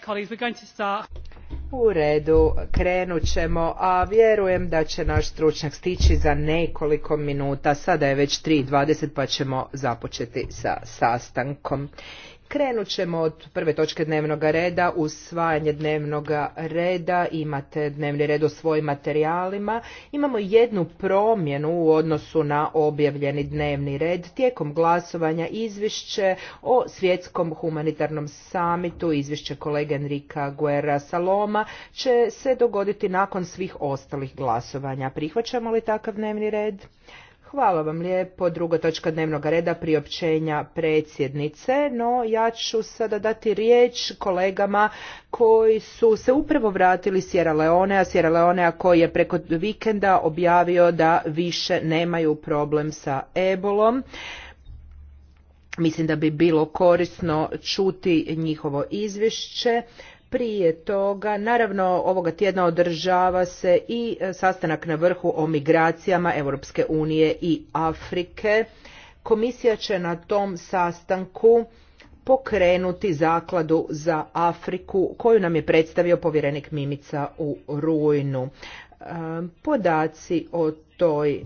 colleagues, we're U redu, krenut ćemo, a vjerujem da će naš stručnjak stići za nekoliko minuta. Sada je već 3.20 pa ćemo započeti sa sastankom. Krenut ćemo od prve točke dnevnog reda, usvajanje dnevnog reda, imate dnevni red u svojim materijalima. Imamo jednu promjenu u odnosu na objavljeni dnevni red tijekom glasovanja izvješće o svjetskom humanitarnom samitu, izvješće kolege Enrika Guerra Saloma će se dogoditi nakon svih ostalih glasovanja. Prihvaćamo li takav dnevni red? Hvala vam lijepo. Druga točka dnevnog reda priopćenja predsjednice, no ja ću sada dati riječ kolegama koji su se upravo vratili Sjera Leonea, Sjera Leonea koji je preko vikenda objavio da više nemaju problem sa ebolom. Mislim da bi bilo korisno čuti njihovo izvješće prije toga, naravno ovoga tjedna održava se i e, sastanak na vrhu o migracijama Europske unije i Afrike. Komisija će na tom sastanku pokrenuti zakladu za Afriku koju nam je predstavio povjerenik Mimica u rujnu. E, podaci o toj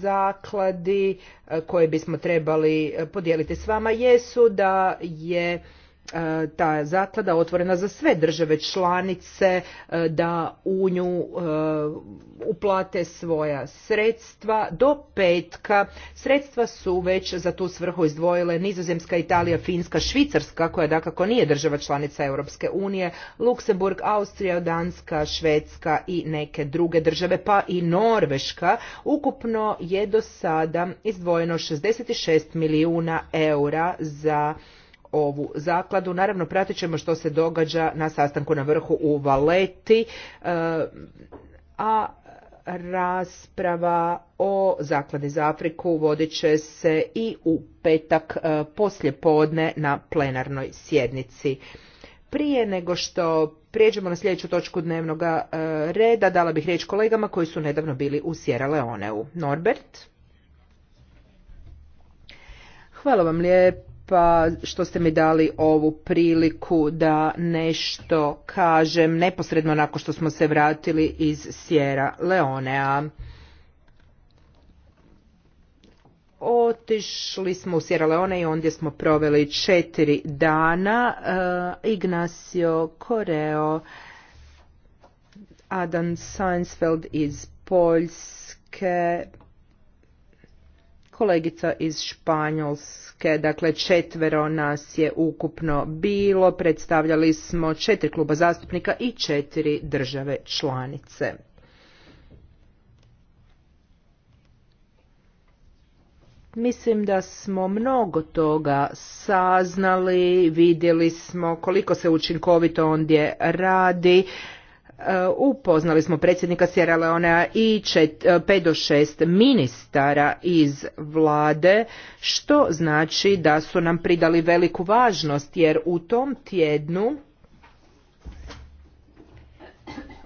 zakladi e, koje bismo trebali podijeliti s vama jesu da je E, ta zaklada otvorena za sve države članice e, da u nju e, uplate svoja sredstva do petka. Sredstva su već za tu svrhu izdvojile Nizozemska, Italija, Finska, Švicarska koja dakako nije država članica Europske unije, Luksemburg, Austrija, Danska, Švedska i neke druge države pa i Norveška. Ukupno je do sada izdvojeno 66 milijuna eura za ovu zakladu. Naravno, pratit ćemo što se događa na sastanku na vrhu u Valeti, eh, a rasprava o zakladi za Afriku vodit će se i u petak eh, poslje podne na plenarnoj sjednici. Prije nego što prijeđemo na sljedeću točku dnevnog eh, reda, dala bih riječ kolegama koji su nedavno bili u Sierra Leoneu. Norbert? Hvala vam lijepo pa što ste mi dali ovu priliku da nešto kažem neposredno nakon što smo se vratili iz Sjera Leonea. Otišli smo u Sjera Leone i ondje smo proveli četiri dana. Eh, Ignacio Koreo, Adam Seinsfeld iz Poljske, kolegica iz Španjolske, dakle četvero nas je ukupno bilo, predstavljali smo četiri kluba zastupnika i četiri države članice. Mislim da smo mnogo toga saznali, vidjeli smo koliko se učinkovito ondje radi, Upoznali smo predsjednika Sierra Leonea i e, pet do šest ministara iz vlade, što znači da su nam pridali veliku važnost, jer u tom tjednu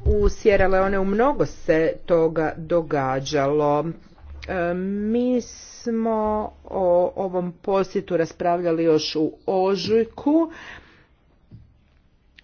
u Sierra Leoneu mnogo se toga događalo. E, mi smo o ovom posjetu raspravljali još u ožujku,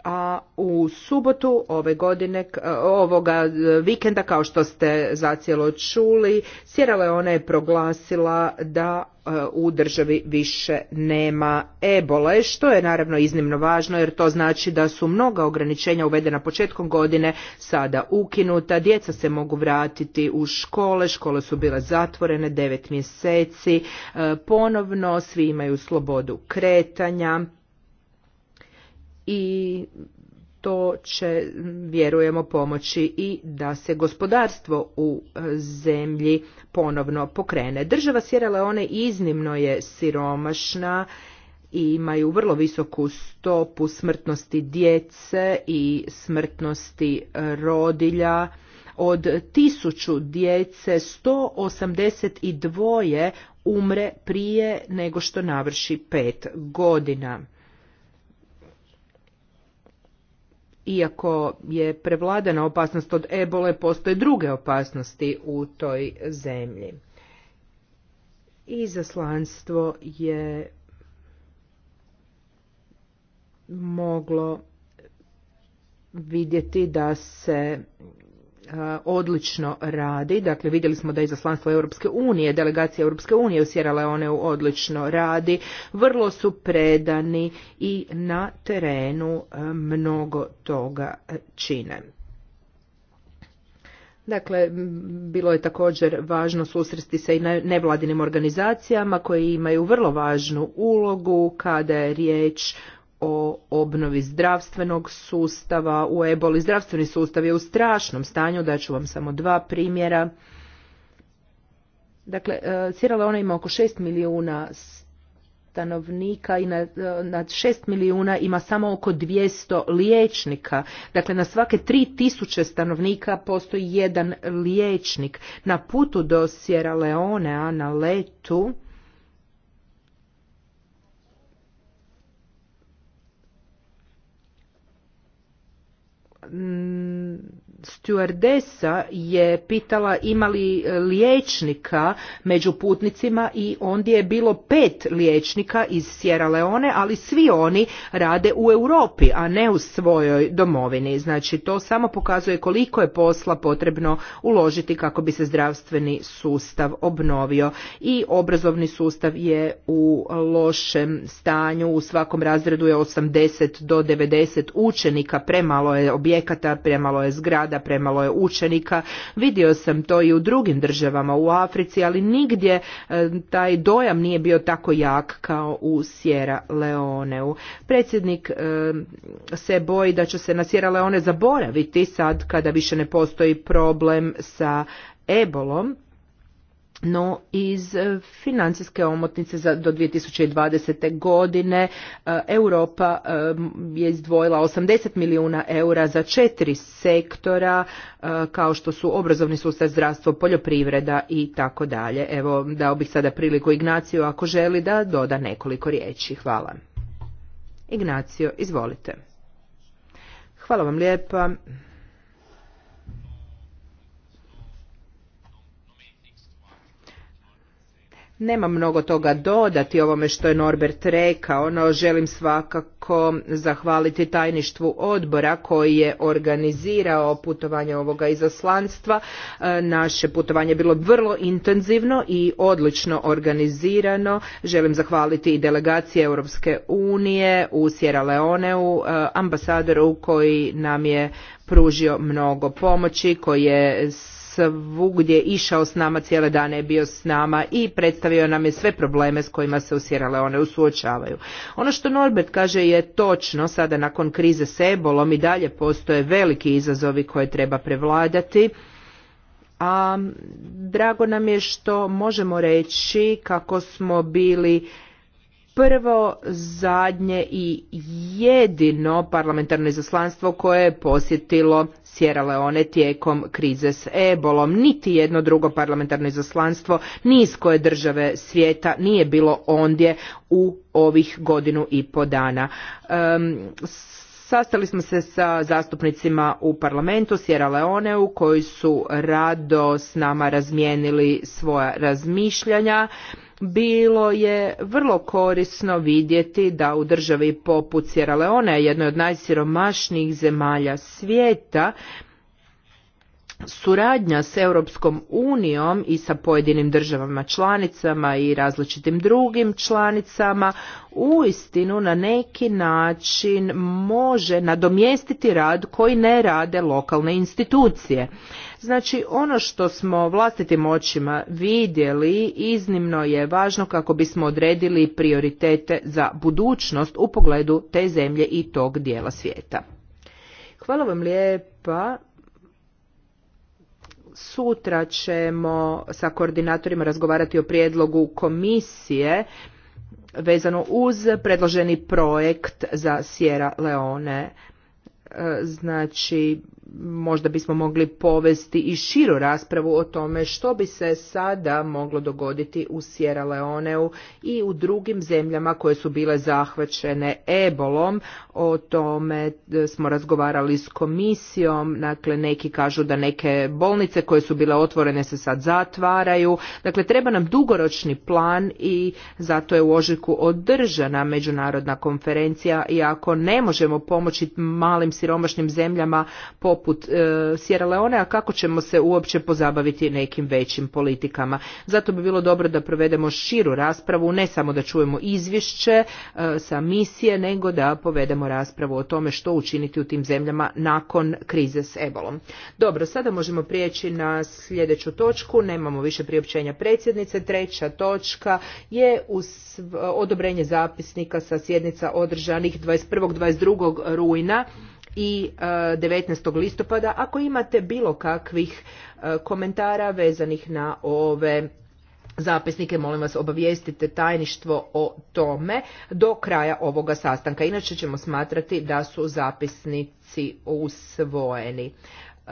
a u subotu ove godine, ovoga e, vikenda, kao što ste zacijelo čuli, Sierra ona je proglasila da e, u državi više nema ebole, što je naravno iznimno važno jer to znači da su mnoga ograničenja uvedena početkom godine sada ukinuta, djeca se mogu vratiti u škole, škole su bile zatvorene devet mjeseci, e, ponovno svi imaju slobodu kretanja i to će, vjerujemo, pomoći i da se gospodarstvo u e, zemlji ponovno pokrene. Država Sierra Leone iznimno je siromašna i imaju vrlo visoku stopu smrtnosti djece i smrtnosti e, rodilja. Od tisuću djece 182 umre prije nego što navrši pet godina. iako je prevladana opasnost od ebole, postoje druge opasnosti u toj zemlji. Izaslanstvo je moglo vidjeti da se E, odlično radi. Dakle, vidjeli smo da izaslanstvo Europske unije, delegacija Europske unije u Sierra Leoneu odlično radi. Vrlo su predani i na terenu e, mnogo toga e, čine. Dakle, bilo je također važno susresti se i nevladinim organizacijama koje imaju vrlo važnu ulogu kada je riječ o obnovi zdravstvenog sustava u eboli. Zdravstveni sustav je u strašnom stanju, ću vam samo dva primjera. Dakle, e, Sierra Leone ima oko 6 milijuna stanovnika i na, e, šest 6 milijuna ima samo oko 200 liječnika. Dakle, na svake 3000 stanovnika postoji jedan liječnik. Na putu do Sierra a na letu, mm, stewardesa je pitala imali e, liječnika među putnicima i ondje je bilo pet liječnika iz Sjera Leone, ali svi oni rade u Europi, a ne u svojoj domovini. Znači to samo pokazuje koliko je posla potrebno uložiti kako bi se zdravstveni sustav obnovio i obrazovni sustav je u lošem stanju. U svakom razredu je 80 do 90 učenika, premalo je objekata, premalo je zgrada rada, premalo je učenika. Vidio sam to i u drugim državama u Africi, ali nigdje e, taj dojam nije bio tako jak kao u Sjera Leoneu. Predsjednik e, se boji da će se na Sjera Leone zaboraviti sad kada više ne postoji problem sa ebolom no iz e, financijske omotnice za, do 2020. godine e, Europa e, je izdvojila 80 milijuna eura za četiri sektora kao što su obrazovni sustav, zdravstvo, poljoprivreda i tako dalje. Evo dao bih sada priliku Ignaciju ako želi da doda nekoliko riječi. Hvala. Ignacio, izvolite. Hvala vam lijepa. Nema mnogo toga dodati ovome što je Norbert rekao, no želim svakako zahvaliti tajništvu odbora koji je organizirao putovanje ovoga izaslanstva. E, naše putovanje je bilo vrlo intenzivno i odlično organizirano. Želim zahvaliti i delegacije Europske unije u Sierra Leoneu, e, ambasadoru koji nam je pružio mnogo pomoći, koji je svugdje išao s nama, cijele dane je bio s nama i predstavio nam je sve probleme s kojima se usjerale one Leone suočavaju. Ono što Norbert kaže je točno, sada nakon krize s ebolom i dalje postoje veliki izazovi koje treba prevladati. A drago nam je što možemo reći kako smo bili prvo, zadnje i jedino parlamentarno izaslanstvo koje je posjetilo Sierra Leone tijekom krize s ebolom. Niti jedno drugo parlamentarno izaslanstvo niz koje države svijeta nije bilo ondje u ovih godinu i po dana. Sastali smo se sa zastupnicima u parlamentu Sierra u koji su rado s nama razmijenili svoja razmišljanja bilo je vrlo korisno vidjeti da u državi poput Sierra Leone, jednoj od najsiromašnijih zemalja svijeta, suradnja s Europskom unijom i sa pojedinim državama članicama i različitim drugim članicama uistinu na neki način može nadomjestiti rad koji ne rade lokalne institucije. Znači ono što smo vlastitim očima vidjeli iznimno je važno kako bismo odredili prioritete za budućnost u pogledu te zemlje i tog dijela svijeta. Hvala vam lijepa. Sutra ćemo sa koordinatorima razgovarati o prijedlogu komisije vezano uz predloženi projekt za Sierra Leone. E, znači, možda bismo mogli povesti i širu raspravu o tome što bi se sada moglo dogoditi u Sierra Leoneu i u drugim zemljama koje su bile zahvaćene ebolom. O tome smo razgovarali s komisijom, dakle neki kažu da neke bolnice koje su bile otvorene se sad zatvaraju. Dakle, treba nam dugoročni plan i zato je u ožujku održana međunarodna konferencija i ako ne možemo pomoći malim siromašnim zemljama po poput e, Sierra Leone, a kako ćemo se uopće pozabaviti nekim većim politikama. Zato bi bilo dobro da provedemo širu raspravu, ne samo da čujemo izvješće e, sa misije, nego da povedemo raspravu o tome što učiniti u tim zemljama nakon krize s ebolom. Dobro, sada možemo prijeći na sljedeću točku, nemamo više priopćenja predsjednice. Treća točka je odobrenje zapisnika sa sjednica održanih 21. 22. rujna i 19. E, listopada. Ako imate bilo kakvih e, komentara vezanih na ove zapisnike, molim vas obavijestite tajništvo o tome do kraja ovoga sastanka. Inače ćemo smatrati da su zapisnici usvojeni. E,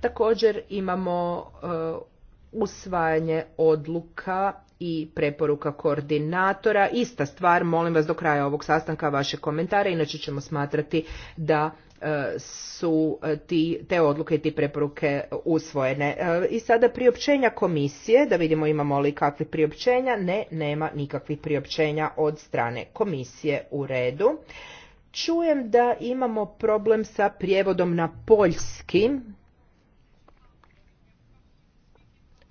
također imamo usvajanje odluka i preporuka koordinatora. Ista stvar, molim vas do kraja ovog sastanka vaše komentare, inače ćemo smatrati da e, su e, ti, te odluke i ti preporuke usvojene. E, I sada priopćenja komisije, da vidimo imamo li kakvi priopćenja. Ne, nema nikakvih priopćenja od strane komisije u redu. Čujem da imamo problem sa prijevodom na poljski.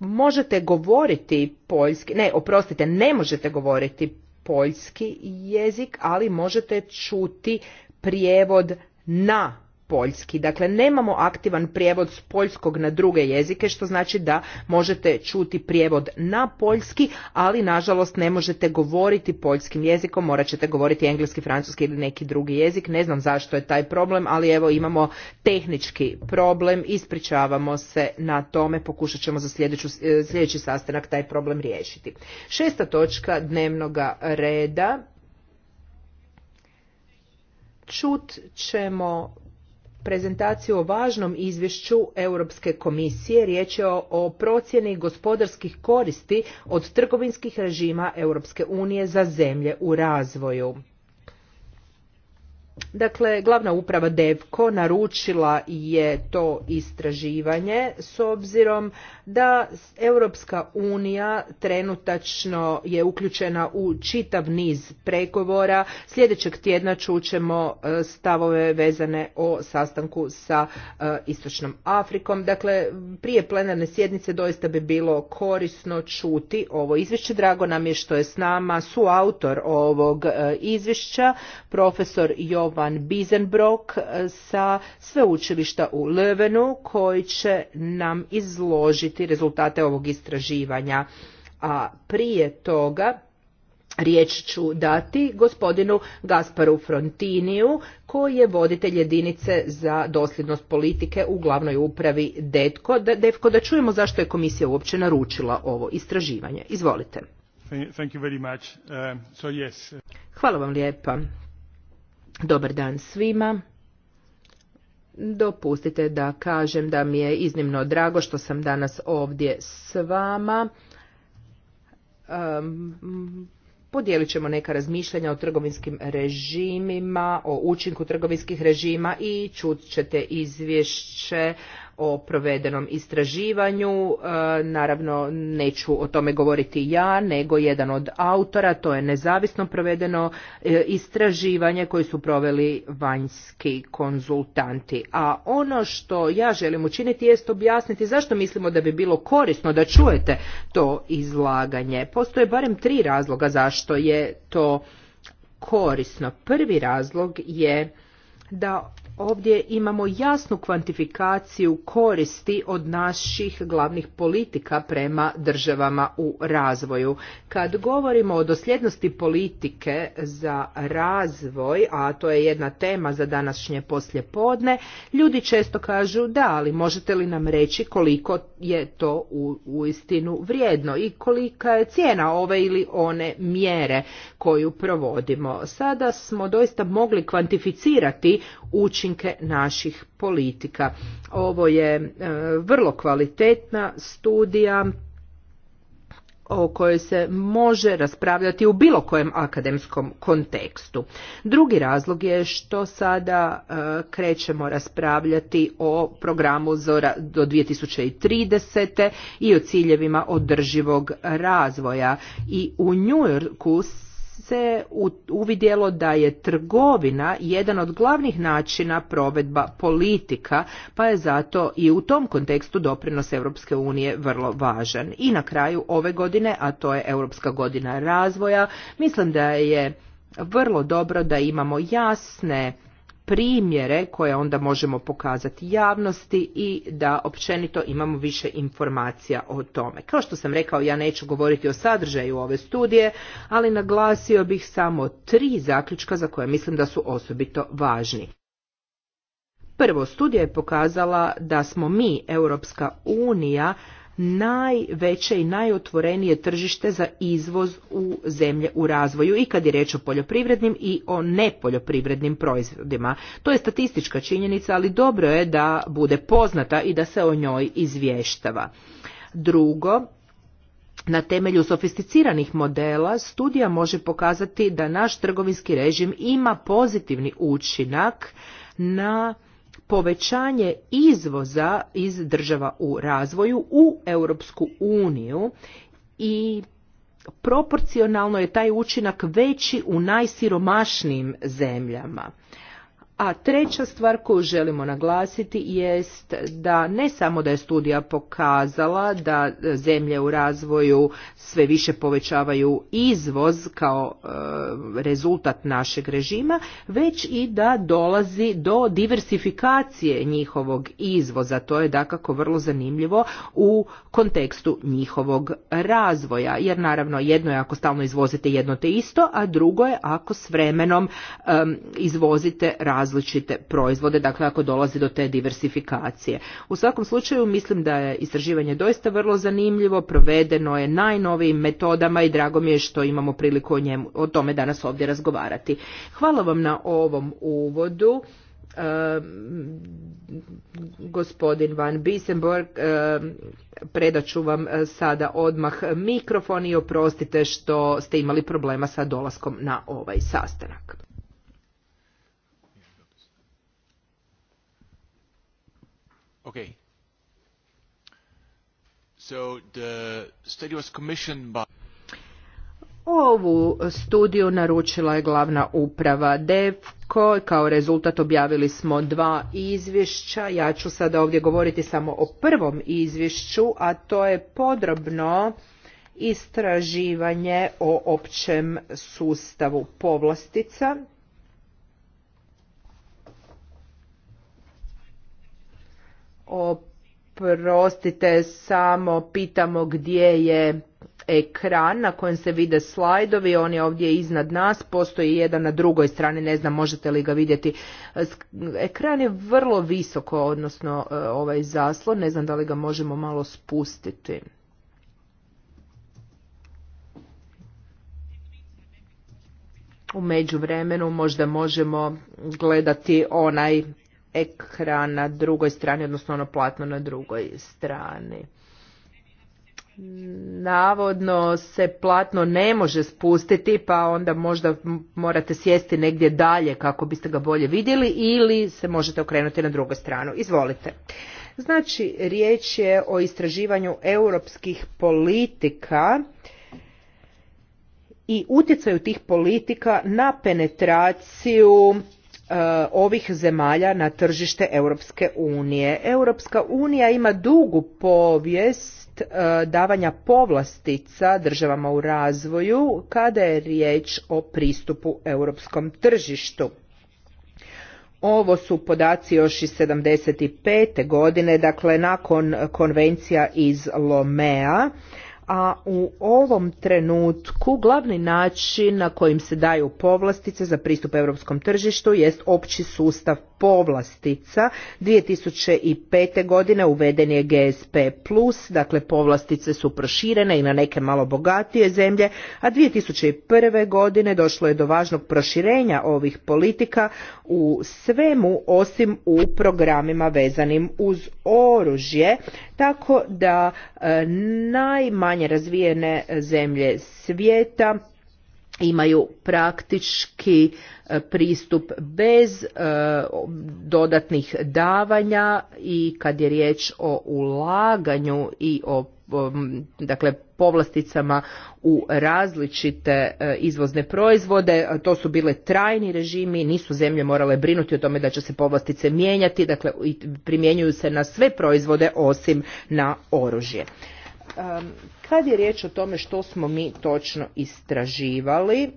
možete govoriti poljski, ne, oprostite, ne možete govoriti poljski jezik, ali možete čuti prijevod na poljski. Dakle, nemamo aktivan prijevod s poljskog na druge jezike, što znači da možete čuti prijevod na poljski, ali nažalost ne možete govoriti poljskim jezikom, morat ćete govoriti engleski, francuski ili neki drugi jezik. Ne znam zašto je taj problem, ali evo imamo tehnički problem, ispričavamo se na tome, pokušat ćemo za sljedeću, eh, sljedeći sastanak taj problem riješiti. Šesta točka dnevnog reda. Čut ćemo prezentaciju o važnom izvješću Europske komisije. Riječ je o, procjeni gospodarskih koristi od trgovinskih režima Europske unije za zemlje u razvoju. Dakle, glavna uprava DEVKO naručila je to istraživanje s obzirom da Europska unija trenutačno je uključena u čitav niz pregovora. Sljedećeg tjedna ćemo e, stavove vezane o sastanku sa e, Istočnom Afrikom. Dakle, prije plenarne sjednice doista bi bilo korisno čuti ovo izvješće. Drago nam je što je s nama suautor ovog e, izvješća, profesor Jovan Bizenbrok sa sveučilišta u Levenu, koji će nam izložiti rezultate ovog istraživanja. A prije toga Riječ ću dati gospodinu Gasparu Frontiniju, koji je voditelj jedinice za dosljednost politike u glavnoj upravi DETKO. DEFKO, da čujemo zašto je komisija uopće naručila ovo istraživanje. Izvolite. Thank you very much. Uh, so yes. Hvala vam lijepa. Dobar dan svima. Dopustite da kažem da mi je iznimno drago što sam danas ovdje s vama. podijelit ćemo neka razmišljanja o trgovinskim režimima, o učinku trgovinskih režima i čut ćete izvješće o provedenom istraživanju. E, naravno, neću o tome govoriti ja, nego jedan od autora. To je nezavisno provedeno e, istraživanje koje su proveli vanjski konzultanti. A ono što ja želim učiniti jest objasniti zašto mislimo da bi bilo korisno da čujete to izlaganje. Postoje barem tri razloga zašto je to korisno. Prvi razlog je da ovdje imamo jasnu kvantifikaciju koristi od naših glavnih politika prema državama u razvoju. Kad govorimo o dosljednosti politike za razvoj, a to je jedna tema za današnje poslijepodne, ljudi često kažu da, ali možete li nam reći koliko je to u, u istinu vrijedno i kolika je cijena ove ili one mjere koju provodimo. Sada smo doista mogli kvantificirati učinke naših politika. Ovo je e, vrlo kvalitetna studija o kojoj se može raspravljati u bilo kojem akademskom kontekstu. Drugi razlog je što sada e, krećemo raspravljati o programu Zora do 2030. i o ciljevima održivog razvoja. I u New Yorku se uvidjelo da je trgovina jedan od glavnih načina provedba politika, pa je zato i u tom kontekstu doprinos Europske unije vrlo važan. I na kraju ove godine, a to je Europska godina razvoja, mislim da je vrlo dobro da imamo jasne primjere koje onda možemo pokazati javnosti i da općenito imamo više informacija o tome. Kao što sam rekao, ja neću govoriti o sadržaju ove studije, ali naglasio bih samo tri zaključka za koje mislim da su osobito važni. Prvo, studija je pokazala da smo mi, Europska unija, najveće i najotvorenije tržište za izvoz u zemlje u razvoju i kad je reč o poljoprivrednim i o nepoljoprivrednim proizvodima. To je statistička činjenica, ali dobro je da bude poznata i da se o njoj izvještava. Drugo, na temelju sofisticiranih modela studija može pokazati da naš trgovinski režim ima pozitivni učinak na povećanje izvoza iz država u razvoju u Europsku uniju i proporcionalno je taj učinak veći u najsiromašnijim zemljama. A treća stvar koju želimo naglasiti jest da ne samo da je studija pokazala da zemlje u razvoju sve više povećavaju izvoz kao e, rezultat našeg režima, već i da dolazi do diversifikacije njihovog izvoza. To je dakako vrlo zanimljivo u kontekstu njihovog razvoja, jer naravno jedno je ako stalno izvozite jedno te isto, a drugo je ako s vremenom izvozite razvoj različite proizvode, dakle ako dolazi do te diversifikacije. U svakom slučaju mislim da je istraživanje doista vrlo zanimljivo, provedeno je najnovijim metodama i drago mi je što imamo priliku o, njemu, o tome danas ovdje razgovarati. Hvala vam na ovom uvodu. Ehm, gospodin Van Bisenborg, uh, ehm, predat vam e, sada odmah mikrofon i oprostite što ste imali problema sa dolaskom na ovaj sastanak. Okay. So the study was commissioned by Ovu studiju naručila je glavna uprava DEVKO, kao rezultat objavili smo dva izvješća, ja ću sada ovdje govoriti samo o prvom izvješću, a to je podrobno istraživanje o općem sustavu povlastica. oprostite, samo pitamo gdje je ekran na kojem se vide slajdovi, on je ovdje iznad nas, postoji jedan na drugoj strani, ne znam možete li ga vidjeti. Ekran je vrlo visoko, odnosno e, ovaj zaslon, ne znam da li ga možemo malo spustiti. U međuvremenu možda možemo gledati onaj ekran na drugoj strani, odnosno ono platno na drugoj strani. Navodno se platno ne može spustiti, pa onda možda morate sjesti negdje dalje kako biste ga bolje vidjeli ili se možete okrenuti na drugu stranu. Izvolite. Znači, riječ je o istraživanju europskih politika i utjecaju tih politika na penetraciju E, ovih zemalja na tržište Europske unije. Europska unija ima dugu povijest e, davanja povlastica državama u razvoju kada je riječ o pristupu europskom tržištu. Ovo su podaci još iz 75. godine, dakle nakon konvencija iz Lomea a u ovom trenutku glavni način na kojim se daju povlastice za pristup europskom tržištu jest opći sustav povlastica. 2005. godine uveden je GSP+, dakle povlastice su proširene i na neke malo bogatije zemlje, a 2001. godine došlo je do važnog proširenja ovih politika u svemu osim u programima vezanim uz oružje, tako da e, najmanje razvijene zemlje svijeta imaju praktički e, pristup bez e, dodatnih davanja i kad je riječ o ulaganju i o dakle povlasticama u različite e, izvozne proizvode. To su bile trajni režimi, nisu zemlje morale brinuti o tome da će se povlastice mijenjati, dakle primjenjuju se na sve proizvode osim na oružje. Kad je riječ o tome što smo mi točno istraživali,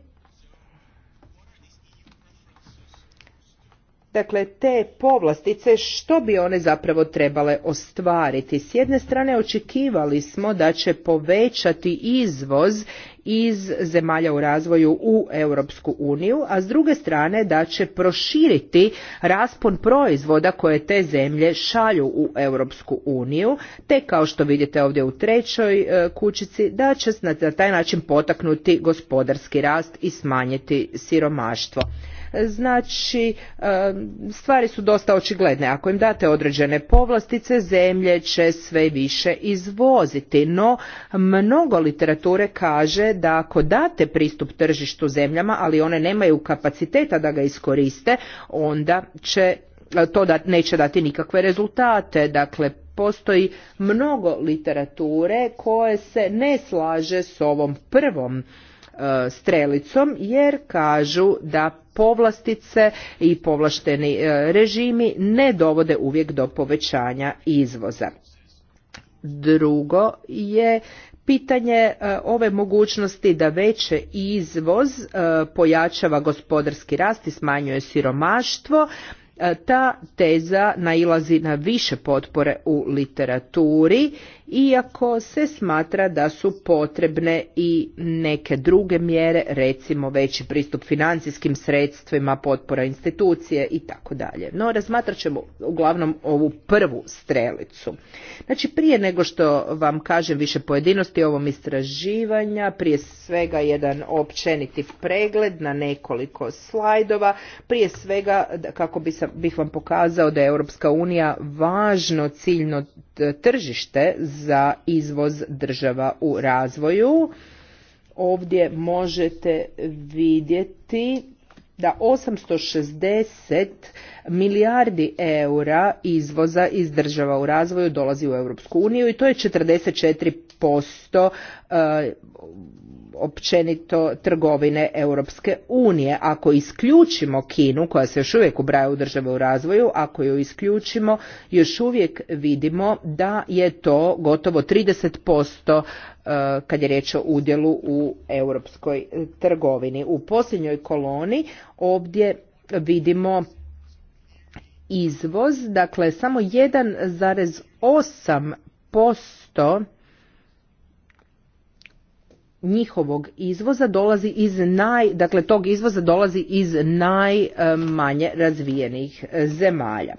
Dakle, te povlastice, što bi one zapravo trebale ostvariti? S jedne strane, očekivali smo da će povećati izvoz iz zemalja u razvoju u Europsku uniju, a s druge strane da će proširiti raspon proizvoda koje te zemlje šalju u Europsku uniju, te kao što vidite ovdje u trećoj e, kućici da će na taj način potaknuti gospodarski rast i smanjiti siromaštvo. Znači, stvari su dosta očigledne. Ako im date određene povlastice, zemlje će sve više izvoziti. No, mnogo literature kaže da ako date pristup tržištu zemljama, ali one nemaju kapaciteta da ga iskoriste, onda će e, to da, neće dati nikakve rezultate. Dakle, postoji mnogo literature koje se ne slaže s ovom prvom e, strelicom jer kažu da povlastice i povlašteni e, režimi ne dovode uvijek do povećanja izvoza. Drugo je pitanje e, ove mogućnosti da veće izvoz e, pojačava gospodarski rast i smanjuje siromaštvo ta teza nailazi na više potpore u literaturi iako se smatra da su potrebne i neke druge mjere, recimo veći pristup financijskim sredstvima, potpora institucije i tako dalje. No razmatrat ćemo uglavnom ovu prvu strelicu. Znači prije nego što vam kažem više pojedinosti o ovom istraživanja, prije svega jedan općeniti pregled na nekoliko slajdova, prije svega kako bi sam, bih vam pokazao da je Europska unija važno ciljno tržište za izvoz država u razvoju. Ovdje možete vidjeti da 860 milijardi eura izvoza iz država u razvoju dolazi u Europsku uniju i to je 44 posto e, općenito trgovine Europske unije. Ako isključimo Kinu, koja se još uvijek ubraja u države u razvoju, ako ju isključimo, još uvijek vidimo da je to gotovo 30% e, kad je riječ o udjelu u europskoj trgovini. U posljednjoj koloni ovdje vidimo izvoz, dakle samo 1,8% njihovog izvoza dolazi iz naj, dakle tog izvoza dolazi iz najmanje razvijenih e, zemalja.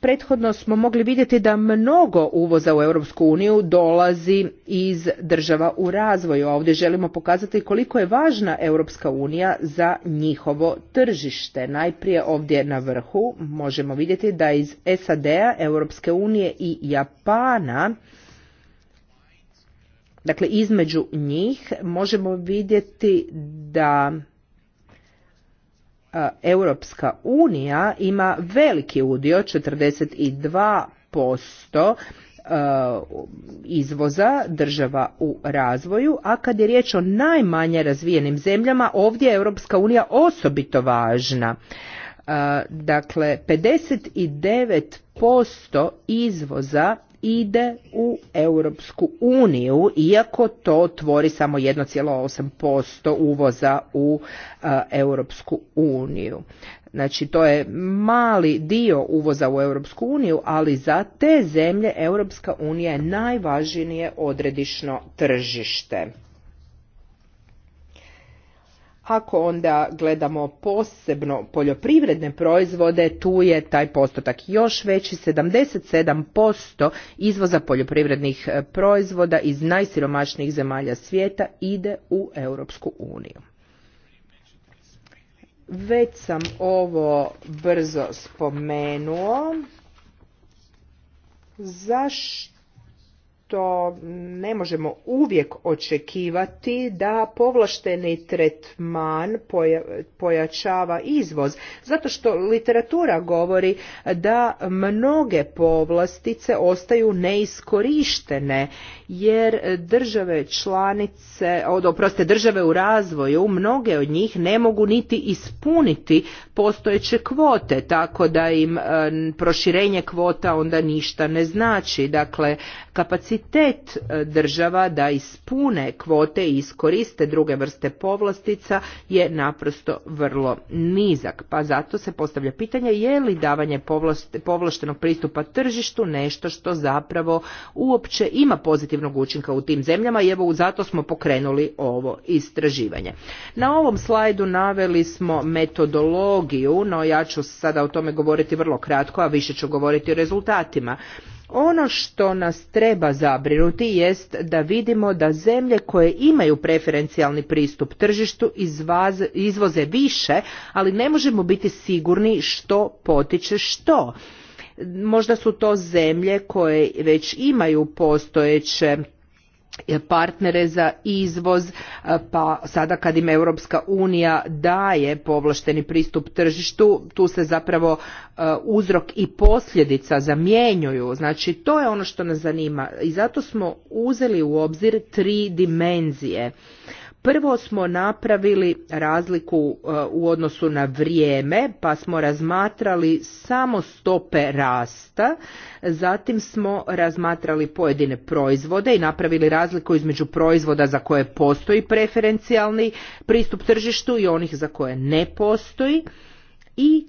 Prethodno smo mogli vidjeti da mnogo uvoza u Europsku uniju dolazi iz država u razvoju. Ovdje želimo pokazati koliko je važna Europska unija za njihovo tržište. Najprije ovdje na vrhu možemo vidjeti da iz SAD-a, Europske unije i Japana Dakle, između njih možemo vidjeti da e, Europska unija ima veliki udio, 42% e, izvoza država u razvoju, a kad je riječ o najmanje razvijenim zemljama, ovdje je Europska unija osobito važna. E, dakle, 59% izvoza ide u Europsku uniju, iako to tvori samo 1,8% uvoza u Europsku uniju. Znači to je mali dio uvoza u Europsku uniju, ali za te zemlje Europska unija je najvažnije odredišno tržište. Ako onda gledamo posebno poljoprivredne proizvode, tu je taj postotak još veći, 77% izvoza poljoprivrednih e, proizvoda iz najsiromašnijih zemalja svijeta ide u Europsku uniju. Već sam ovo brzo spomenuo. Zašto? što ne možemo uvijek očekivati da povlašteni tretman pojačava izvoz zato što literatura govori da mnoge povlastice ostaju neiskorištene jer države članice, oproste države u razvoju, mnoge od njih ne mogu niti ispuniti postojeće kvote, tako da im e, proširenje kvota onda ništa ne znači. Dakle, kapacitet e, država da ispune kvote i iskoriste druge vrste povlastica je naprosto vrlo nizak. Pa zato se postavlja pitanje je li davanje povlaštenog pristupa tržištu nešto što zapravo uopće ima pozitiv pozitivnog učinka u tim zemljama i evo zato smo pokrenuli ovo istraživanje. Na ovom slajdu naveli smo metodologiju, no ja ću sada o tome govoriti vrlo kratko, a više ću govoriti o rezultatima. Ono što nas treba zabrinuti jest da vidimo da zemlje koje imaju preferencijalni pristup tržištu izvoze više, ali ne možemo biti sigurni što potiče što. Možda su to zemlje koje već imaju postojeće partnere za izvoz, pa sada kad im Europska unija daje povlašteni pristup tržištu, tu se zapravo uh, uzrok i posljedica zamjenjuju. Znači, to je ono što nas zanima i zato smo uzeli u obzir tri dimenzije Prvo smo napravili razliku e, u odnosu na vrijeme, pa smo razmatrali samo stope rasta, zatim smo razmatrali pojedine proizvode i napravili razliku između proizvoda za koje postoji preferencijalni pristup tržištu i onih za koje ne postoji i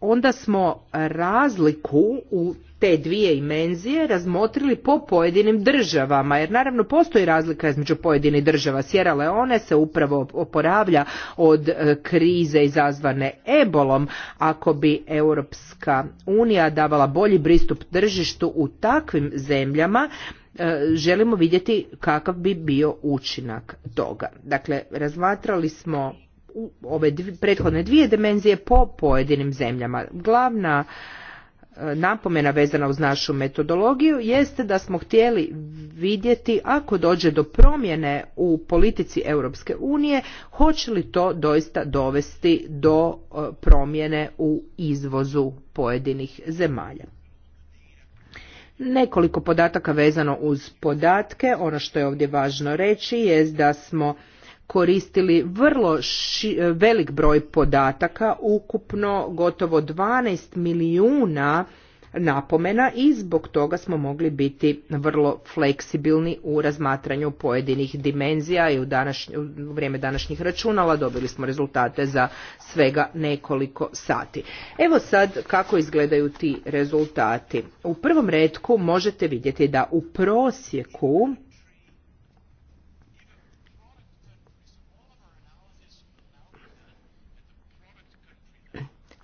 onda smo razliku u te dvije imenzije razmotrili po pojedinim državama, jer naravno postoji razlika između pojedinih država. Sjera Leone se upravo oporavlja od e, krize izazvane ebolom. Ako bi Europska unija davala bolji pristup tržištu u takvim zemljama, e, želimo vidjeti kakav bi bio učinak toga. Dakle, razmatrali smo u ove prethodne dvije dimenzije po pojedinim zemljama. Glavna e, napomena vezana uz našu metodologiju jeste da smo htjeli vidjeti ako dođe do promjene u politici Europske unije, hoće li to doista dovesti do e, promjene u izvozu pojedinih zemalja. Nekoliko podataka vezano uz podatke, ono što je ovdje važno reći je da smo koristili vrlo e, velik broj podataka, ukupno gotovo 12 milijuna napomena i zbog toga smo mogli biti vrlo fleksibilni u razmatranju pojedinih dimenzija i u, u vrijeme današnjih računala dobili smo rezultate za svega nekoliko sati. Evo sad kako izgledaju ti rezultati. U prvom redku možete vidjeti da u prosjeku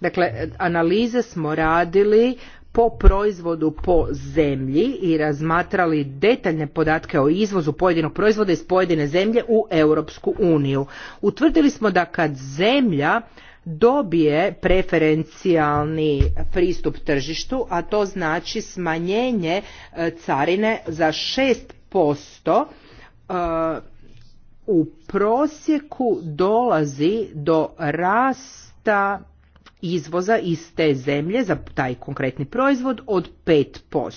Dakle, analize smo radili po proizvodu po zemlji i razmatrali detaljne podatke o izvozu pojedinog proizvoda iz pojedine zemlje u Europsku uniju. Utvrdili smo da kad zemlja dobije preferencijalni pristup tržištu, a to znači smanjenje e, carine za 6%, e, u prosjeku dolazi do rasta izvoza iz te zemlje za taj konkretni proizvod od 5%.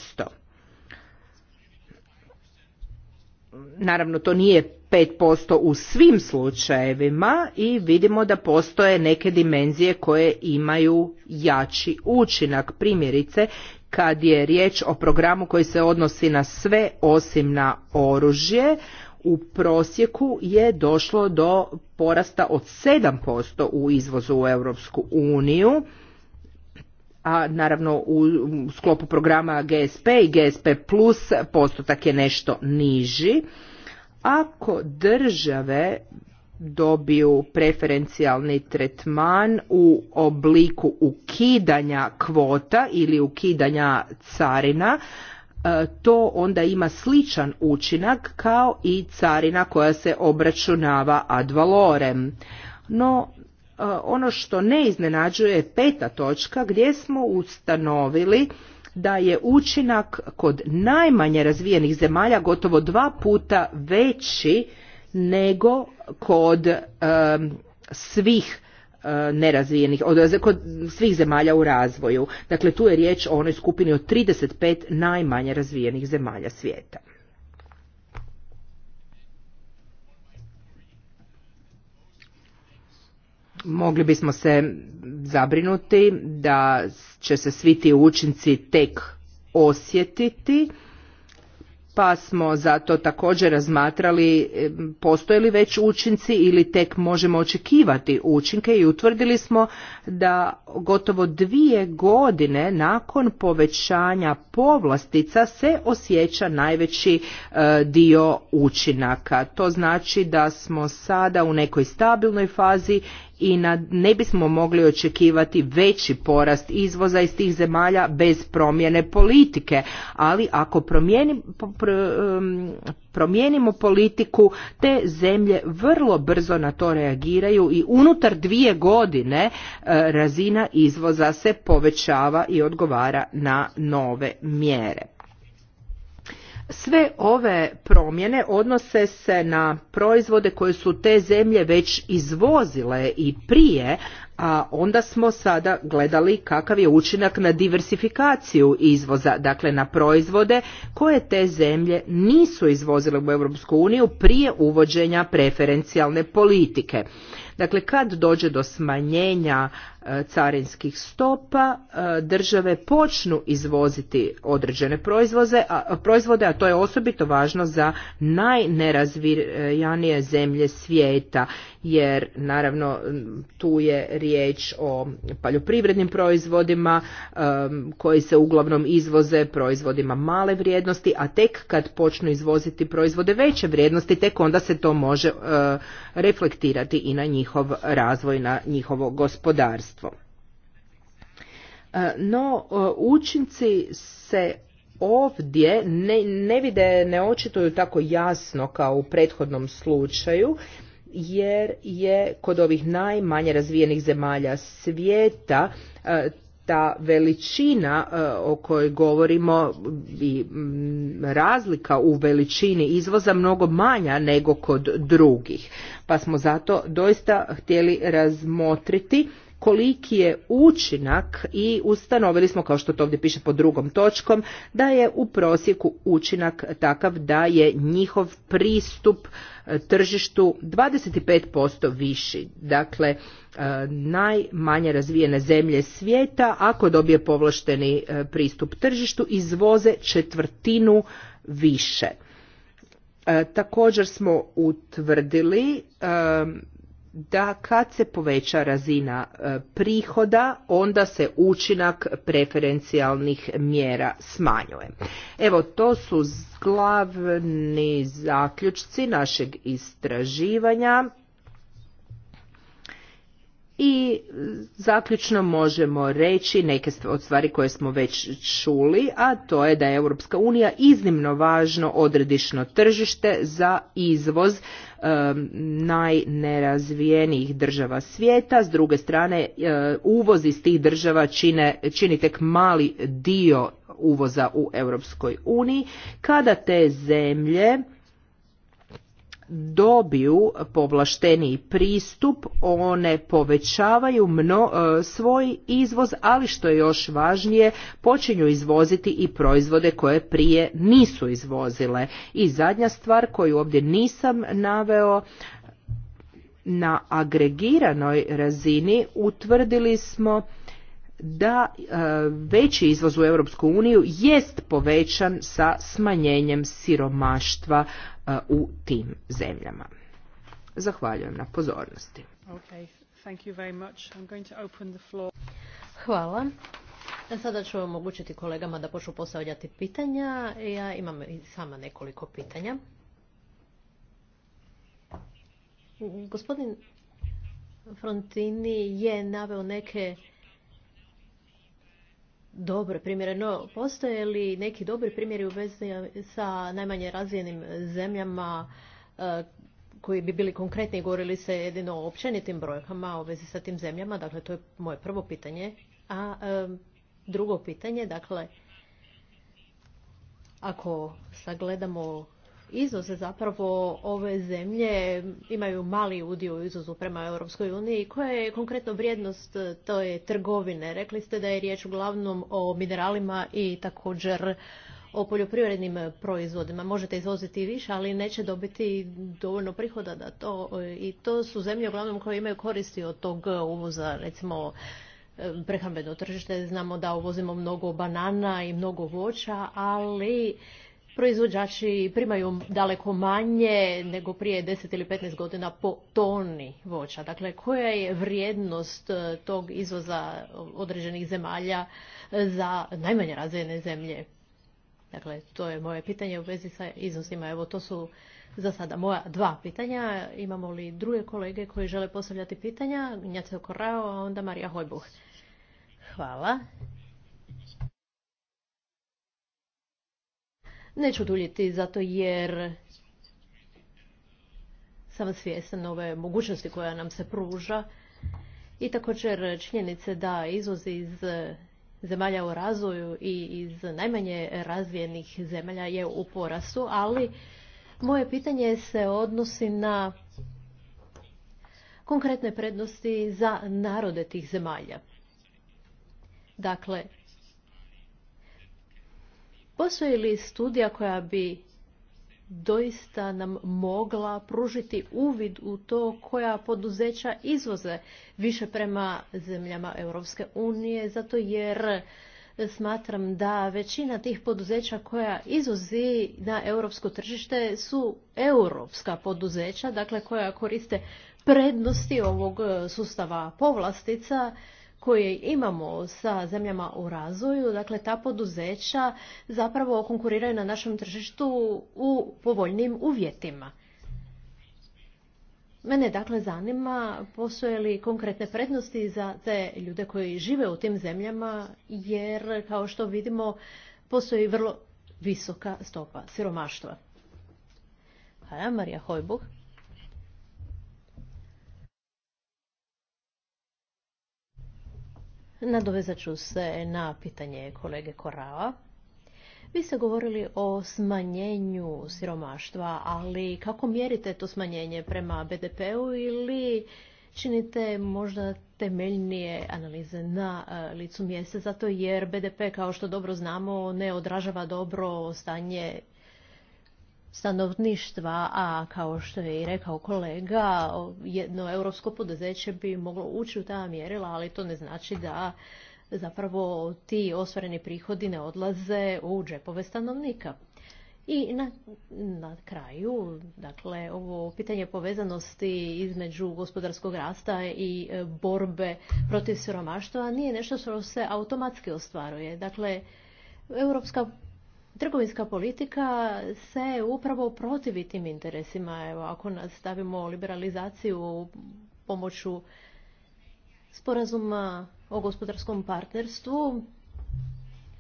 Naravno, to nije 5% u svim slučajevima i vidimo da postoje neke dimenzije koje imaju jači učinak. Primjerice, kad je riječ o programu koji se odnosi na sve osim na oružje, u prosjeku je došlo do porasta od 7% u izvozu u Europsku uniju a naravno u sklopu programa GSP i GSP plus postotak je nešto niži. Ako države dobiju preferencijalni tretman u obliku ukidanja kvota ili ukidanja carina, E, to onda ima sličan učinak kao i carina koja se obračunava ad valorem. No, e, ono što ne iznenađuje je peta točka gdje smo ustanovili da je učinak kod najmanje razvijenih zemalja gotovo dva puta veći nego kod svih E, nerazvijenih, od, kod svih zemalja u razvoju. Dakle, tu je riječ o onoj skupini od 35 najmanje razvijenih zemalja svijeta. Mogli bismo se zabrinuti da će se svi ti učinci tek osjetiti pa smo zato također razmatrali e, postoje li već učinci ili tek možemo očekivati učinke i utvrdili smo da gotovo dvije godine nakon povećanja povlastica se osjeća najveći e, dio učinaka. To znači da smo sada u nekoj stabilnoj fazi i ne bismo mogli očekivati veći porast izvoza iz tih zemalja bez promjene politike. Ali ako promijenimo promijenimo politiku, te zemlje vrlo brzo na to reagiraju i unutar dvije godine e, razina izvoza se povećava i odgovara na nove mjere. Sve ove promjene odnose se na proizvode koje su te zemlje već izvozile i prije, a onda smo sada gledali kakav je učinak na diversifikaciju izvoza, dakle na proizvode koje te zemlje nisu izvozile u Europsku uniju prije uvođenja preferencijalne politike. Dakle, kad dođe do smanjenja E, carinskih stopa e, države počnu izvoziti određene proizvode, a to je osobito važno za najnerazvijanije zemlje svijeta, jer naravno tu je riječ o poljoprivrednim proizvodima e, koji se uglavnom izvoze proizvodima male vrijednosti, a tek kad počnu izvoziti proizvode veće vrijednosti, tek onda se to može reflektirati i na njihov razvoj, na njihovo gospodarstvo. E, no, e, učinci se ovdje ne, ne vide, ne očituju tako jasno kao u prethodnom slučaju, jer je kod ovih najmanje razvijenih zemalja svijeta e, ta veličina o kojoj govorimo i razlika u veličini izvoza mnogo manja nego kod drugih. Pa smo zato doista htjeli razmotriti koliki je učinak i ustanovili smo, kao što to ovdje piše pod drugom točkom, da je u prosjeku učinak takav da je njihov pristup e, tržištu 25% viši. Dakle, e, najmanje razvijene zemlje svijeta, ako dobije povlašteni e, pristup tržištu, izvoze četvrtinu više. Također smo utvrdili da kad se poveća razina e, prihoda, onda se učinak preferencijalnih mjera smanjuje. Evo, to su glavni zaključci našeg istraživanja i zaključno možemo reći neke od stvari koje smo već čuli, a to je da je Europska unija iznimno važno odredišno tržište za izvoz najnerazvijenijih država svijeta. S druge strane, eh, uvoz iz tih država čine, čini tek mali dio uvoza u Europskoj uniji. Kada te zemlje dobiju povlašteniji pristup, one povećavaju mno, e, svoj izvoz, ali što je još važnije, počinju izvoziti i proizvode koje prije nisu izvozile. I zadnja stvar koju ovdje nisam naveo, na agregiranoj razini utvrdili smo da e, veći izvoz u Europsku uniju jest povećan sa smanjenjem siromaštva e, u tim zemljama. Zahvaljujem na pozornosti. Okay, thank you very much. I'm going to open the floor. Hvala. Sada ću omogućiti kolegama da počnu postavljati pitanja. Ja imam i sama nekoliko pitanja. Gospodin Frontini je naveo neke dobro primjere, no postoje li neki dobri primjeri u vezi sa najmanje razvijenim zemljama e, koji bi bili konkretni, govorili se jedino o općenitim brojkama u vezi sa tim zemljama, dakle to je moje prvo pitanje. A e, drugo pitanje, dakle, ako sagledamo izvoze zapravo ove zemlje imaju mali udio u izvozu prema Europskoj uniji. Koja je konkretno vrijednost eh, toj trgovine? Rekli ste da je riječ uglavnom o mineralima i također o poljoprivrednim proizvodima. Možete izvoziti više, ali neće dobiti dovoljno prihoda da to... Eh, I to su zemlje uglavnom koje imaju koristi od tog uvoza, recimo eh, prehrambeno tržište. Znamo da uvozimo mnogo banana i mnogo voća, ali proizvođači primaju daleko manje nego prije 10 ili 15 godina po toni voća. Dakle, koja je vrijednost e, tog izvoza određenih zemalja e, za najmanje razvijene zemlje? Dakle, to je moje pitanje u vezi sa iznosima. Evo, to su za sada moja dva pitanja. Imamo li druge kolege koji žele postavljati pitanja? Njaceo Korao, a onda Marija Hojbuh. Hvala. Neću duljiti zato jer sam svjesna ove mogućnosti koja nam se pruža i također činjenice da izvozi iz zemalja u razvoju i iz najmanje razvijenih zemalja je u porastu, ali moje pitanje se odnosi na konkretne prednosti za narode tih zemalja. Dakle, Postoji li studija koja bi doista nam mogla pružiti uvid u to koja poduzeća izvoze više prema zemljama Europske unije, zato jer smatram da većina tih poduzeća koja izvozi na europsko tržište su europska poduzeća, dakle koja koriste prednosti ovog sustava povlastica koje imamo sa zemljama u razvoju, dakle ta poduzeća zapravo konkuriraju na našem tržištu u povoljnim uvjetima. Mene dakle zanima postoje li konkretne prednosti za te ljude koji žive u tim zemljama jer kao što vidimo postoji vrlo visoka stopa siromaštva. Hvala, Marija Hojbog. Nadovezat ću se na pitanje kolege Korava. Vi ste govorili o smanjenju siromaštva, ali kako mjerite to smanjenje prema BDP-u ili činite možda temeljnije analize na e, licu mjesta, zato jer BDP, kao što dobro znamo, ne odražava dobro stanje stanovništva, a kao što je i rekao kolega, jedno europsko poduzeće bi moglo ući u ta mjerila, ali to ne znači da zapravo ti ostvareni prihodi ne odlaze u džepove stanovnika. I na, na kraju, dakle, ovo pitanje povezanosti između gospodarskog rasta i e, borbe protiv siromaštva nije nešto što se automatski ostvaruje. Dakle, europska trgovinska politika se upravo protivi tim interesima. Evo, ako nastavimo liberalizaciju pomoću sporazuma o gospodarskom partnerstvu,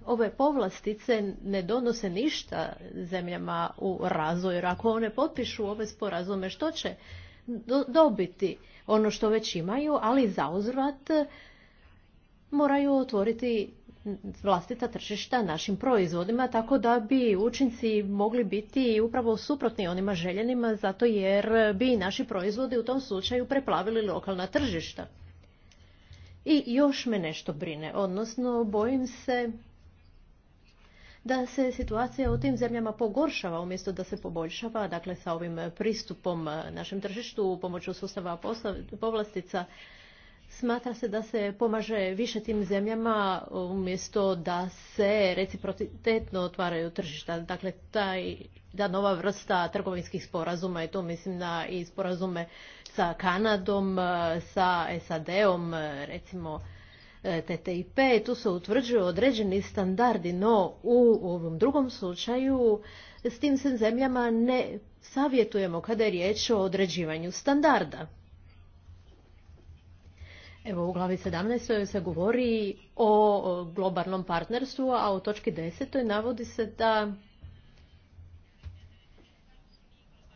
ove povlastice ne donose ništa zemljama u razvoju. Jer ako one potpišu ove sporazume, što će dobiti? Ono što već imaju, ali zauzvrat moraju otvoriti vlastita tržišta našim proizvodima, tako da bi učinci mogli biti upravo suprotni onima željenima, zato jer bi naši proizvodi u tom slučaju preplavili lokalna tržišta. I još me nešto brine, odnosno bojim se da se situacija u tim zemljama pogoršava umjesto da se poboljšava, dakle sa ovim pristupom našem tržištu pomoću sustava povlastica Smatra se da se pomaže više tim zemljama umjesto da se reciprocitetno otvaraju tržišta. Dakle, taj, da nova vrsta trgovinskih sporazuma i to mislim na i sporazume sa Kanadom, sa SAD-om, recimo e, TTIP, tu se utvrđuju određeni standardi, no u ovom drugom slučaju s tim se zemljama ne savjetujemo kada je riječ o određivanju standarda. Evo u glavi 17. se govori o globalnom partnerstvu, a u točki 10. navodi se da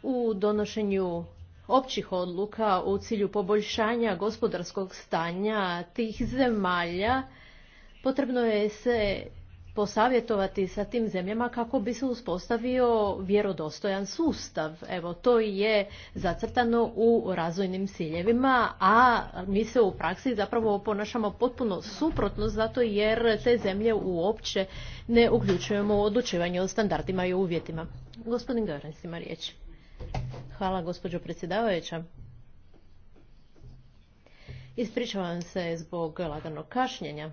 u donošenju općih odluka u cilju poboljšanja gospodarskog stanja tih zemalja potrebno je se posavjetovati sa tim zemljama kako bi se uspostavio vjerodostojan sustav. Evo, to je zacrtano u razvojnim ciljevima, a mi se u praksi zapravo ponašamo potpuno suprotno zato jer te zemlje uopće ne uključujemo u odlučivanje o standardima i uvjetima. Gospodin Gorens ima riječ. Hvala gospođo predsjedavajuća. Ispričavam se zbog laganog kašnjenja.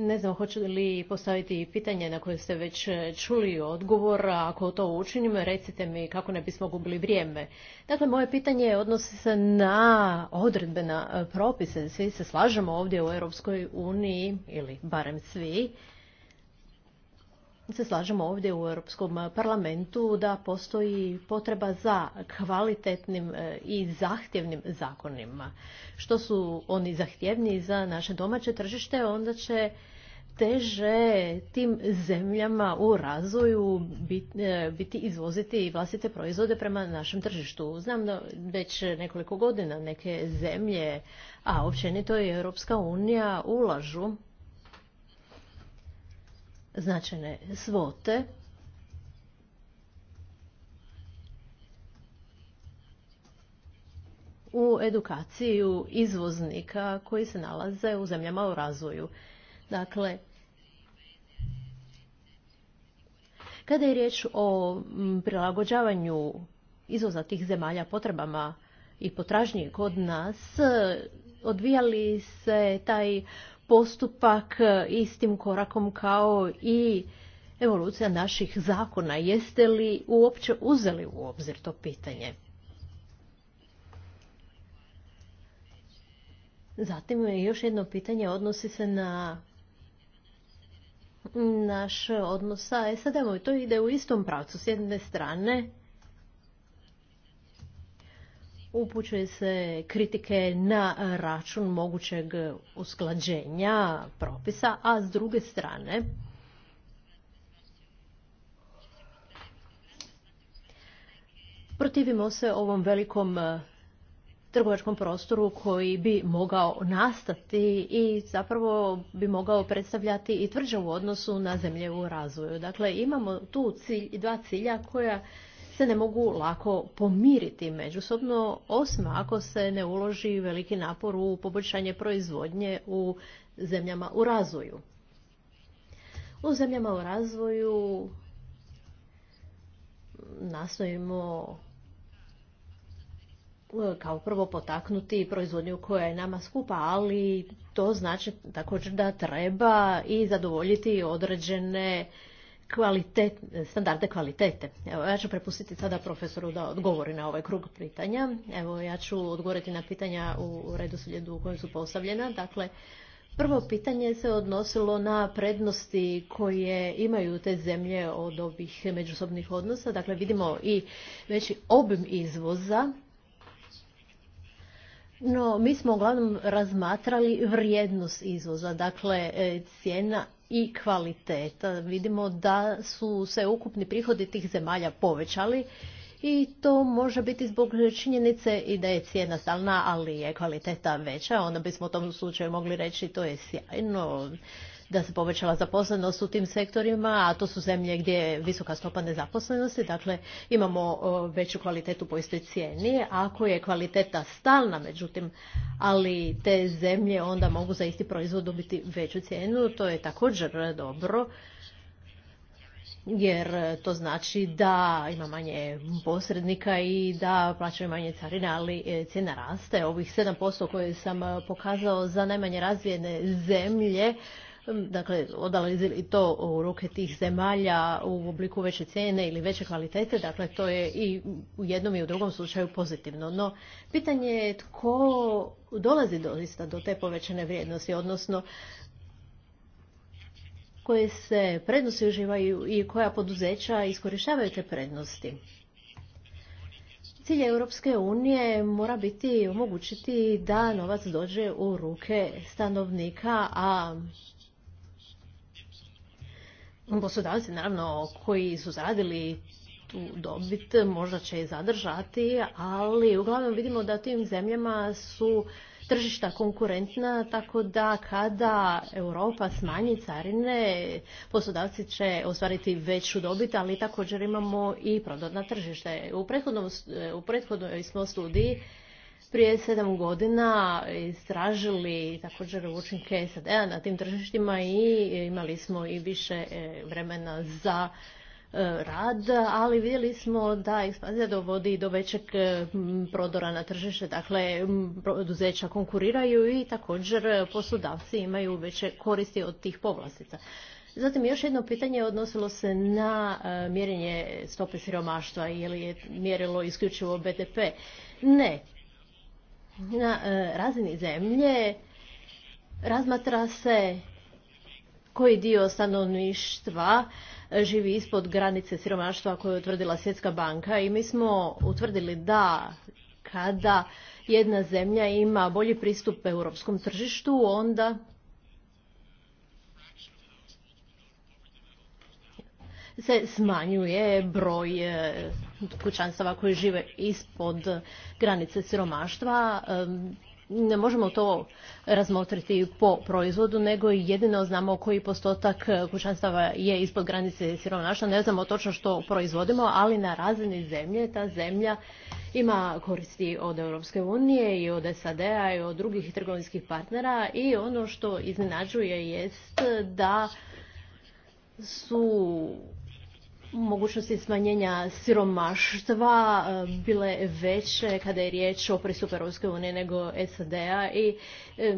Ne znam, hoću li postaviti pitanje na koje ste već e, čuli odgovor, ako to učinimo, recite mi kako ne bismo gubili vrijeme. Dakle, moje pitanje odnosi se na odredbe, na e, propise. Svi se slažemo ovdje u Europskoj uniji, ili barem svi, se slažemo ovdje u Europskom parlamentu da postoji potreba za kvalitetnim e, i zahtjevnim zakonima. Što su oni zahtjevni za naše domaće tržište, onda će teže tim zemljama u razvoju e, biti izvoziti i vlastite proizvode prema našem tržištu. Znam da već nekoliko godina neke zemlje, a općenito i Europska unija ulažu značajne svote u edukaciju izvoznika koji se nalaze u zemljama u razvoju. Dakle, Kada je riječ o mm, prilagođavanju izvoza tih zemalja potrebama i potražnje kod nas, e, odvijali se taj postupak e, istim korakom kao i evolucija naših zakona. Jeste li uopće uzeli u obzir to pitanje? Zatim još jedno pitanje odnosi se na naš odnos sa SAD-om. To ide u istom pravcu. S jedne strane upućuje se kritike na račun mogućeg usklađenja propisa, a s druge strane protivimo se ovom velikom trgovačkom prostoru koji bi mogao nastati i zapravo bi mogao predstavljati i tvrđe u odnosu na zemlje u razvoju. Dakle, imamo tu cilj, dva cilja koja se ne mogu lako pomiriti međusobno, osim ako se ne uloži veliki napor u poboljšanje proizvodnje u zemljama u razvoju. U zemljama u razvoju nastojimo E, kao prvo potaknuti proizvodnju koja je nama skupa, ali to znači također da treba i zadovoljiti određene kvalitet, standarde kvalitete. Evo, ja ću prepustiti sada profesoru da odgovori na ovaj krug pitanja. Evo, ja ću odgovoriti na pitanja u redu slijedu u kojem su postavljena. Dakle, prvo pitanje se odnosilo na prednosti koje imaju te zemlje od ovih međusobnih odnosa. Dakle, vidimo i veći obim izvoza no, mi smo uglavnom razmatrali vrijednost izvoza, dakle e, cijena i kvaliteta. Vidimo da su se ukupni prihodi tih zemalja povećali i to može biti zbog činjenice i da je cijena stalna, ali je kvaliteta veća. Onda bismo u tom slučaju mogli reći to je sjajno, da se povećala zaposlenost u tim sektorima, a to su zemlje gdje je visoka stopa nezaposlenosti, dakle imamo veću kvalitetu po istoj cijeni, ako je kvaliteta stalna, međutim, ali te zemlje onda mogu za isti proizvod dobiti veću cijenu, to je također dobro jer to znači da ima manje posrednika i da plaćaju manje carine, ali e, cijena raste. Ovih 7% koje sam e, pokazao za najmanje razvijene zemlje dakle, odalazili to u ruke tih zemalja u obliku veće cijene ili veće kvalitete, dakle, to je i u jednom i u drugom slučaju pozitivno. No, pitanje je tko dolazi doista do te povećane vrijednosti, odnosno koje se prednosti uživaju i koja poduzeća iskorištavaju te prednosti. Cilj Europske unije mora biti omogućiti da novac dođe u ruke stanovnika, a poslodavci naravno koji su zaradili tu dobit možda će i zadržati, ali uglavnom vidimo da tim zemljama su tržišta konkurentna, tako da kada Europa smanji carine, poslodavci će ostvariti veću dobit, ali također imamo i prododna tržište. U, u prethodnoj smo studiji prije sedam godina istražili također učinke SAD-a na tim tržištima i imali smo i više e, vremena za e, rad, ali vidjeli smo da ekspanzija dovodi do većeg e, prodora na tržište, dakle poduzeća konkuriraju i također poslodavci imaju veće koristi od tih povlastica. Zatim još jedno pitanje odnosilo se na mjerenje stope siromaštva ili je mjerilo isključivo BDP. Ne, na e, razini zemlje razmatra se koji dio stanovništva e, živi ispod granice siromaštva koju je utvrdila Svjetska banka i mi smo utvrdili da kada jedna zemlja ima bolji pristup europskom tržištu, onda se smanjuje broj e, kućanstava koji žive ispod granice siromaštva. Ne možemo to razmotriti po proizvodu, nego jedino znamo koji postotak kućanstava je ispod granice siromaštva. Ne znamo točno što proizvodimo, ali na razini zemlje ta zemlja ima koristi od Europske unije i od SAD-a i od drugih trgovinskih partnera i ono što iznenađuje jest da su mogućnosti smanjenja siromaštva e, bile veće kada je riječ o pristupu Europske unije nego SAD-a i e,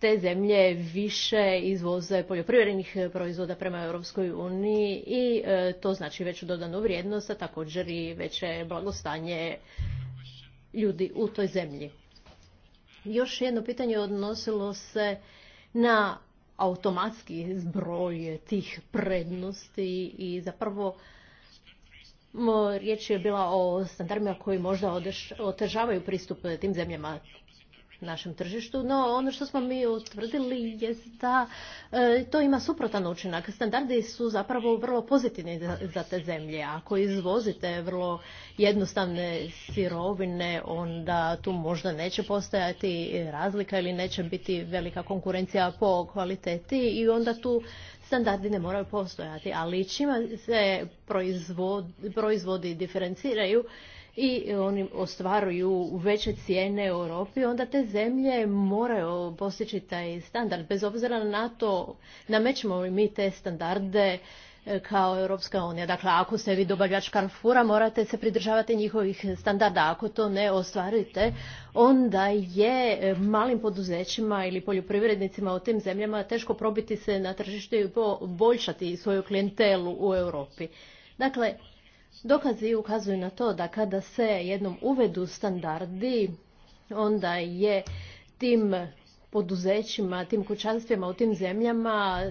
te zemlje više izvoze poljoprivrednih proizvoda prema Europskoj uniji i e, to znači veću dodanu vrijednost, a također i veće blagostanje ljudi u toj zemlji. Još jedno pitanje odnosilo se na automatski zbroj tih prednosti i zapravo riječ je bila o standardima koji možda otežavaju pristup tim zemljama našem tržištu, no ono što smo mi utvrdili je da e, to ima suprotan učinak. Standardi su zapravo vrlo pozitivni za, te zemlje. Ako izvozite vrlo jednostavne sirovine, onda tu možda neće postojati razlika ili neće biti velika konkurencija po kvaliteti i onda tu standardi ne moraju postojati. Ali čima se proizvodi diferenciraju, i oni ostvaruju veće cijene u Europi, onda te zemlje moraju postići taj standard. Bez obzira na to, namećemo li mi te standarde e, kao Europska unija. Dakle, ako ste vi dobavljač Carrefoura, morate se pridržavati njihovih standarda. Ako to ne ostvarite, onda je malim poduzećima ili poljoprivrednicima u tim zemljama teško probiti se na tržište i poboljšati svoju klijentelu u Europi. Dakle, Dokazi ukazuju na to da kada se jednom uvedu standardi, onda je tim poduzećima, tim kućanstvima u tim zemljama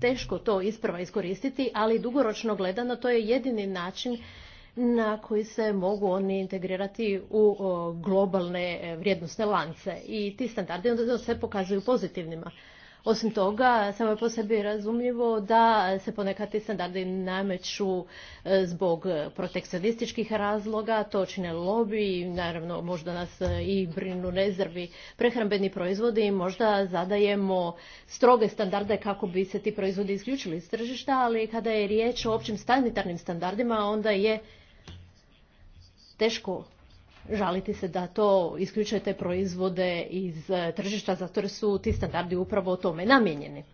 teško to isprva iskoristiti, ali dugoročno gledano to je jedini način na koji se mogu oni integrirati u globalne e, vrijednostne lance. I ti standardi onda se pokazuju pozitivnima. Osim toga, samo je po sebi razumljivo da se ponekad ti standardi nameću e, zbog protekcionističkih razloga, to čine lobby, naravno možda nas e, i brinu nezrvi prehrambeni proizvodi i možda zadajemo stroge standarde kako bi se ti proizvodi isključili iz tržišta, ali kada je riječ o općim sanitarnim standardima, onda je teško žaliti se da to isključuje te proizvode iz e, tržišta zato jer su ti standardi upravo o tome namijenjeni.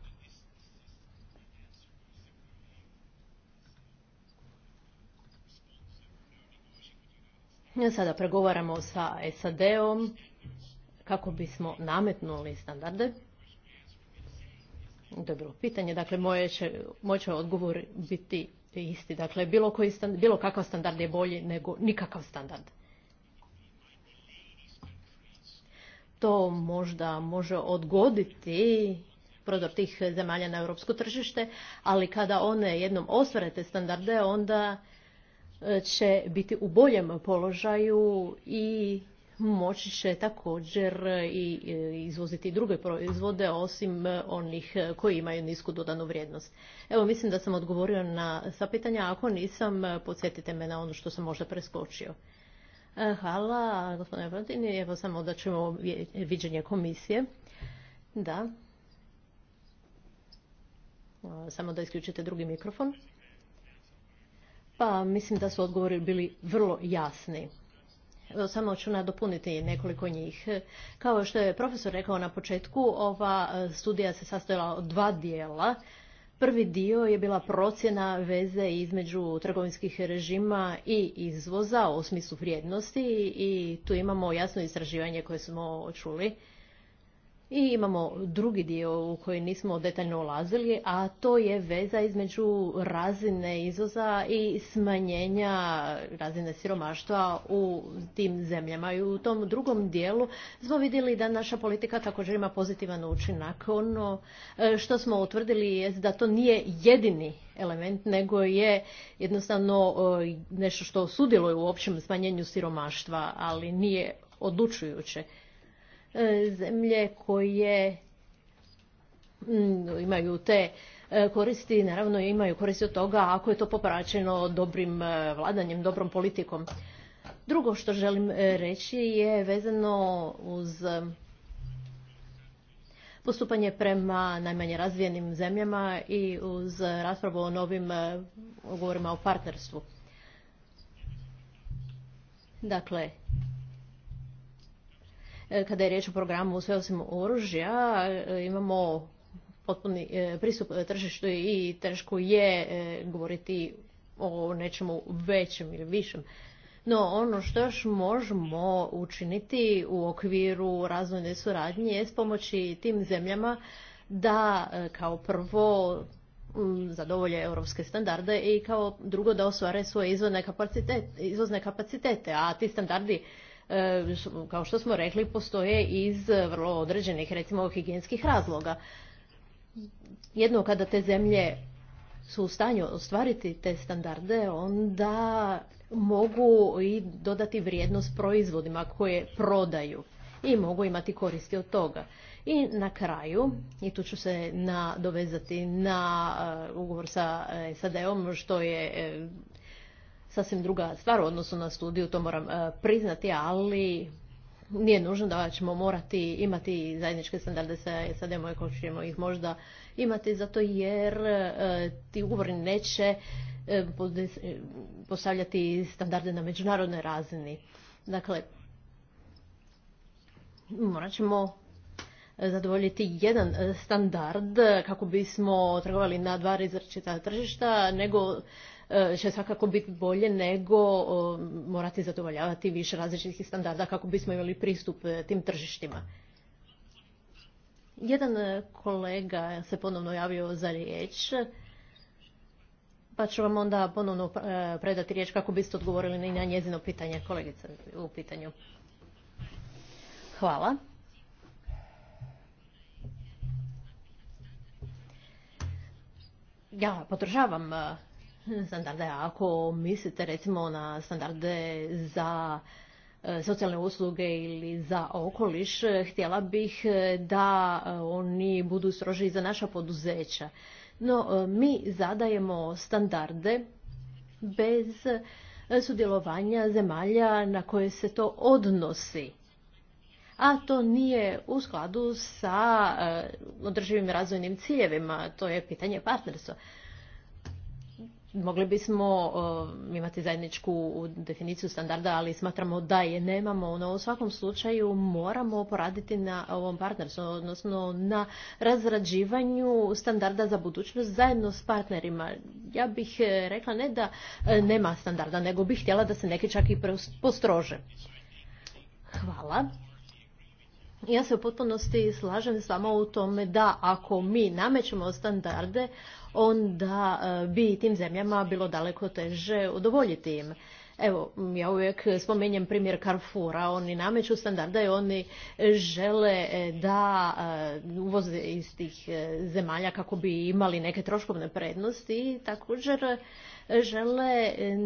Sada pregovaramo sa SAD-om kako bismo nametnuli standarde. Dobro, pitanje, dakle, će, moj će odgovor biti isti. Dakle, bilo, bilo kakav standard je bolji nego nikakav standard. to možda može odgoditi prodor tih zemalja na europsko tržište, ali kada one jednom ostvare te standarde, onda e, će biti u boljem položaju i moći će također e, i e, izvoziti druge proizvode osim onih koji imaju nisku dodanu vrijednost. Evo mislim da sam odgovorio na sva pitanja, ako nisam, podsjetite me na ono što sam možda preskočio. E, hvala, gospodine Brodini. Evo samo da ćemo viđenje komisije. Da. E, samo da isključite drugi mikrofon. Pa mislim da su odgovori bili vrlo jasni. samo ću nadopuniti nekoliko njih. Kao što je profesor rekao na početku, ova e, studija se sastojala od dva dijela. Prvi dio je bila procjena veze između trgovinskih režima i izvoza u smislu vrijednosti i tu imamo jasno istraživanje koje smo čuli i imamo drugi dio u koji nismo detaljno ulazili, a to je veza između razine izvoza i smanjenja razine siromaštva u tim zemljama. I u tom drugom dijelu smo vidjeli da naša politika također ima pozitivan učinak. Ono e, što smo utvrdili je da to nije jedini element, nego je jednostavno e, nešto što sudjeluje u općem smanjenju siromaštva, ali nije odlučujuće. E, zemlje koje mm, imaju te e, koristi, naravno imaju koristi od toga ako je to popraćeno dobrim e, vladanjem, dobrom politikom. Drugo što želim reći je vezano uz postupanje prema najmanje razvijenim zemljama i uz raspravu o novim ugovorima o partnerstvu. Dakle, E, kada je riječ o programu sve osim oružja, e, imamo potpuni e, pristup tržištu i teško je govoriti o nečemu većem ili višem. No, ono što još možemo učiniti u okviru razvojne suradnje je pomoći tim zemljama da kao prvo zadovolje europske standarde i kao drugo da ostvare svoje izvozne kapacitete a ti standardi E, kao što smo rekli, postoje iz vrlo određenih, recimo, higijenskih razloga. Jedno kada te zemlje su u stanju ostvariti te standarde, onda mogu i dodati vrijednost proizvodima koje prodaju i mogu imati koristi od toga. I na kraju, i tu ću se dovezati na e, ugovor sa e, SAD-om, što je sasvim druga stvar u odnosu na studiju, to moram e, priznati, ali nije nužno da ćemo morati imati zajedničke standarde sa SAD-om ćemo ih možda imati, zato jer e, ti ugovori neće e, postavljati standarde na međunarodnoj razini. Dakle, morat ćemo zadovoljiti jedan standard kako bismo trgovali na dva različita tržišta, nego E, će svakako biti bolje nego morati zadovoljavati više različitih standarda kako bismo imali pristup e, tim tržištima. Jedan e, kolega se ponovno javio za riječ, pa ću vam onda ponovno predati riječ kako biste odgovorili i na njezino pitanje, kolegica u pitanju. Hvala. Ja podržavam Hmm, standarde. Ako mislite recimo na standarde za e, socijalne usluge ili za okoliš, htjela bih e, da e, oni budu stroži za naša poduzeća. No, mi zadajemo standarde bez sudjelovanja zemalja na koje se to odnosi. A to nije u skladu sa održivim razvojnim ciljevima, to je pitanje partnerstva mogli bismo um, imati zajedničku definiciju standarda, ali smatramo da je nemamo. No u svakom slučaju moramo poraditi na ovom partnerstvu, odnosno na razrađivanju standarda za budućnost zajedno s partnerima. Ja bih eh, rekla ne da eh, nema standarda, nego bih htjela da se neki čak i postrože. Hvala. Ja se u potpunosti slažem samo u tome da ako mi namećemo standarde, onda e, bi tim zemljama bilo daleko teže udovoljiti im. Evo, ja uvijek spomenjem primjer Carrefoura. Oni nameću standarda i oni žele e, da e, uvoze iz tih zemalja kako bi imali neke troškovne prednosti i također žele e,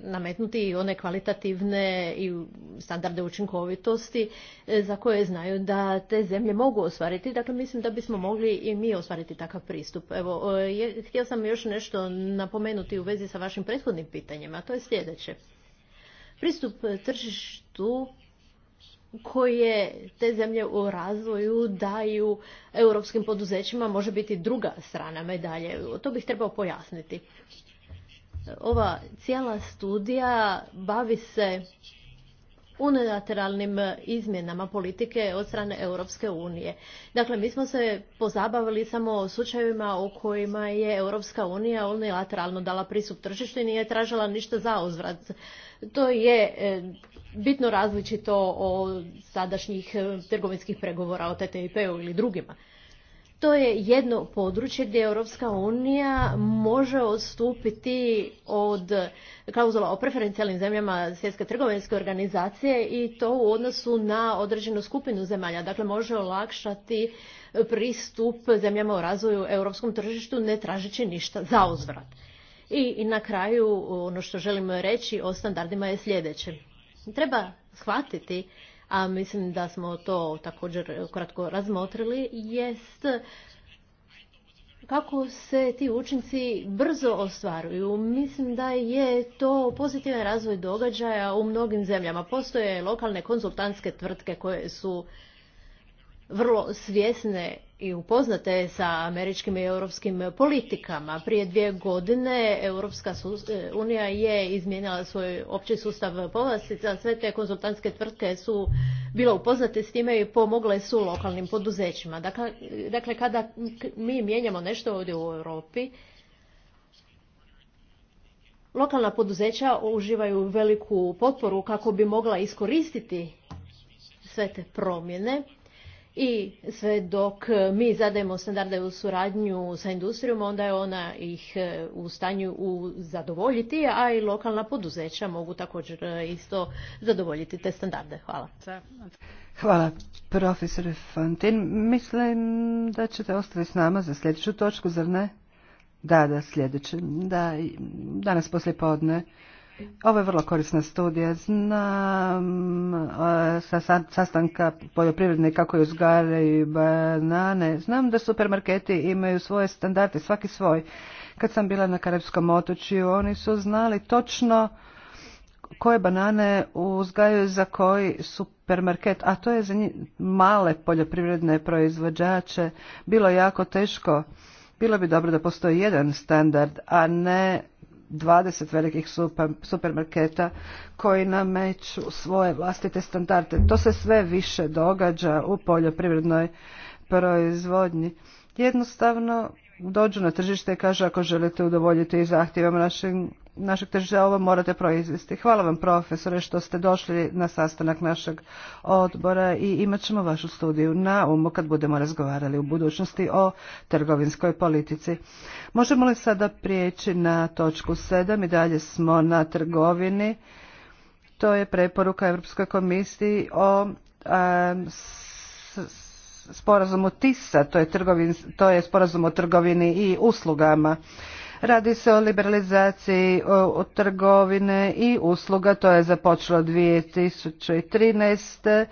nametnuti i one kvalitativne i standarde učinkovitosti e, za koje znaju da te zemlje mogu ostvariti. Dakle, mislim da bismo mogli i mi ostvariti takav pristup. Evo, e, htio sam još nešto napomenuti u vezi sa vašim prethodnim pitanjima, a to je sljedeće. Pristup tržištu koje te zemlje u razvoju daju europskim poduzećima može biti druga strana medalje. To bih trebao pojasniti ova cijela studija bavi se unilateralnim izmjenama politike od strane Europske unije. Dakle, mi smo se pozabavili samo o slučajevima u kojima je Europska unija unilateralno dala prisup tržištu i nije tražila ništa za uzvrat. To je e, bitno različito od sadašnjih e, trgovinskih pregovora o TTIP-u ili drugima. To je jedno područje gdje Europska unija može odstupiti od klauzula o preferencijalnim zemljama Svjetske trgovinske organizacije i to u odnosu na određenu skupinu zemalja. Dakle, može olakšati pristup zemljama u razvoju europskom tržištu ne tražeći ništa za uzvrat. I na kraju ono što želim reći o standardima je sljedeće. Treba shvatiti a mislim da smo to također kratko razmotrili, jest kako se ti učinci brzo ostvaruju. Mislim da je to pozitivan razvoj događaja u mnogim zemljama. Postoje lokalne konzultantske tvrtke koje su vrlo svjesne i upoznate sa američkim i europskim politikama. Prije dvije godine Europska e, unija je izmijenila svoj opći sustav povlastica. Sve te konzultantske tvrtke su bile upoznate s time i pomogle su lokalnim poduzećima. Dakle, dakle kada mi mijenjamo nešto ovdje u Europi, lokalna poduzeća uživaju veliku potporu kako bi mogla iskoristiti sve te promjene i sve dok mi zadajemo standarde u suradnju sa industrijom, onda je ona ih e, u stanju zadovoljiti, a i lokalna poduzeća mogu također e, isto zadovoljiti te standarde. Hvala. Hvala, profesor Fantin. Mislim da ćete ostati s nama za sljedeću točku, zar ne? Da, da, sljedeću, Da, danas poslije podne. Ovo je vrlo korisna studija. Znam sa sastanka kako kako uzgajaju banane. Znam da supermarketi imaju svoje standarde, svaki svoj. Kad sam bila na Karabskom otočju, oni su znali točno koje banane uzgajaju za koji supermarket, a to je za njih male poljoprivredne proizvođače bilo jako teško. Bilo bi dobro da postoji jedan standard, a ne 20 velikih supermarketa koji nameću svoje vlastite standarde. To se sve više događa u poljoprivrednoj proizvodnji. Jednostavno dođu na tržište i kažu ako želite udovoljiti zahtjevom našim našeg tržišta ovo morate proizvesti. Hvala vam profesore što ste došli na sastanak našeg odbora i imat ćemo vašu studiju na umu kad budemo razgovarali u budućnosti o trgovinskoj politici. Možemo li sada prijeći na točku 7 i dalje smo na trgovini. To je preporuka Europskoj komisiji o sporazumu TISA, to je, to je sporazum o trgovini i uslugama. Radi se o liberalizaciji od trgovine i usluga, to je započelo 2013.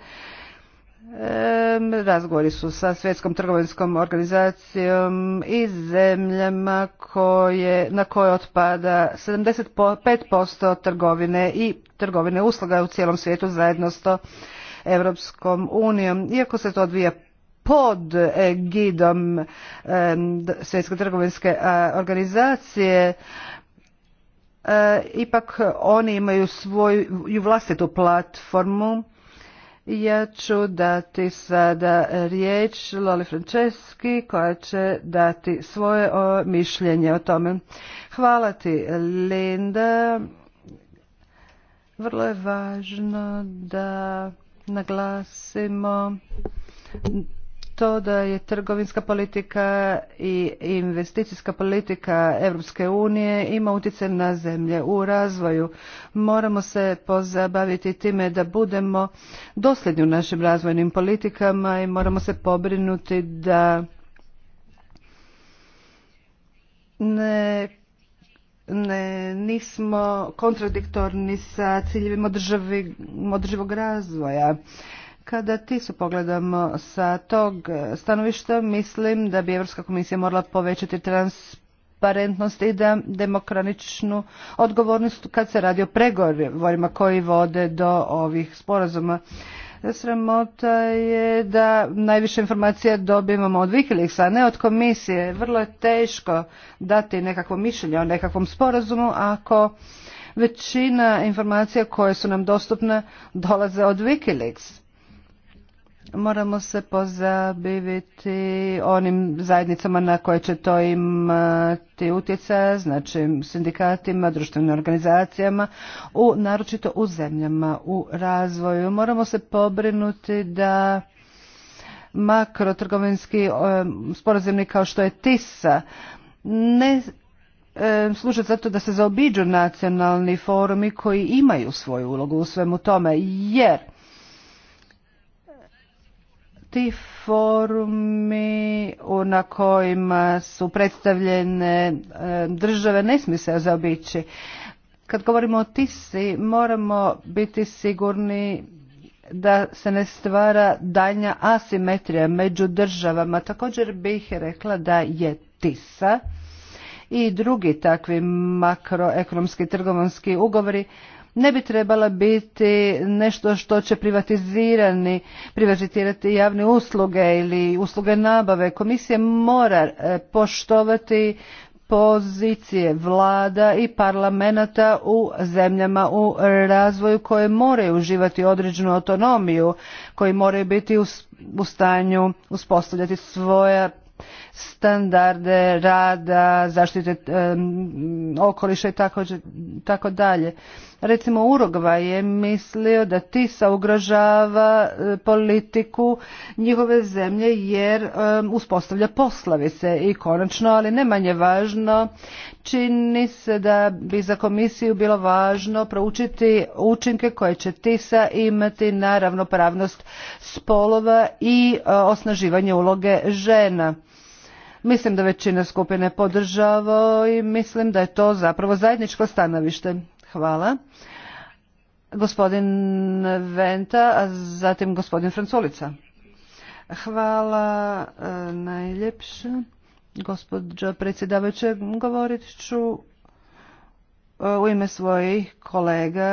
razgovori su sa Svjetskom trgovinskom organizacijom i zemljama koje, na koje otpada 75% trgovine i trgovine usluga u cijelom svijetu zajedno s Europskom unijom. Iako se to odvija pod gidom Svjetske trgovinske organizacije e, ipak oni imaju svoju vlastitu platformu. Ja ću dati sada riječ Loli Franceski koja će dati svoje mišljenje o tome. Hvala ti Linda. Vrlo je važno da naglasimo to da je trgovinska politika i investicijska politika Europske unije ima utjecaj na zemlje u razvoju. Moramo se pozabaviti time da budemo dosljedni u našim razvojnim politikama i moramo se pobrinuti da ne ne, nismo kontradiktorni sa ciljevima održivog razvoja. Kada su pogledamo sa tog e, stanovišta, mislim da bi Evropska komisija morala povećati transparentnost i da demokratičnu odgovornost kad se radi o pregovorima koji vode do ovih sporazuma. Sramota je da najviše informacija dobivamo od Wikileaks, a ne od komisije. Vrlo je teško dati nekakvo mišljenje o nekakvom sporazumu ako većina informacija koje su nam dostupne dolaze od Wikileaks moramo se pozabiviti onim zajednicama na koje će to imati utjecaja, znači sindikatima, društvenim organizacijama, u, naročito u zemljama u razvoju. Moramo se pobrinuti da makrotrgovinski e, sporazumni kao što je TISA ne e, služe zato da se zaobiđu nacionalni forumi koji imaju svoju ulogu u svemu tome, jer ti forumi na kojima su predstavljene e, države ne smije se zaobići. Kad govorimo o tisi, moramo biti sigurni da se ne stvara daljnja asimetrija među državama. Također bih rekla da je tisa i drugi takvi makroekonomski trgovanski ugovori ne bi trebala biti nešto što će privatizirani, privatizirati javne usluge ili usluge nabave. Komisija mora e, poštovati pozicije vlada i parlamenta u zemljama u razvoju koje moraju uživati određenu autonomiju, koji moraju biti u stanju uspostavljati svoja standarde rada, zaštite okoliša i tako dalje. Recimo Urogva je mislio da TISA ugrožava e, politiku njihove zemlje jer uspostavlja se i konačno, ali ne manje važno, čini se da bi za komisiju bilo važno proučiti učinke koje će TISA imati na ravnopravnost spolova i e, osnaživanje uloge žena. Mislim da većina skupine podržava i mislim da je to zapravo zajedničko stanovište. Hvala. Gospodin Venta, a zatim gospodin Franculica. Hvala e, najljepše. Gospodža predsjedavajuće, govorit ću e, u ime svojih kolega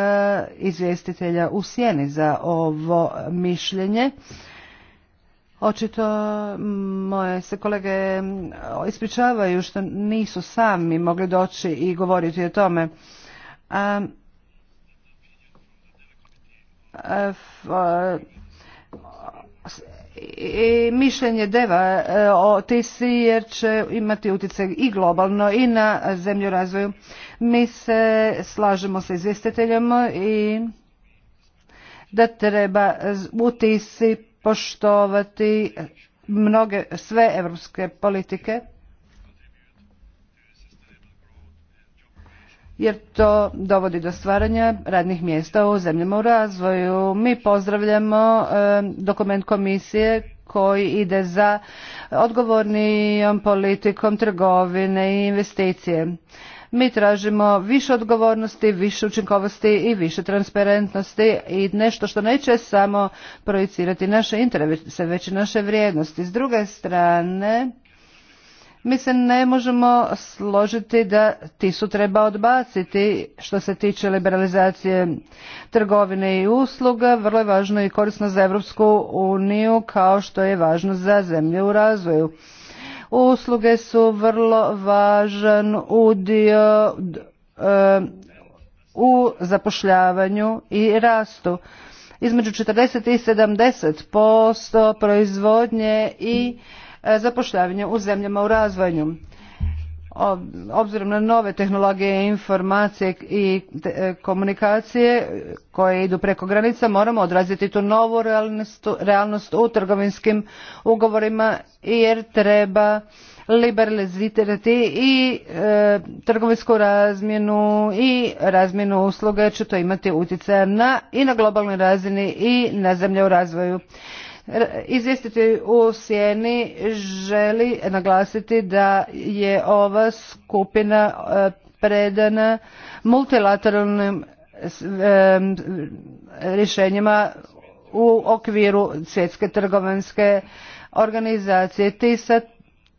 izvjestitelja u sjeni za ovo mišljenje. Očito moje se kolege ispričavaju što nisu sami mogli doći i govoriti o tome. A, mišljenje deva e, o TISI jer će imati utjecaj i globalno i na zemlju razvoju. Mi se slažemo sa izvjestiteljom i da treba u TISI poštovati mnoge sve europske politike jer to dovodi do stvaranja radnih mjesta u zemljama u razvoju. Mi pozdravljamo e, dokument komisije koji ide za odgovornijom politikom trgovine i investicije. Mi tražimo više odgovornosti, više učinkovosti i više transparentnosti i nešto što neće samo projicirati naše interese, već i naše vrijednosti. S druge strane, mi se ne možemo složiti da ti su treba odbaciti što se tiče liberalizacije trgovine i usluga. Vrlo je važno i korisno za Europsku uniju kao što je važno za zemlje u razvoju. Usluge su vrlo važan udio e, u zapošljavanju i rastu. Između 40 i 70 posto proizvodnje i e, zapošljavanje u zemljama u razvoju obzirom na nove tehnologije informacije i e, komunikacije koje idu preko granica moramo odraziti tu novu realnost, u trgovinskim ugovorima jer treba liberalizirati i e, trgovinsku razmjenu i razmjenu usluga će to imati utjecaja na i na globalnoj razini i na zemlje u razvoju. Izvjestitelj u Sjeni želi naglasiti da je ova skupina e, predana multilateralnim e, rješenjima u okviru svjetske trgovinske organizacije. TISA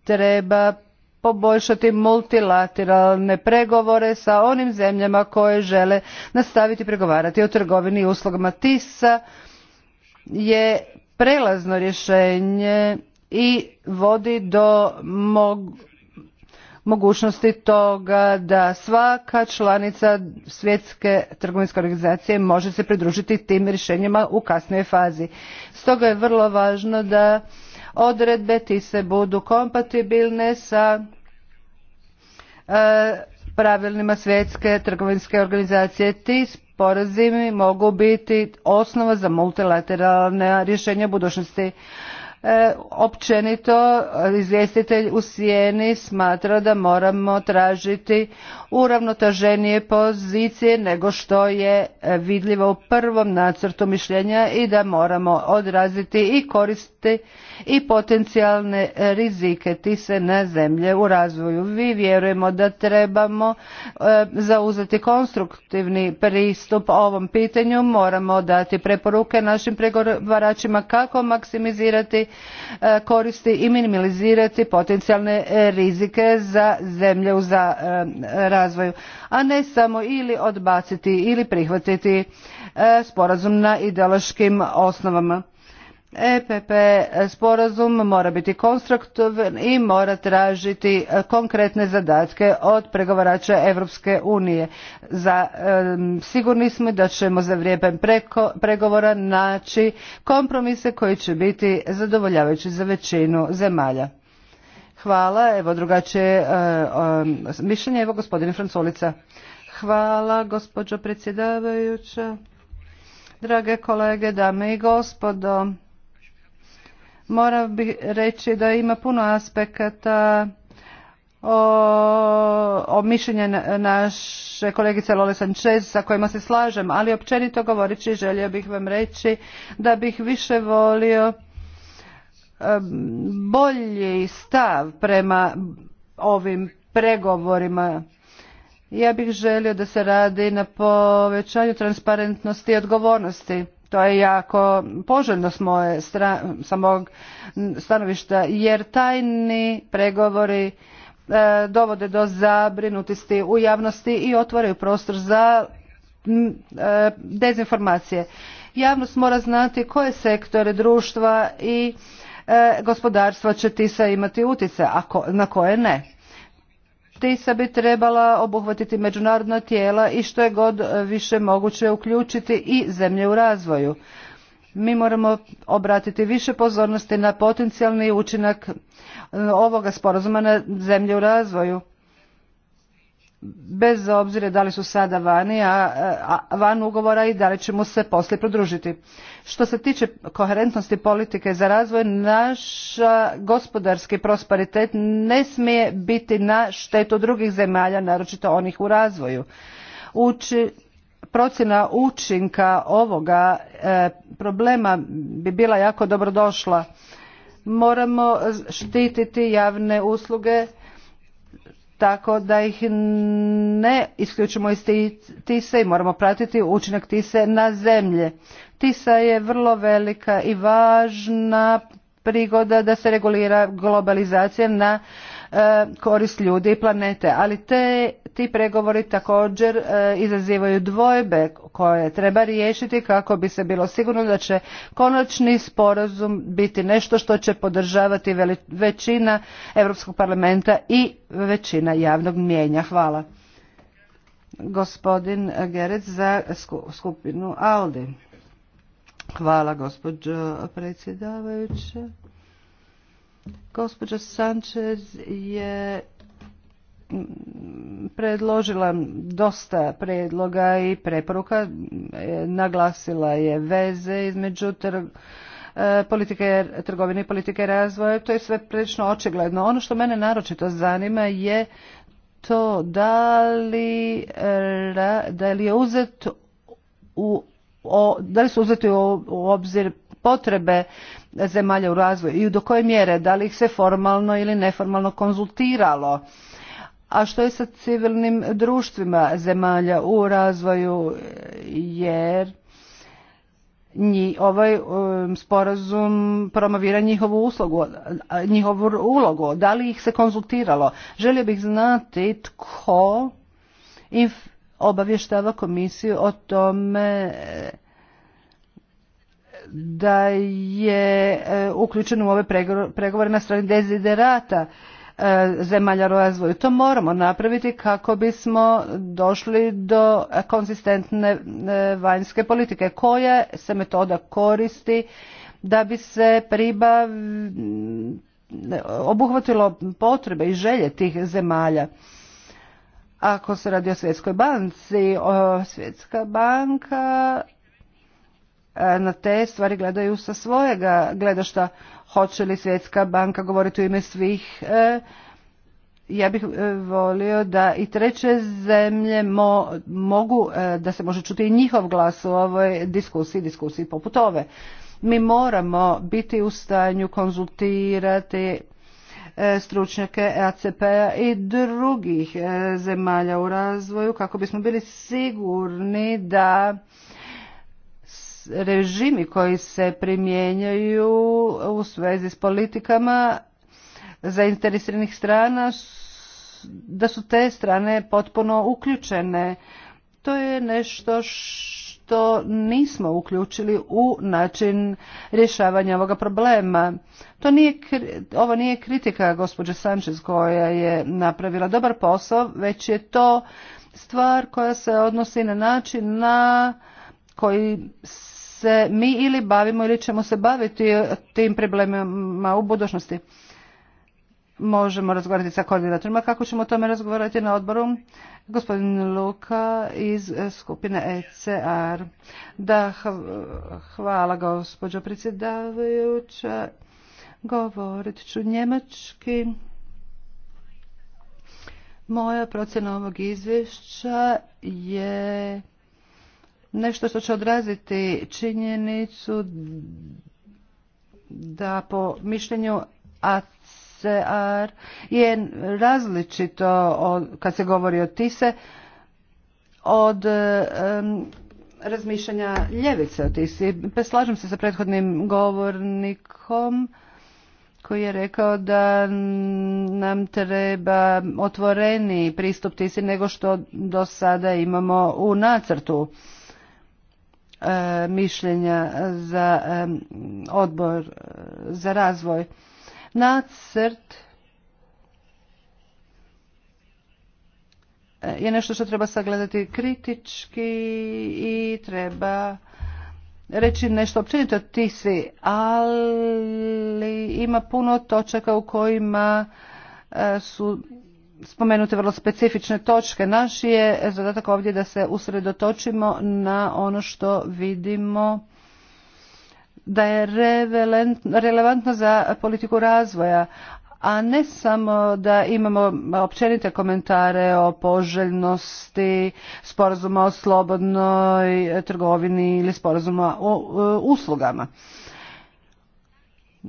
treba poboljšati multilateralne pregovore sa onim zemljama koje žele nastaviti pregovarati o trgovini i uslugama TISA je prelazno rješenje i vodi do mogućnosti toga da svaka članica svjetske trgovinske organizacije može se pridružiti tim rješenjima u kasnoj fazi. Stoga je vrlo važno da odredbe ti se budu kompatibilne sa e, pravilnima svjetske trgovinske organizacije. TIS sporazumi mogu biti osnova za multilateralne rješenja budućnosti. E, općenito izvjestitelj u sjeni smatra da moramo tražiti uravnoteženije pozicije nego što je e, vidljivo u prvom nacrtu mišljenja i da moramo odraziti i koristi i potencijalne rizike tise na zemlje u razvoju. Vi vjerujemo da trebamo e, zauzeti konstruktivni pristup ovom pitanju, moramo dati preporuke našim pregovaračima kako maksimizirati E, koristi i minimalizirati potencijalne e, rizike za zemlje u e, razvoju, a ne samo ili odbaciti ili prihvatiti sporazum na ideološkim osnovama. EPP sporazum mora biti konstruktivan i mora tražiti konkretne zadatke od pregovarača Europske unije. Za, sigurni smo da ćemo za vrijeme pregovora naći kompromise koji će biti zadovoljavajući za većinu zemalja. Hvala, evo drugačije e, mišljenje, evo gospodine Franculica. Hvala gospođo predsjedavajuća, drage kolege, dame i gospodo mora bih reći da ima puno aspekata o, o mišljenje naše kolegice Lole Sanchez sa kojima se slažem, ali općenito govoreći želio bih vam reći da bih više volio bolji stav prema ovim pregovorima. Ja bih želio da se radi na povećanju transparentnosti i odgovornosti. To je jako poželjno s moje stanovišta jer tajni pregovori e, dovode do zabrinutosti u javnosti i otvaraju prostor za e, dezinformacije. Javnost mora znati koje sektore društva i e, gospodarstva će TISA imati utjecaj, a na koje ne. TISA bi trebala obuhvatiti međunarodna tijela i što je god više moguće uključiti i zemlje u razvoju. Mi moramo obratiti više pozornosti na potencijalni učinak eh, ovoga sporazuma na zemlje u razvoju bez obzira da li su sada vani, a, van ugovora i da li ćemo se poslije prodružiti. Što se tiče koherentnosti politike za razvoj, naš gospodarski prosperitet ne smije biti na štetu drugih zemalja, naročito onih u razvoju. Uči, procjena učinka ovoga e, problema bi bila jako dobrodošla. Moramo štititi javne usluge tako da ih ne isključimo iz tise i moramo pratiti učinak tise na zemlje. Tisa je vrlo velika i važna prigoda da se regulira globalizacija na E, korist ljudi i planete. Ali te, ti pregovori također e, izazivaju dvojbe koje treba riješiti kako bi se bilo sigurno da će konačni sporazum biti nešto što će podržavati većina Europskog parlamenta i većina javnog mijenja. Hvala. Gospodin Gerec za skupinu Aldi. Hvala gospođo predsjedavajuće. Gospođa Sanchez je mm, predložila dosta predloga i preporuka, e, naglasila je veze između e, politike trgovine i politike razvoja, to je sve prilično očigledno. Ono što mene naročito zanima je to da li, da li je uzet u da li su uzeti u obzir potrebe zemalja u razvoju i do koje mjere, da li ih se formalno ili neformalno konzultiralo. A što je sa civilnim društvima zemalja u razvoju, jer nji, ovaj um, sporazum promovira njihovu, uslugu, njihovu ulogu, da li ih se konzultiralo. Želio bih znati tko obavještava komisiju o tome da je e, uključen u ove pregovore na strani deziderata e, zemalja razvoju. To moramo napraviti kako bismo došli do konzistentne e, vanjske politike. Koja se metoda koristi da bi se priba obuhvatilo potrebe i želje tih zemalja. Ako se radi o Svjetskoj banci, Svjetska banka E, na te stvari gledaju sa svojega gledašta. Hoće li Svjetska banka govoriti u ime svih? E, ja bih e, volio da i treće zemlje mogu, da se može čuti i njihov glas u ovoj diskusiji, diskusiji poput ove. Mi moramo biti u stanju konzultirati stručnjake ACP-a i drugih zemalja u razvoju kako bismo bili sigurni da režimi koji se primjenjaju u svezi s politikama zainteresiranih strana da su te strane potpuno uključene. To je nešto što nismo uključili u način rješavanja ovoga problema. To nije, ovo nije kritika gospođe Sanchez koja je napravila dobar posao, već je to stvar koja se odnosi na način na koji se mi ili bavimo ili ćemo se baviti tim problemima u budućnosti. Možemo razgovarati sa koordinatorima. Kako ćemo o tome razgovarati na odboru? Gospodin Luka iz skupine ECR. Da, hvala gospođo predsjedavajuća. Govorit ću njemački. Moja procjena ovog izvješća je nešto što će odraziti činjenicu da po mišljenju ACR je različito kad se govori o TISE od razmišljanja ljevice o TISI. E. Slažem se sa prethodnim govornikom koji je rekao da nam treba otvoreni pristup TISI e nego što do sada imamo u nacrtu. E, mišljenja za e, odbor e, za razvoj. Nacrt je nešto što treba sagledati kritički i treba reći nešto općenito ti si ali ima puno točaka u kojima su spomenute vrlo specifične točke. Naš je zadatak ovdje da se usredotočimo na ono što vidimo da je relevantno za politiku razvoja, a ne samo da imamo općenite komentare o poželjnosti, sporazuma o slobodnoj trgovini ili sporazuma o e, uslugama.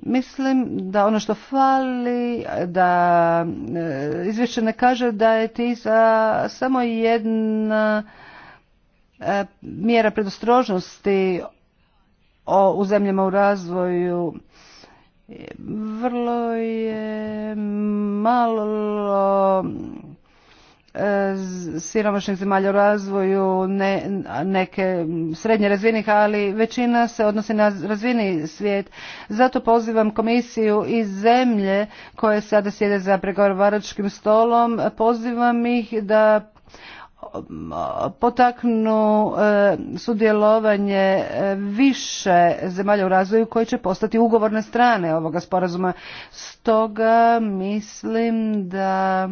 Mislim da ono što fali, da e, izvješće ne kaže da je TISA samo jedna e, mjera predostrožnosti u zemljama u razvoju. Vrlo je malo siromašnih zemalja u razvoju, ne, neke srednje razvijenih, ali većina se odnosi na razvijeni svijet. Zato pozivam komisiju i zemlje koje sada sjede za pregovaračkim stolom, pozivam ih da potaknu e, sudjelovanje e, više zemalja u razvoju koji će postati ugovorne strane ovoga sporazuma. Stoga mislim da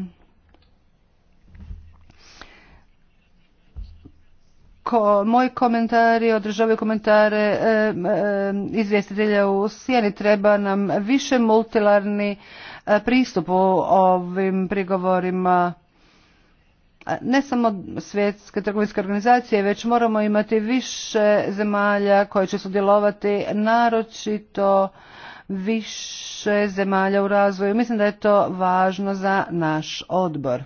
Moji moj komentar održavaju komentare e, e, izvjestitelja u Sijeni. Treba nam više multilarni e, pristup u ovim prigovorima ne samo svjetske trgovinske organizacije, već moramo imati više zemalja koje će sudjelovati, naročito više zemalja u razvoju. Mislim da je to važno za naš odbor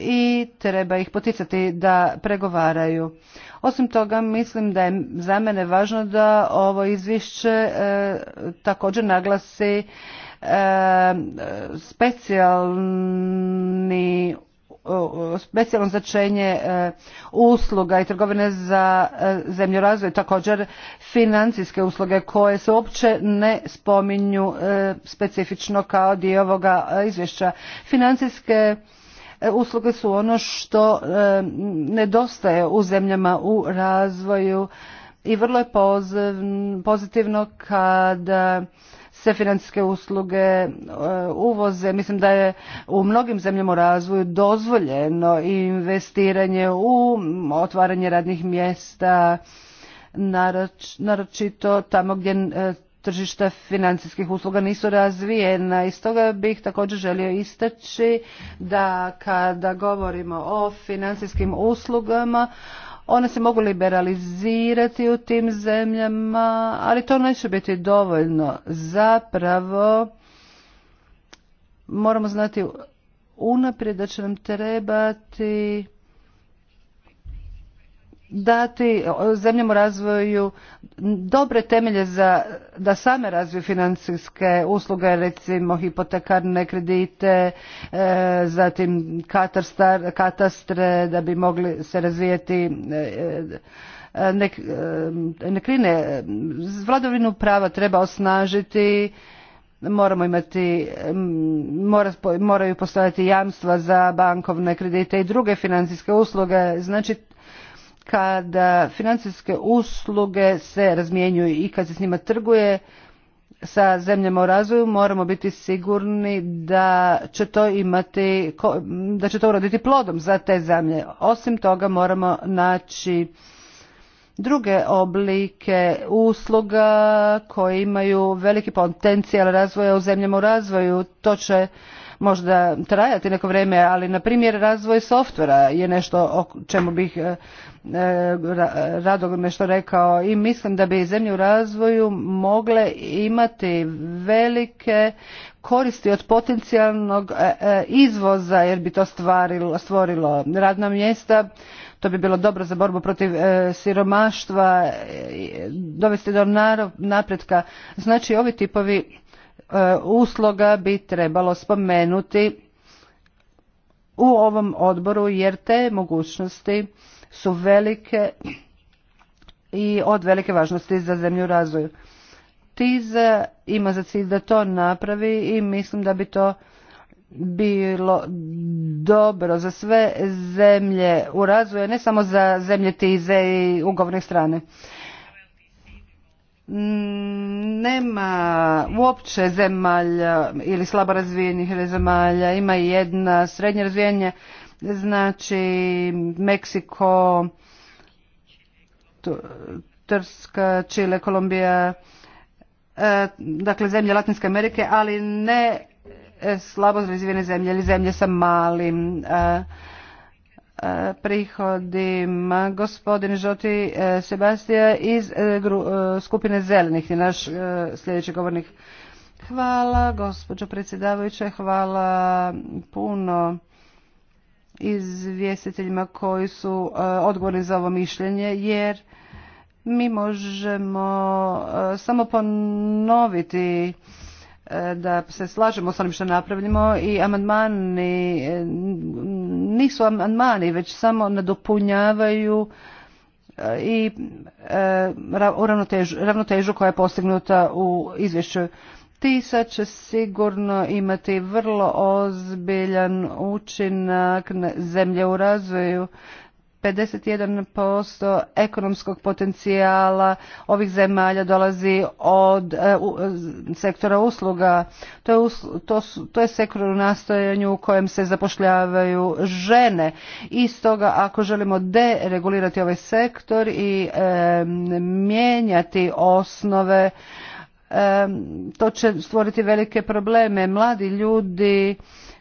i treba ih poticati da pregovaraju. Osim toga, mislim da je za mene važno da ovo izvješće e, također naglasi e, specijalni specijalno značenje e, usluga i trgovine za zemlju razvoj, također financijske usluge koje se uopće ne spominju specifično kao dio ovoga izvješća. Financijske E, usluge su ono što e, nedostaje u zemljama u razvoju i vrlo je pozitivno kada se financijske usluge e, uvoze. Mislim da je u mnogim zemljama u razvoju dozvoljeno investiranje u otvaranje radnih mjesta, naročito tamo gdje tržišta financijskih usluga nisu razvijena i stoga bih također želio istaći da kada govorimo o financijskim uslugama one se mogu liberalizirati u tim zemljama, ali to neće biti dovoljno. Zapravo moramo znati unaprijed da će nam trebati dati zemljama u razvoju dobre temelje za da same razviju financijske usluge, recimo hipotekarne kredite, e, zatim katastre da bi mogli se razvijeti e, e, nekrine. Vladovinu prava treba osnažiti moramo imati, moraju postojati jamstva za bankovne kredite i druge financijske usluge. Znači, kada financijske usluge se razmjenjuju i kad se s njima trguje sa zemljama u razvoju moramo biti sigurni da će to imati, da će to uroditi plodom za te zemlje. Osim toga moramo naći druge oblike usluga koje imaju veliki potencijal razvoja u zemljama u razvoju. To će možda trajati neko vrijeme, ali na primjer razvoj softvera je nešto o čemu bih e, e, rado nešto rekao i mislim da bi zemlje u razvoju mogle imati velike koristi od potencijalnog e, izvoza jer bi to stvorilo radna mjesta, to bi bilo dobro za borbu protiv siromaštva, dovesti do napretka. Znači ovi tipovi E, usluga bi trebalo spomenuti u ovom odboru jer te mogućnosti su velike i od velike važnosti za zemlju razvoju. TIZA ima za cilj da to napravi i mislim da bi to bilo dobro za sve zemlje u razvoju, ne samo za zemlje TIZE i ugovorne strane. Mm, nema uopće zemalja ili slabo razvijenih zemalja, ima jedna srednje razvijenje, znači Meksiko, Turska, Čile, Kolumbija, e, dakle zemlje Latinske Amerike, ali ne e, slabo razvijene zemlje ili zemlje sa malim e, prihodima gospodin Žoti e, Sebastija iz e, e, skupine Zelenih je naš sljedeći govornik. Hvala gospođo predsjedavajuće, hvala puno izvjestiteljima koji su odgovorni za ovo mišljenje jer mi možemo samo ponoviti da se slažemo s onim što napravimo i amandmani e, nisu amandmani već samo nadopunjavaju e, i e, ravnotežu, koja je postignuta u izvješću. TISA će sigurno imati vrlo ozbiljan učinak zemlje u razvoju 51% ekonomskog potencijala ovih zemalja dolazi od e, e, sektora usluga. To je, to je sektor u nastojanju u kojem se zapošljavaju žene. I stoga ako želimo deregulirati ovaj sektor i mijenjati osnove, to će stvoriti velike probleme. Mladi ljudi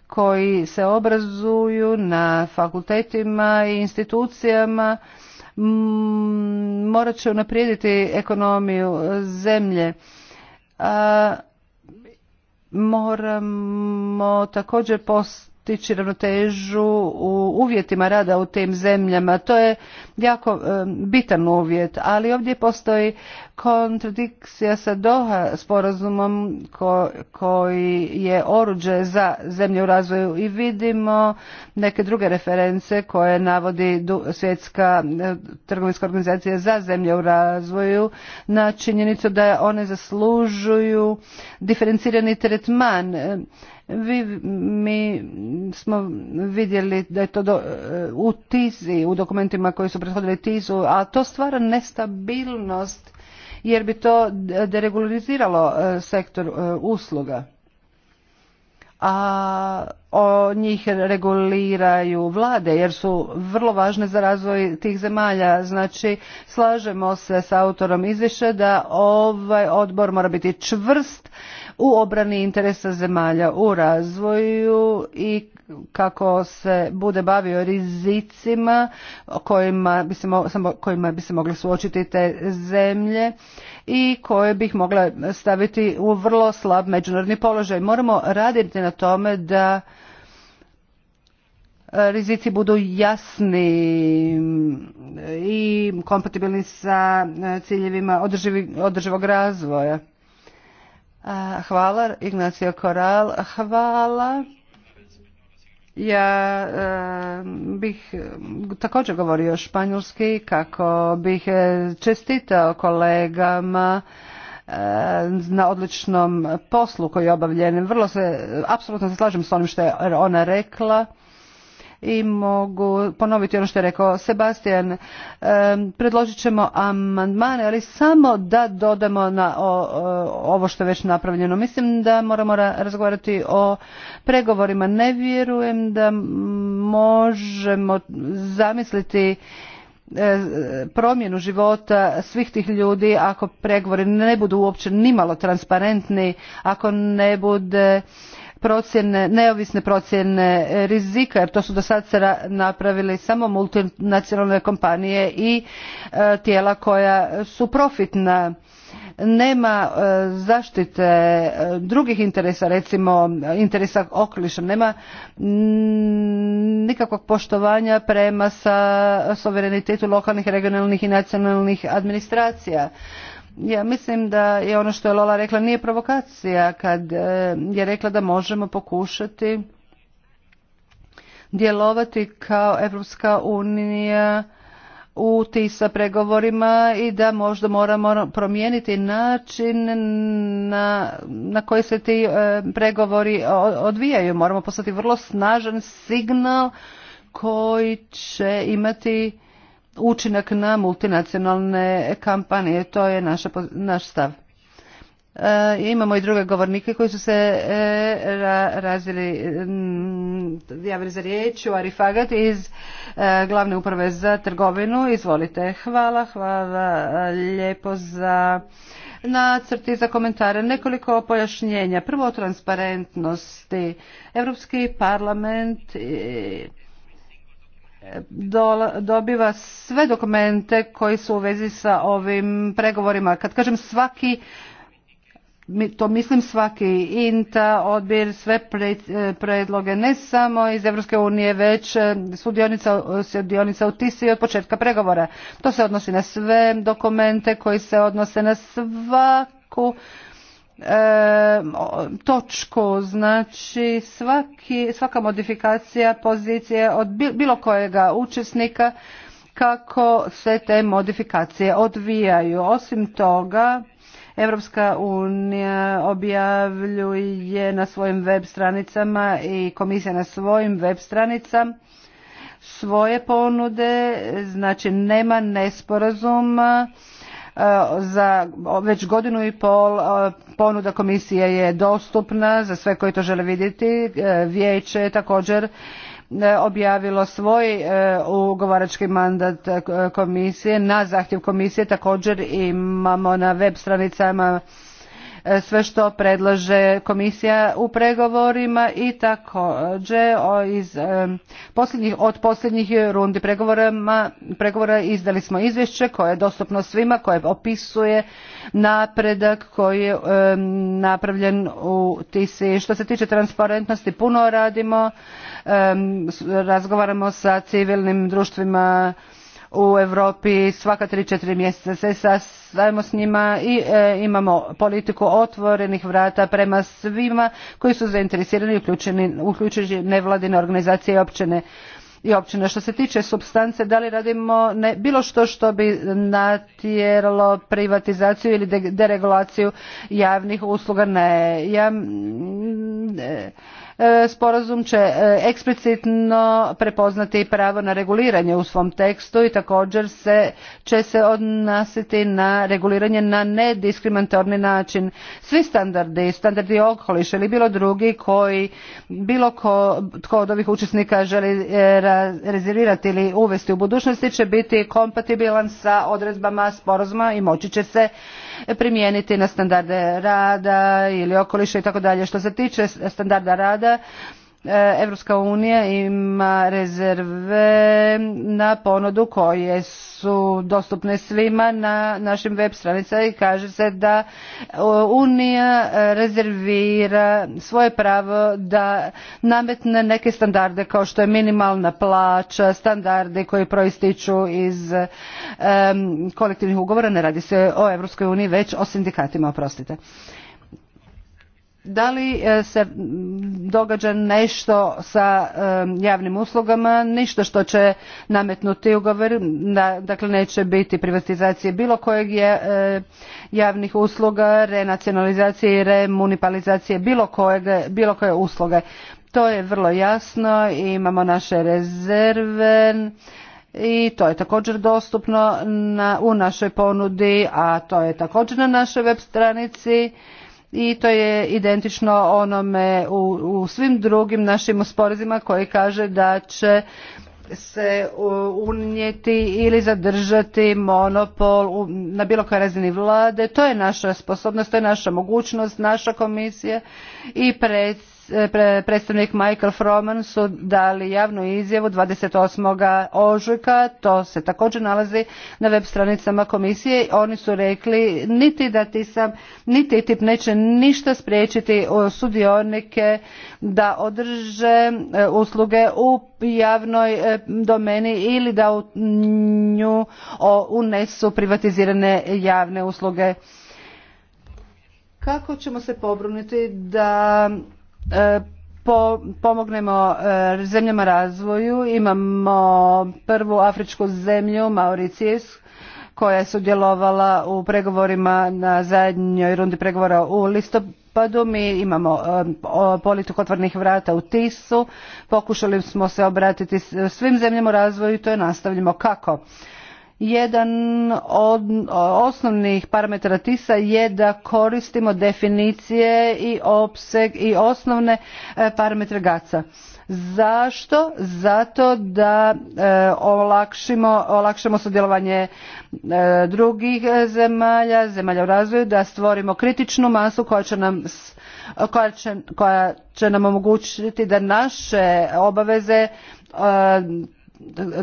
koji se obrazuju na fakultetima i institucijama mm, morat će unaprijediti ekonomiju zemlje. moramo također postići ravnotežu u uvjetima rada u tim zemljama. To je jako bitan uvjet, ali ovdje postoji kontradikcija sa Doha sporazumom koji je oruđe za zemlje u razvoju i vidimo neke druge reference koje navodi svjetska e, trgovinska organizacija za zemlje u razvoju na činjenicu da one zaslužuju diferencirani tretman. E, vi, mi smo vidjeli da je to do, e, u tizi, u dokumentima koji su prethodili tizu, a to stvara nestabilnost jer bi to deregulariziralo e, sektor e, usluga a o njih reguliraju vlade jer su vrlo važne za razvoj tih zemalja. Znači slažemo se s autorom izvješća da ovaj odbor mora biti čvrst u obrani interesa zemalja u razvoju i kako se bude bavio rizicima kojima bi se, mo, kojima bi se mogle suočiti te zemlje i koje bi ih mogle staviti u vrlo slab međunarodni položaj. Moramo raditi na tome da e, rizici budu jasni i kompatibilni sa e, ciljevima održivog razvoja. Hvala, Ignacio Koral. Hvala. Ja bih također govorio španjolski kako bih e, čestitao kolegama e, na odličnom poslu koji je obavljen. Vrlo se, apsolutno se slažem s onim što je ona rekla i mogu ponoviti ono što je rekao Sebastian. Predložit ćemo amandmane, ali samo da dodamo na ovo što je već napravljeno. Mislim da moramo razgovarati o pregovorima. Ne vjerujem da možemo zamisliti e, promjenu života svih tih ljudi ako pregovori ne budu uopće nimalo transparentni, ako ne bude procjene, neovisne procjene rizika, jer to su do sad napravili samo multinacionalne kompanije i e, tijela koja su profitna nema e, zaštite e, drugih interesa, recimo interesa okoliša, nema nikakvog poštovanja prema sa suverenitetu lokalnih, regionalnih i nacionalnih administracija ja mislim da je ono što je Lola rekla nije provokacija kad e, je rekla da možemo pokušati djelovati kao Evropska unija u TISA pregovorima i da možda moramo promijeniti način na, na koji se ti e, pregovori odvijaju. Moramo poslati vrlo snažan signal koji će imati učinak na multinacionalne kampanje. To je naša, naš stav. E, imamo i druge govornike koji su se e, ra, javili za riječ u Arifagat iz e, glavne uprave za trgovinu. Izvolite. Hvala, hvala e, lijepo za nacrti, za komentare. Nekoliko pojašnjenja. Prvo o transparentnosti. Europski parlament i dobiva sve dokumente koji su u vezi sa ovim pregovorima. Kad kažem svaki, to mislim svaki INTA, odbir, sve e, predloge, ne samo iz Evropske unije, već e, sudionica, sudionica u TISI od početka pregovora. To se odnosi na sve dokumente koji se odnose na svaku E, točku, znači svaki, svaka modifikacija pozicije od bilo kojega učesnika kako se te modifikacije odvijaju. Osim toga, Evropska unija objavljuje na svojim web stranicama i komisija na svojim web stranicama svoje ponude, znači nema nesporazuma za već godinu i pol e, ponuda komisije je dostupna za sve koji to žele vidjeti. E, vijeće je također e, objavilo svoj ugovarački mandat komisije na zahtjev komisije također imamo na web stranicama sve što predlaže komisija u pregovorima i također iz posljednjih, od posljednjih rundi pregovora izdali smo izvješće koje je dostupno svima, koje opisuje napredak koji je napravljen u TISI. Što se tiče transparentnosti, puno radimo, razgovaramo sa civilnim društvima u Europi svaka 3-4 mjeseca se zajedno s njima i e, imamo politiku otvorenih vrata prema svima koji su zainteresirani uključujući nevladine organizacije i općine i Što se tiče substance, da li radimo bilo što što bi natjeralo privatizaciju ili deregulaciju javnih usluga? Ne. Ja, E, sporazum će e, eksplicitno prepoznati pravo na reguliranje u svom tekstu i također se, će se odnositi na reguliranje na nediskriminatorni način. Svi standardi, standardi okoliša ili bilo drugi koji bilo ko, tko od ovih učesnika želi e, rezervirati ili uvesti u budućnosti će biti kompatibilan sa odredbama sporazuma i moći će se primijeniti na standarde rada ili okoliša i tako dalje. Što se tiče standarda rada, E, Evropska unija ima rezerve na ponudu koje su dostupne svima na našim web stranicama i kaže se da Unija rezervira svoje pravo da nametne neke standarde kao što je minimalna plaća, standarde koji proističu iz kolektivnih ugovora, ne radi se o Evropskoj uniji već o sindikatima, oprostite. Da li e, se događa nešto sa e, javnim uslugama, ništa što će nametnuti ugovor, dakle neće biti privatizacije bilo kojeg je e, javnih usluga, renacionalizacije i remunipalizacije bilo, kojeg, bilo koje usluge. To je vrlo jasno, imamo naše rezerve, i to je također dostupno u našoj ponudi, a to je također na našoj web stranici i to je identično onome u, svim drugim našim usporezima koji kaže da će se unijeti ili zadržati monopol na bilo kojoj razini vlade. To je naša sposobnost, to je naša mogućnost, naša komisija i pred E, predstavnik Michael Froman su dali javnu izjavu 28. ožujka, to se također nalazi na web stranicama komisije. Oni su rekli niti da ti sam, niti tip neće ništa spriječiti e, sudionike da održe e, usluge u javnoj domeni ili da u nju unesu privatizirane javne usluge. Kako ćemo se pobruniti da E, pomognemo e, zemljama razvoju. Imamo prvu afričku zemlju, Mauricijsk koja je sudjelovala u pregovorima na zadnjoj rundi pregovora u listopadu. Mi imamo e, politiku otvornih vrata u Tisu. Pokušali smo se obratiti svim zemljama razvoju i to je nastavljamo. Kako? Jedan od osnovnih parametara TISA je da koristimo definicije i opseg i osnovne e, parametre GACA. Zašto? Zato da e, olakšimo, olakšamo sudjelovanje e, drugih zemalja, zemalja u razvoju, da stvorimo kritičnu masu koja će nam koja koja će nam omogućiti da naše obaveze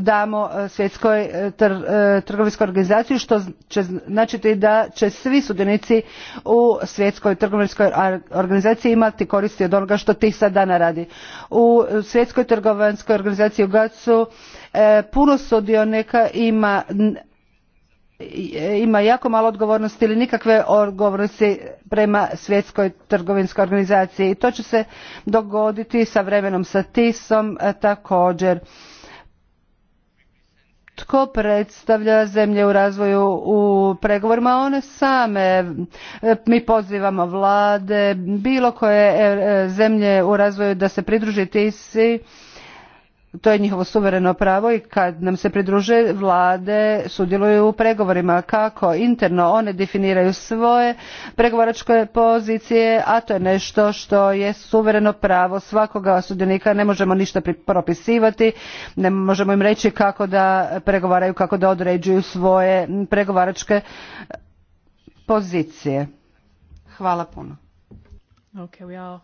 damo e, svjetskoj e, e, trgovinskoj organizaciji što će značiti da će svi sudionici u svjetskoj trgovinskoj organizaciji imati koristi od onoga što tih sad dana radi. U svjetskoj trgovinskoj organizaciji u GACU puno sudionika ima ima jako malo odgovornosti ili nikakve odgovornosti prema svjetskoj trgovinskoj organizaciji i to će se dogoditi sa vremenom sa tis om također tko predstavlja zemlje u razvoju u pregovorima one same mi pozivamo vlade bilo koje e, e, zemlje u razvoju da se pridruži tisi to je njihovo suvereno pravo i kad nam se pridruže vlade sudjeluju u pregovorima kako interno one definiraju svoje pregovaračke pozicije a to je nešto što je suvereno pravo svakoga sudionika ne možemo ništa propisivati ne možemo im reći kako da pregovaraju kako da određuju svoje pregovaračke pozicije hvala puno okay, we are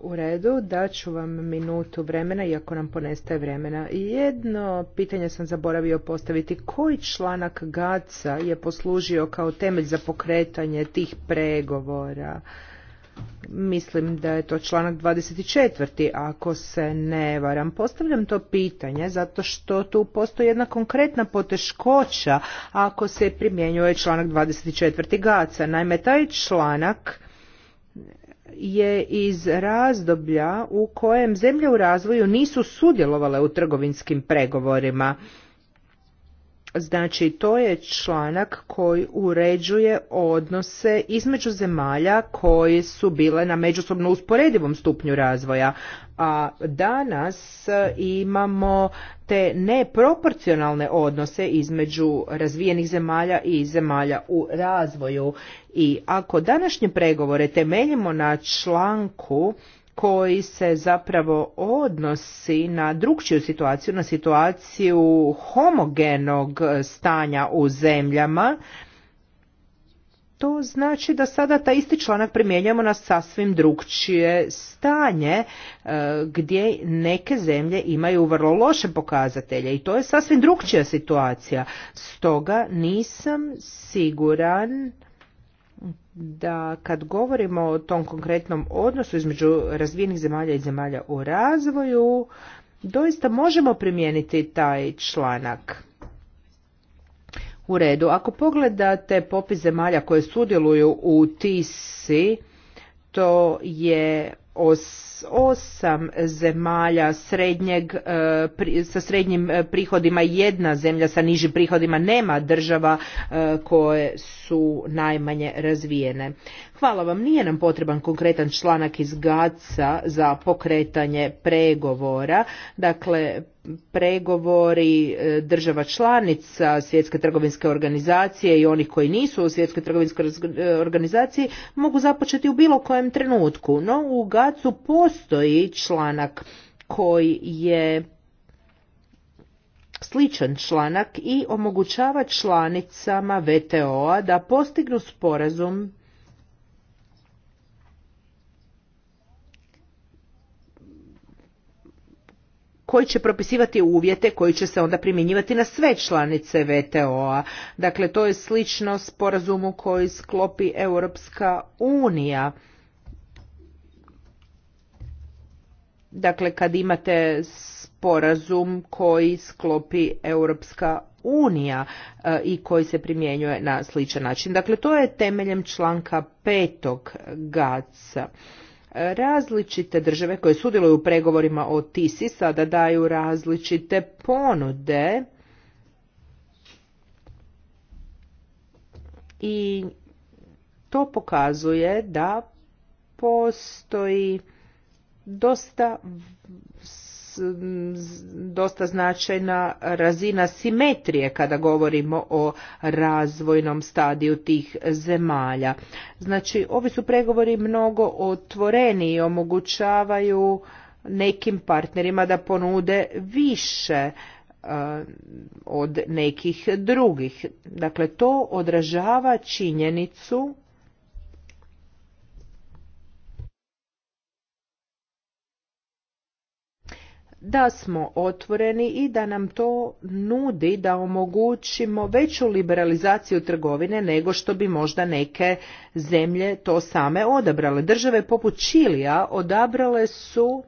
u redu, daću vam minutu vremena, iako nam ponestaje vremena. Jedno pitanje sam zaboravio postaviti. Koji članak GACA je poslužio kao temelj za pokretanje tih pregovora? Mislim da je to članak 24. ako se ne varam. Postavljam to pitanje zato što tu postoji jedna konkretna poteškoća ako se primjenjuje članak 24. GACA. Naime, taj članak je iz razdoblja u kojem zemlje u razvoju nisu sudjelovale u trgovinskim pregovorima Znači, to je članak koji uređuje odnose između zemalja koje su bile na međusobno usporedivom stupnju razvoja, a danas imamo te neproporcionalne odnose između razvijenih zemalja i zemalja u razvoju. I ako današnje pregovore temeljimo na članku koji se zapravo odnosi na drugčiju situaciju, na situaciju homogenog stanja u zemljama, to znači da sada ta isti članak primjenjujemo na sasvim drugčije stanje e, gdje neke zemlje imaju vrlo loše pokazatelje i to je sasvim drugčija situacija. Stoga nisam siguran da kad govorimo o tom konkretnom odnosu između razvijenih zemalja i zemalja u razvoju, doista možemo primijeniti taj članak. U redu, ako pogledate popis zemalja koje sudjeluju u TISI, to je osam zemalja srednjeg, e, sa srednjim e, prihodima jedna zemlja sa nižim prihodima nema država e, koje su najmanje razvijene. Hvala vam, nije nam potreban konkretan članak iz GACA za pokretanje pregovora. Dakle, pregovori e, država članica Svjetske trgovinske organizacije i onih koji nisu u Svjetskoj trgovinskoj e, organizaciji mogu započeti u bilo kojem trenutku. No, u GACU postoji članak koji je sličan članak i omogućava članicama VTO-a da postignu sporazum koji će propisivati uvjete koji će se onda primjenjivati na sve članice VTO-a. Dakle, to je slično sporazumu koji sklopi Europska unija. Dakle, kad imate sporazum koji sklopi Europska unija e, i koji se primjenjuje na sličan način. Dakle, to je temeljem članka petog GAC-a. Različite države koje sudjeluju u pregovorima o TISI sada daju različite ponude i to pokazuje da postoji dosta dosta značajna razina simetrije kada govorimo o razvojnom stadiju tih zemalja. Znači, ovi su pregovori mnogo otvoreni i omogućavaju nekim partnerima da ponude više e, od nekih drugih. Dakle, to odražava činjenicu da smo otvoreni i da nam to nudi da omogućimo veću liberalizaciju trgovine nego što bi možda neke zemlje to same odabrale. Države poput Čilija odabrale su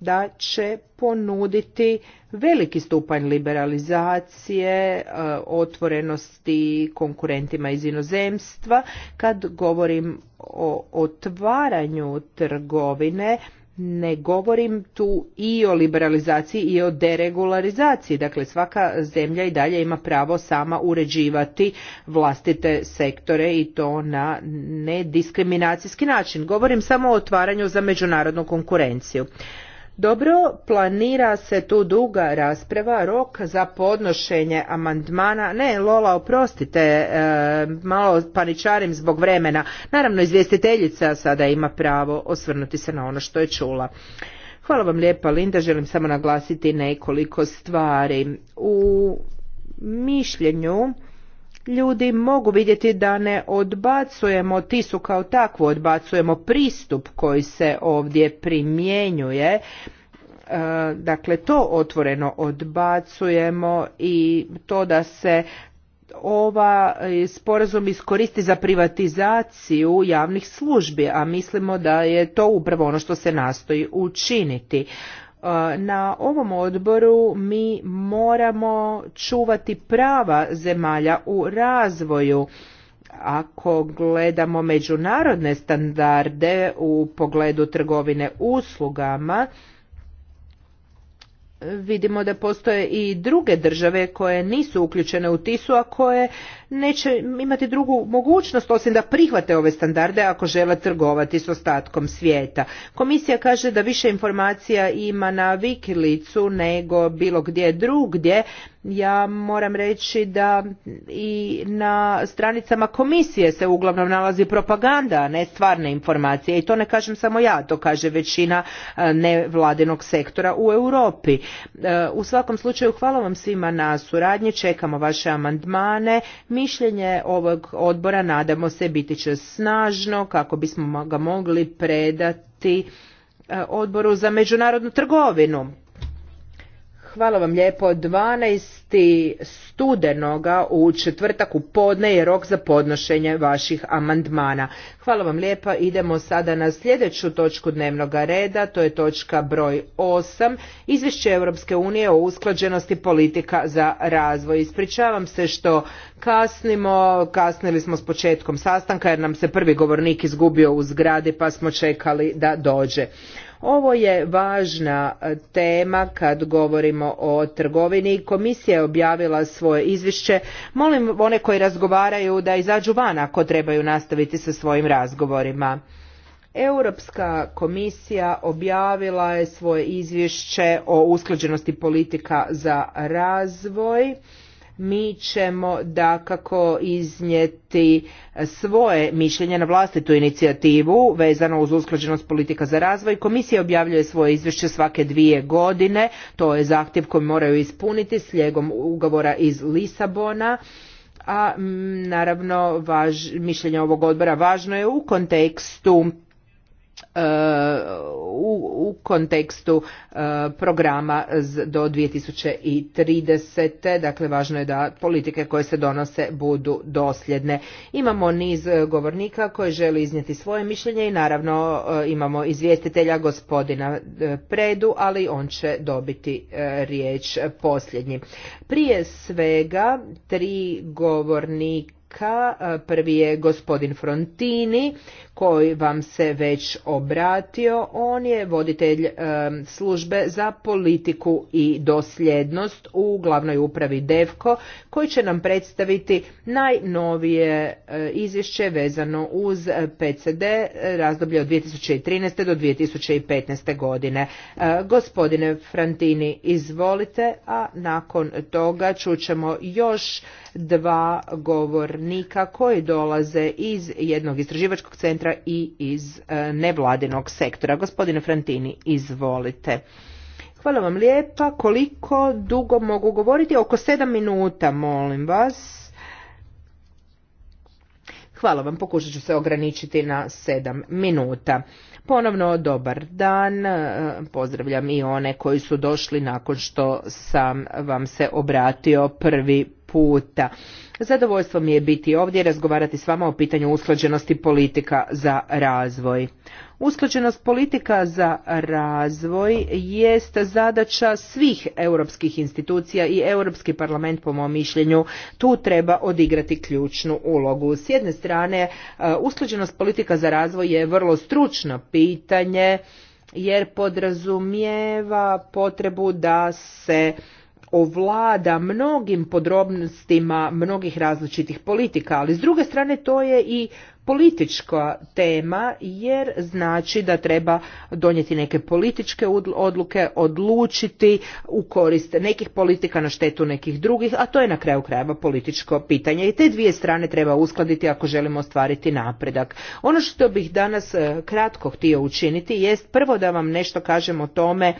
da će ponuditi veliki stupanj liberalizacije, e, otvorenosti konkurentima iz inozemstva. Kad govorim o otvaranju trgovine, ne govorim tu i o liberalizaciji i o deregularizaciji. Dakle, svaka zemlja i dalje ima pravo sama uređivati vlastite sektore i to na nediskriminacijski način. Govorim samo o otvaranju za međunarodnu konkurenciju. Dobro, planira se tu duga rasprava, rok za podnošenje amandmana. Ne, Lola, oprostite, e, malo paničarim zbog vremena. Naravno, izvjestiteljica sada ima pravo osvrnuti se na ono što je čula. Hvala vam lijepa, Linda. Želim samo naglasiti nekoliko stvari. U mišljenju ljudi mogu vidjeti da ne odbacujemo su kao takvu, odbacujemo pristup koji se ovdje primjenjuje. E, dakle, to otvoreno odbacujemo i to da se ova e, sporazum iskoristi za privatizaciju javnih službi, a mislimo da je to upravo ono što se nastoji učiniti. Eh, na ovom odboru mi moramo čuvati prava zemalja u razvoju ako gledamo međunarodne standarde u pogledu trgovine uslugama vidimo da postoje i druge države koje nisu uključene u TISU a koje neće imati drugu mogućnost osim da prihvate ove standarde ako žele trgovati s ostatkom svijeta. Komisija kaže da više informacija ima na Wikilicu nego bilo gdje drugdje. Ja moram reći da i na stranicama komisije se uglavnom nalazi propaganda, a ne stvarne informacije. I to ne kažem samo ja, to kaže većina e, nevladinog sektora u Europi. E, u svakom slučaju hvala vam svima na suradnji, čekamo vaše amandmane. Mišljenje ovog odbora nadamo se biti će snažno kako bismo ga mogli predati e, odboru za međunarodnu trgovinu Hvala vam lijepo. 12. studenoga u četvrtak u podne je rok za podnošenje vaših amandmana. Hvala vam lijepa. Idemo sada na sljedeću točku dnevnog reda, to je točka broj 8, izvješće Europske unije o usklađenosti politika za razvoj. Ispričavam se što kasnimo, kasnili smo s početkom sastanka jer nam se prvi govornik izgubio u zgradi pa smo čekali da dođe. Ovo je važna e, tema kad govorimo o trgovini. Komisija je objavila svoje izvješće. Molim one koji razgovaraju da izađu van ako trebaju nastaviti sa svojim razgovorima. Europska komisija objavila je svoje izvješće o usklađenosti politika za razvoj mi ćemo dakako iznijeti svoje mišljenje na vlastitu inicijativu vezano uz usklađenost politika za razvoj. Komisija objavljuje svoje izvješće svake dvije godine, to je zahtjev koji moraju ispuniti slijegom ugovora iz Lisabona a naravno mišljenje ovog odbora važno je u kontekstu E, u, u kontekstu e, programa do 2030. Dakle, važno je da politike koje se donose budu dosljedne. Imamo niz govornika koji želi iznijeti svoje mišljenje i naravno e, imamo izvjestitelja gospodina Predu, ali on će dobiti riječ posljednji. Prije svega tri govornika E, prvi je gospodin Frontini koji vam se već obratio. On je voditelj e, službe za politiku i dosljednost u glavnoj upravi DEVKO koji će nam predstaviti najnovije e, izvješće vezano uz PCD razdoblje od 2013. do 2015. godine. Gospodine Frontini, izvolite, a nakon toga čućemo još dva govor znanstvenika koji dolaze iz jednog istraživačkog centra i iz e, nevladinog sektora. Gospodine Frantini, izvolite. Hvala vam lijepa. Koliko dugo mogu govoriti? Oko sedam minuta, molim vas. Hvala vam, pokušat ću se ograničiti na sedam minuta. Ponovno dobar dan, e, pozdravljam i one koji su došli nakon što sam vam se obratio prvi puta. Zadovoljstvo mi je biti ovdje i razgovarati s vama o pitanju usklađenosti politika za razvoj. Usklađenost politika za razvoj jest zadaća svih europskih institucija i Europski parlament po mom mišljenju tu treba odigrati ključnu ulogu. S jedne strane, e, usklađenost politika za razvoj je vrlo stručno pitanje jer podrazumijeva potrebu da se ovlada mnogim podrobnostima mnogih različitih politika, ali s druge strane to je i politička tema jer znači da treba donijeti neke političke odluke, odlučiti u korist nekih politika na štetu nekih drugih, a to je na kraju krajeva političko pitanje i te dvije strane treba uskladiti ako želimo ostvariti napredak. Ono što bih danas eh, kratko htio učiniti jest prvo da vam nešto kažem o tome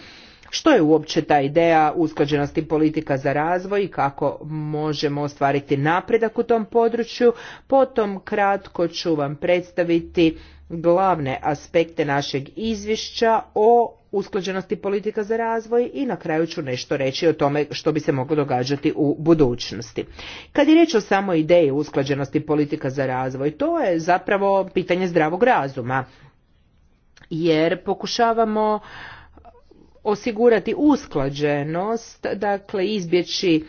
što je uopće ta ideja usklađenosti politika za razvoj i kako možemo ostvariti napredak u tom području? Potom kratko ću vam predstaviti glavne aspekte našeg izvješća o usklađenosti politika za razvoj i na kraju ću nešto reći o tome što bi se moglo događati u budućnosti. Kad je riječ o samo ideji usklađenosti politika za razvoj, to je zapravo pitanje zdravog razuma, jer pokušavamo osigurati usklađenost, dakle izbjeći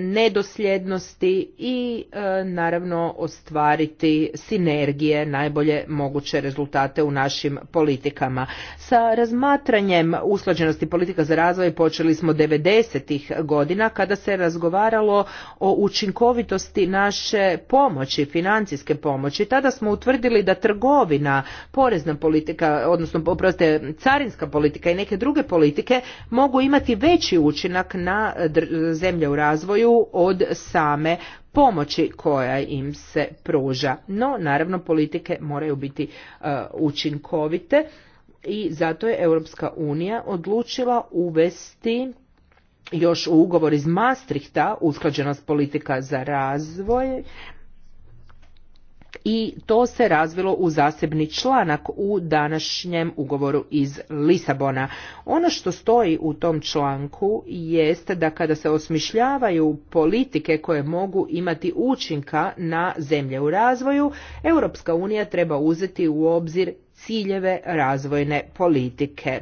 nedosljednosti i e, naravno ostvariti sinergije, najbolje moguće rezultate u našim politikama. Sa razmatranjem usklađenosti politika za razvoj počeli smo 90. godina kada se razgovaralo o učinkovitosti naše pomoći, financijske pomoći. Tada smo utvrdili da trgovina, porezna politika, odnosno oprostite, carinska politika i neke druge politike mogu imati veći učinak na zemlje zemlje u razvoju od same pomoći koja im se pruža. No, naravno, politike moraju biti e, učinkovite i zato je Europska unija odlučila uvesti još u ugovor iz Maastrichta usklađenost politika za razvoj i to se razvilo u zasebni članak u današnjem ugovoru iz Lisabona. Ono što stoji u tom članku jeste da kada se osmišljavaju politike koje mogu imati učinka na zemlje u razvoju, Europska unija treba uzeti u obzir ciljeve razvojne politike.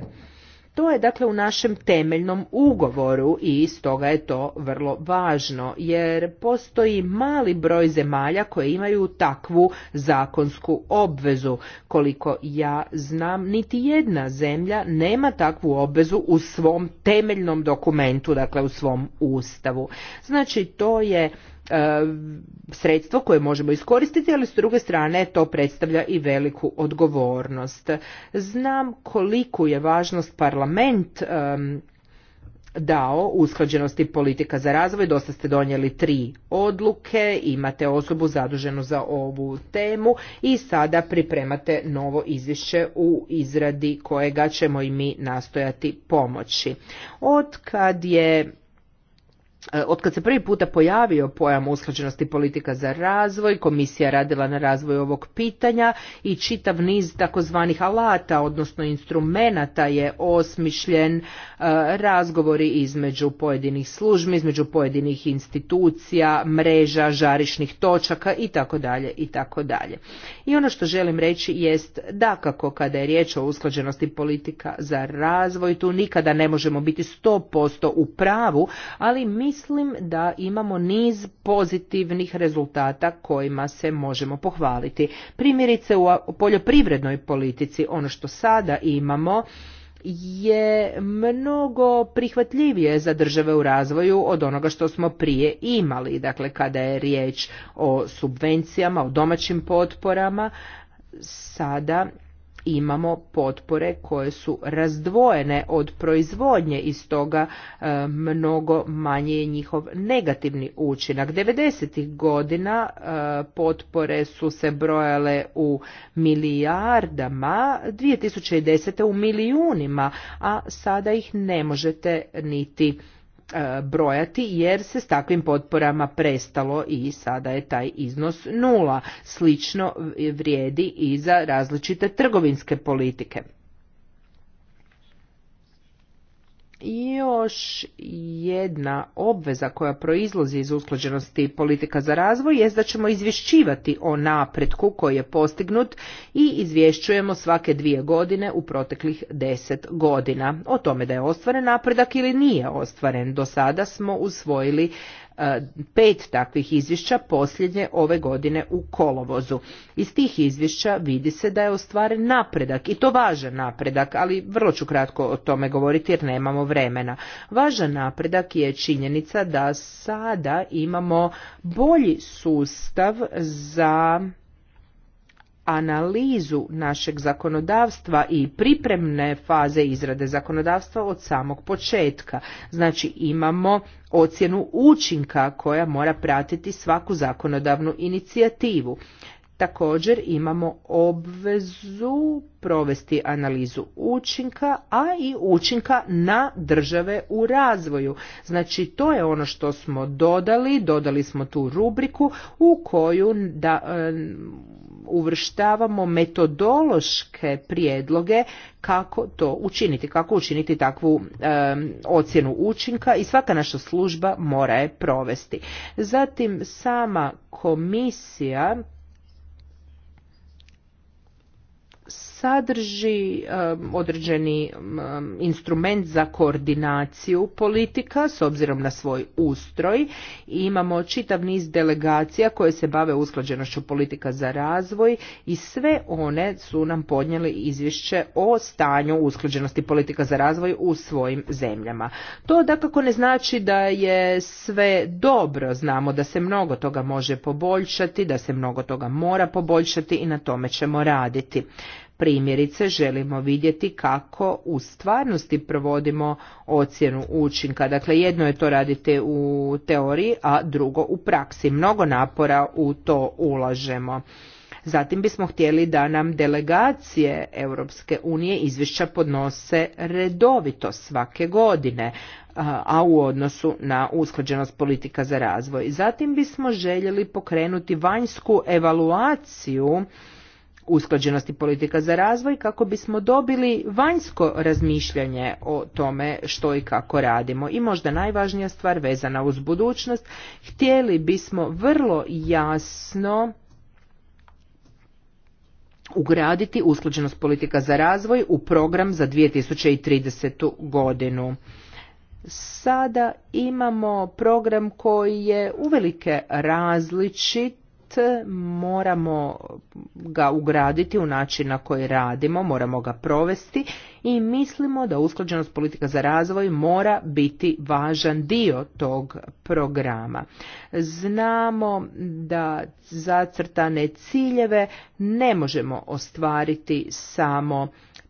To je dakle u našem temeljnom ugovoru i stoga je to vrlo važno jer postoji mali broj zemalja koje imaju takvu zakonsku obvezu. Koliko ja znam, niti jedna zemlja nema takvu obvezu u svom temeljnom dokumentu, dakle u svom ustavu. Znači to je E, sredstvo koje možemo iskoristiti, ali s druge strane to predstavlja i veliku odgovornost. Znam koliku je važnost parlament e, dao usklađenosti politika za razvoj. Dosta ste donijeli tri odluke, imate osobu zaduženu za ovu temu i sada pripremate novo izvješće u izradi kojega ćemo i mi nastojati pomoći. Od kad je E, od kad se prvi puta pojavio pojam usklađenosti politika za razvoj, komisija radila na razvoju ovog pitanja i čitav niz takozvanih alata, odnosno instrumenata je osmišljen e, razgovori između pojedinih službi, između pojedinih institucija, mreža, žarišnih točaka i tako dalje i tako dalje. I ono što želim reći jest da kako kada je riječ o usklađenosti politika za razvoj, tu nikada ne možemo biti 100% u pravu, ali mi mislim da imamo niz pozitivnih rezultata kojima se možemo pohvaliti. Primjerice u poljoprivrednoj politici ono što sada imamo je mnogo prihvatljivije za države u razvoju od onoga što smo prije imali. Dakle, kada je riječ o subvencijama, o domaćim potporama, sada imamo potpore koje su razdvojene od proizvodnje i stoga e, mnogo manje je njihov negativni učinak. 90. godina e, potpore su se brojale u milijardama, 2010. u milijunima, a sada ih ne možete niti E, brojati jer se s takvim potporama prestalo i sada je taj iznos nula. Slično vrijedi i za različite trgovinske politike. Još jedna obveza koja proizlazi iz usklađenosti politika za razvoj je da ćemo izvješćivati o napretku koji je postignut i izvješćujemo svake dvije godine u proteklih deset godina. O tome da je ostvaren napredak ili nije ostvaren. Do sada smo usvojili pet takvih izvješća posljednje ove godine u kolovozu. Iz tih izvješća vidi se da je ostvaren napredak i to važan napredak, ali vrlo ću kratko o tome govoriti jer nemamo vremena. Važan napredak je činjenica da sada imamo bolji sustav za analizu našeg zakonodavstva i pripremne faze izrade zakonodavstva od samog početka. Znači imamo ocjenu učinka koja mora pratiti svaku zakonodavnu inicijativu. Također imamo obvezu provesti analizu učinka, a i učinka na države u razvoju. Znači to je ono što smo dodali, dodali smo tu rubriku u koju da, uvrštavamo metodološke prijedloge kako to učiniti, kako učiniti takvu ocjenu učinka i svaka naša služba mora je provesti. Zatim sama komisija sadrži određeni instrument za koordinaciju politika s obzirom na svoj ustroj i imamo čitav niz delegacija koje se bave usklađenošću politika za razvoj i sve one su nam podnijeli izvješće o stanju usklađenosti politika za razvoj u svojim zemljama. To dakako ne znači da je sve dobro, znamo da se mnogo toga može poboljšati, da se mnogo toga mora poboljšati i na tome ćemo raditi. Primjerice želimo vidjeti kako u stvarnosti provodimo ocjenu učinka. Dakle, jedno je to raditi u teoriji, a drugo u praksi. Mnogo napora u to ulažemo. Zatim bismo htjeli da nam delegacije Europske unije izvješća podnose redovito svake godine, a u odnosu na usklađenost politika za razvoj. Zatim bismo željeli pokrenuti vanjsku evaluaciju usklađenosti politika za razvoj kako bismo dobili vanjsko razmišljanje o tome što i kako radimo. I možda najvažnija stvar vezana uz budućnost, htjeli bismo vrlo jasno ugraditi usklađenost politika za razvoj u program za 2030. godinu. Sada imamo program koji je uvelike različit moramo ga ugraditi u način na koji radimo, moramo ga provesti i mislimo da usklađenost politika za razvoj mora biti važan dio tog programa. Znamo da zacrtane ciljeve ne možemo ostvariti samo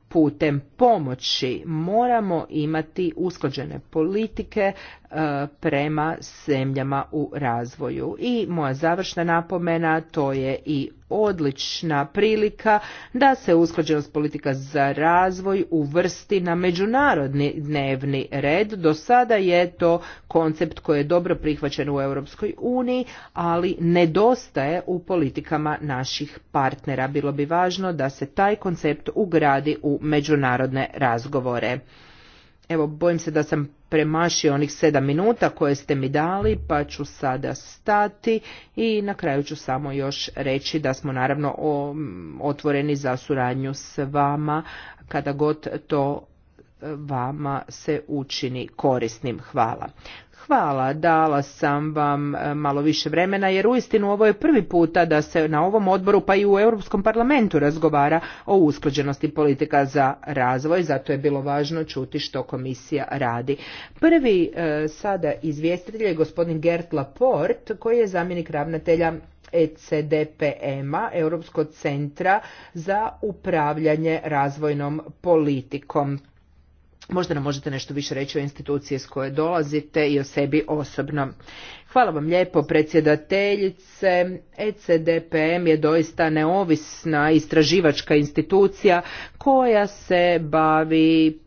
putem pomoći moramo imati usklađene politike E, prema zemljama u razvoju. I moja završna napomena to je i odlična prilika da se usklađenost politika za razvoj uvrsti na međunarodni dnevni red. Do sada je to koncept koji je dobro prihvaćen u Europskoj uniji, ali nedostaje u politikama naših partnera. Bilo bi važno da se taj koncept ugradi u međunarodne razgovore. Evo, bojim se da sam premašio onih sedam minuta koje ste mi dali, pa ću sada stati i na kraju ću samo još reći da smo naravno otvoreni za suradnju s vama kada god to e, vama se učini korisnim. Hvala. Hvala, dala sam vam e, malo više vremena jer uistinu ovo je prvi puta da se na ovom odboru pa i u Europskom parlamentu razgovara o usklađenosti politika za razvoj, zato je bilo važno čuti što komisija radi. Prvi e, sada izvjestitelj je gospodin Gert Laport koji je zamjenik ravnatelja ECDPM-a, Europskog centra za upravljanje razvojnom politikom. Možda nam možete nešto više reći o instituciji s koje dolazite i o sebi osobno. Hvala vam lijepo, predsjedateljice. ECDPM je doista neovisna istraživačka institucija koja se bavi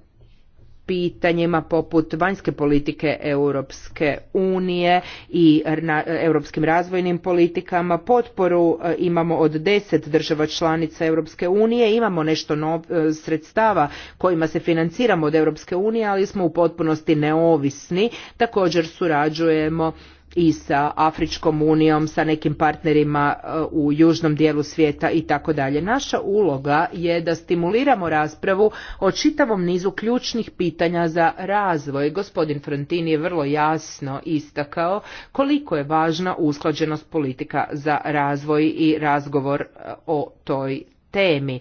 pitanjima poput vanjske politike Europske unije i europskim razvojnim politikama. Potporu e, imamo od deset država članica Europske unije, imamo nešto e, sredstava kojima se financiramo od Europske unije, ali smo u potpunosti neovisni. Također surađujemo i sa Afričkom unijom, sa nekim partnerima e, u južnom dijelu svijeta i tako dalje. Naša uloga je da stimuliramo raspravu o čitavom nizu ključnih pitanja za razvoj. Gospodin Frontini je vrlo jasno istakao koliko je važna usklađenost politika za razvoj i razgovor e, o toj temi.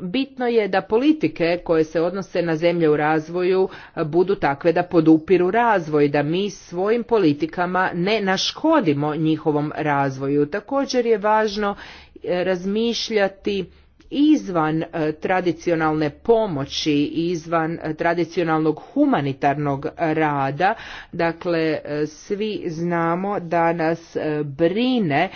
Bitno je da politike koje se odnose na zemlje u razvoju e, budu takve da podupiru razvoj, da mi svojim politikama ne naškodimo njihovom razvoju. Također je važno e, razmišljati izvan e, tradicionalne pomoći, izvan tradicionalnog humanitarnog rada. Dakle, svi znamo da nas brine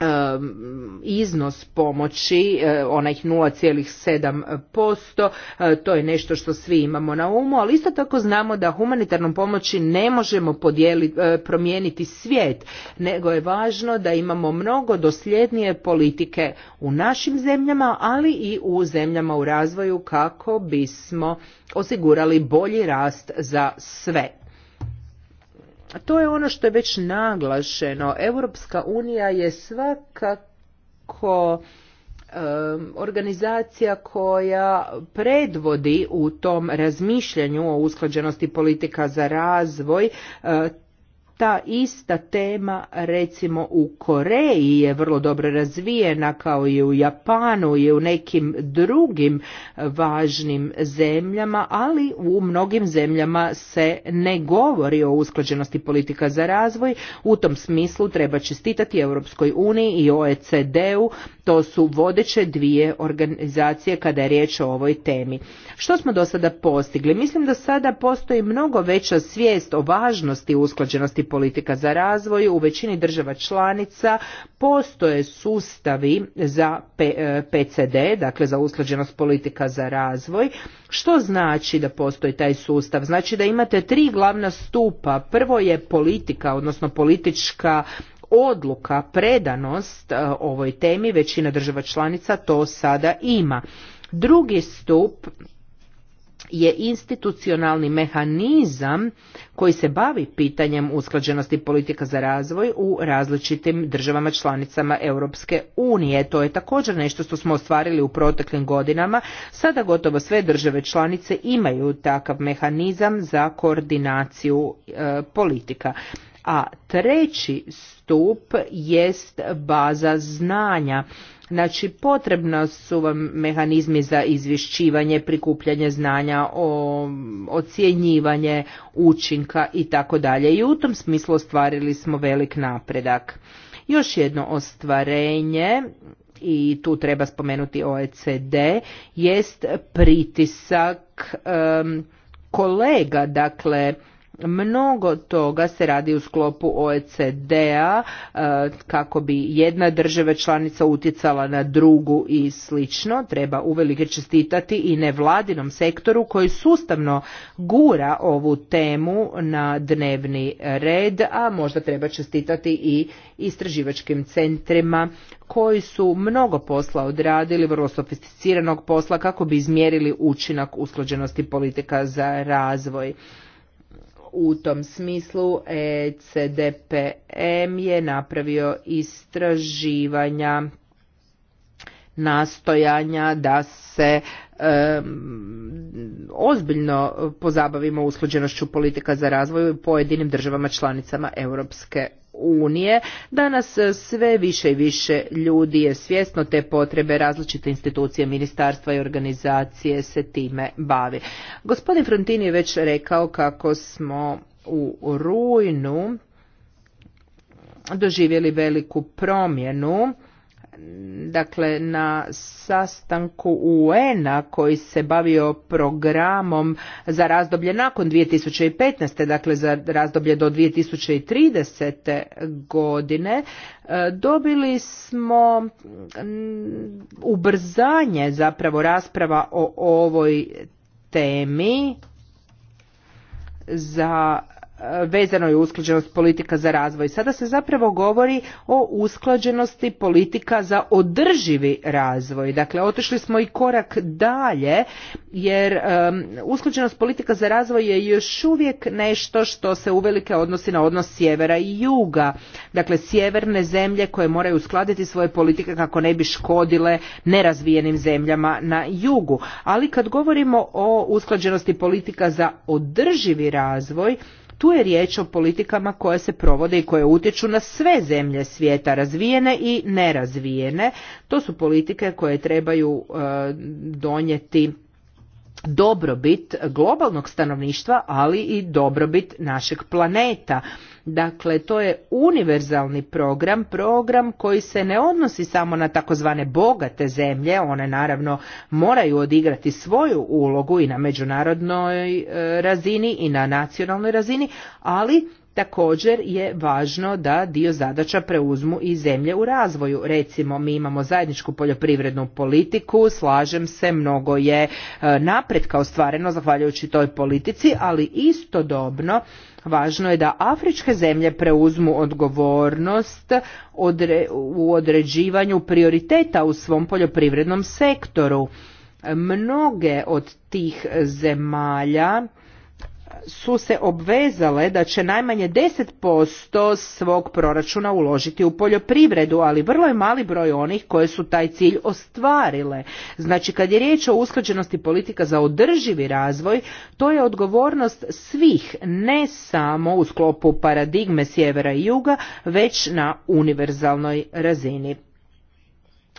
Um, iznos pomoći uh, onaj 0,7% uh, to je nešto što svi imamo na umu ali isto tako znamo da humanitarnom pomoći ne možemo podijeliti uh, promijeniti svijet nego je važno da imamo mnogo dosljednije politike u našim zemljama ali i u zemljama u razvoju kako bismo osigurali bolji rast za sve to je ono što je već naglašeno. Europska unija je svakako organizacija koja predvodi u tom razmišljanju o usklađenosti politika za razvoj ta ista tema recimo u Koreji je vrlo dobro razvijena kao i u Japanu i u nekim drugim važnim zemljama, ali u mnogim zemljama se ne govori o usklađenosti politika za razvoj. U tom smislu treba čestitati Europskoj uniji i OECD-u, to su vodeće dvije organizacije kada je riječ o ovoj temi. Što smo do sada postigli? Mislim da sada postoji mnogo veća svijest o važnosti usklađenosti politika za razvoj, u većini država članica postoje sustavi za PCD, e, dakle za usklađenost politika za razvoj. Što znači da postoji taj sustav? Znači da imate tri glavna stupa. Prvo je politika, odnosno politička odluka, predanost e, ovoj temi, većina država članica to sada ima. Drugi stup je institucionalni mehanizam koji se bavi pitanjem usklađenosti politika za razvoj u različitim državama članicama Europske unije. To je također nešto što smo ostvarili u proteklim godinama. Sada gotovo sve države članice imaju takav mehanizam za koordinaciju e, politika. A treći stup jest baza znanja Znači potrebno su vam mehanizmi za izvješćivanje, prikupljanje znanja, o, ocjenjivanje učinka i tako dalje. I u tom smislu ostvarili smo velik napredak. Još jedno ostvarenje i tu treba spomenuti OECD jest pritisak kolega, dakle Mnogo toga se radi u sklopu OECD-a e, kako bi jedna država članica utjecala na drugu i slično. Treba uvelike čestitati i nevladinom sektoru koji sustavno gura ovu temu na dnevni red, a možda treba čestitati i istraživačkim centrima koji su mnogo posla odradili, vrlo sofisticiranog posla kako bi izmjerili učinak usklađenosti politika za razvoj. U tom smislu ECDPM je napravio istraživanja nastojanja da se ozbiljno pozabavimo usklađenošću politika za razvoj u pojedinim državama članicama Europske unije. Danas e, sve više i više ljudi je svjesno te potrebe, različite institucije, ministarstva i organizacije se time bavi. Gospodin Frontini je već rekao kako smo u rujnu doživjeli veliku promjenu dakle na sastanku UN-a koji se bavio programom za razdoblje nakon 2015. dakle za razdoblje do 2030. godine e, dobili smo ubrzanje zapravo rasprava o ovoj temi za vezano je usklađenost politika za razvoj. Sada se zapravo govori o usklađenosti politika za održivi razvoj. Dakle, otišli smo i korak dalje jer um, usklađenost politika za razvoj je još uvijek nešto što se uvelike odnosi na odnos sjevera i juga. Dakle, sjeverne zemlje koje moraju uskladiti svoje politike kako ne bi škodile nerazvijenim zemljama na jugu. Ali kad govorimo o usklađenosti politika za održivi razvoj, tu je riječ o politikama koje se provode i koje utječu na sve zemlje svijeta, razvijene i nerazvijene. To su politike koje trebaju e, donijeti dobrobit globalnog stanovništva, ali i dobrobit našeg planeta. Dakle, to je univerzalni program, program koji se ne odnosi samo na takozvane bogate zemlje, one naravno moraju odigrati svoju ulogu i na međunarodnoj e, razini i na nacionalnoj razini, ali Također je važno da dio zadaća preuzmu i zemlje u razvoju. Recimo, mi imamo zajedničku poljoprivrednu politiku, slažem se, mnogo je e, napretka ostvareno zahvaljujući toj politici, ali istodobno Važno je da afričke zemlje preuzmu odgovornost u određivanju prioriteta u svom poljoprivrednom sektoru. Mnoge od tih zemalja su se obvezale da će najmanje 10% svog proračuna uložiti u poljoprivredu, ali vrlo je mali broj onih koje su taj cilj ostvarile. Znači kad je riječ o usklađenosti politika za održivi razvoj, to je odgovornost svih, ne samo u sklopu paradigme sjevera i juga, već na univerzalnoj razini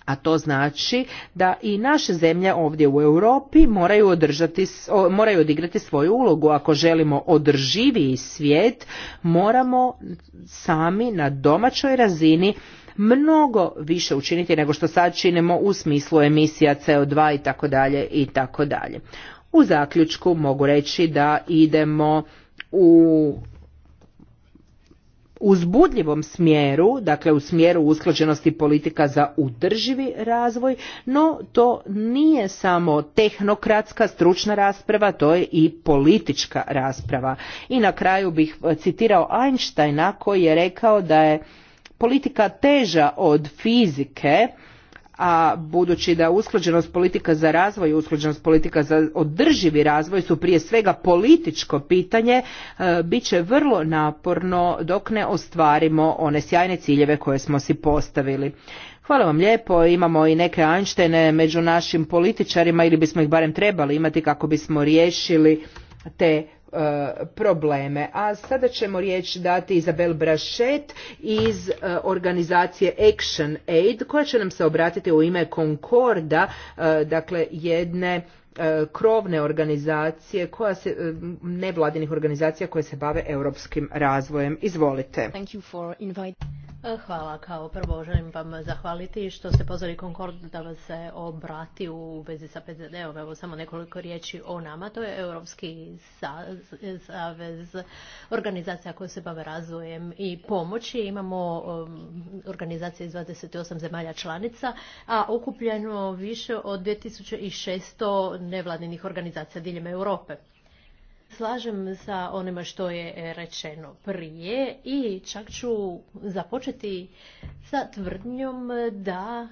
a to znači da i naše zemlje ovdje u Europi moraju, održati, moraju odigrati svoju ulogu. Ako želimo održiviji svijet, moramo sami na domaćoj razini mnogo više učiniti nego što sad činimo u smislu emisija CO2 i tako dalje i tako dalje. U zaključku mogu reći da idemo u uzbudljivom smjeru, dakle u smjeru usklađenosti politika za udrživi razvoj, no to nije samo tehnokratska stručna rasprava, to je i politička rasprava. I na kraju bih eh, citirao Einsteina koji je rekao da je politika teža od fizike, a budući da usklađenost politika za razvoj i usklađenost politika za održivi razvoj su prije svega političko pitanje, e, bit će vrlo naporno dok ne ostvarimo one sjajne ciljeve koje smo si postavili. Hvala vam lijepo, imamo i neke Einsteine među našim političarima ili bismo ih barem trebali imati kako bismo riješili te E, probleme. A sada ćemo riječ dati Izabel Brašet iz e, organizacije Action Aid koja će nam se obratiti u ime Concorda, e, dakle jedne krovne organizacije koja se nevladinih organizacija koje se bave europskim razvojem. Izvolite. Hvala. Kao prvo želim vam zahvaliti što ste pozvali Concord da vas se obrati u vezi sa pzd Evo samo nekoliko riječi o nama. To je Europski savez, organizacija koja se bave razvojem i pomoći. Imamo um, organizacije iz 28 zemalja članica, a okupljeno više od 2600 nevladinih organizacija diljem Europe slažem sa onima što je e, rečeno prije i čak ću započeti sa tvrdnjom da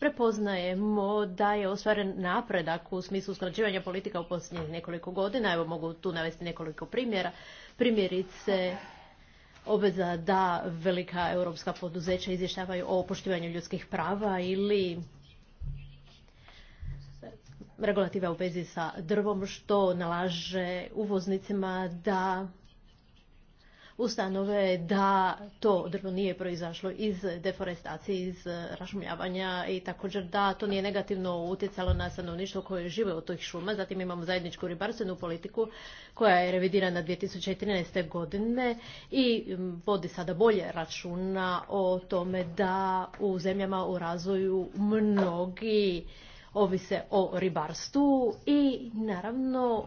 prepoznajemo da je ostvaren napredak u smislu usklađivanja politika u posljednjih nekoliko godina. Evo mogu tu navesti nekoliko primjera. Primjerice, obveza da velika europska poduzeća izvještavaju o poštivanju ljudskih prava ili regulativa u vezi sa drvom što nalaže uvoznicima da ustanove da to drvo nije proizašlo iz deforestacije, iz rašumljavanja i također da to nije negativno utjecalo na stanovništvo koje žive od tih šuma. Zatim imamo zajedničku ribarstvenu politiku koja je revidirana 2014. godine i vodi sada bolje računa o tome da u zemljama u razvoju mnogi ovise o ribarstvu i naravno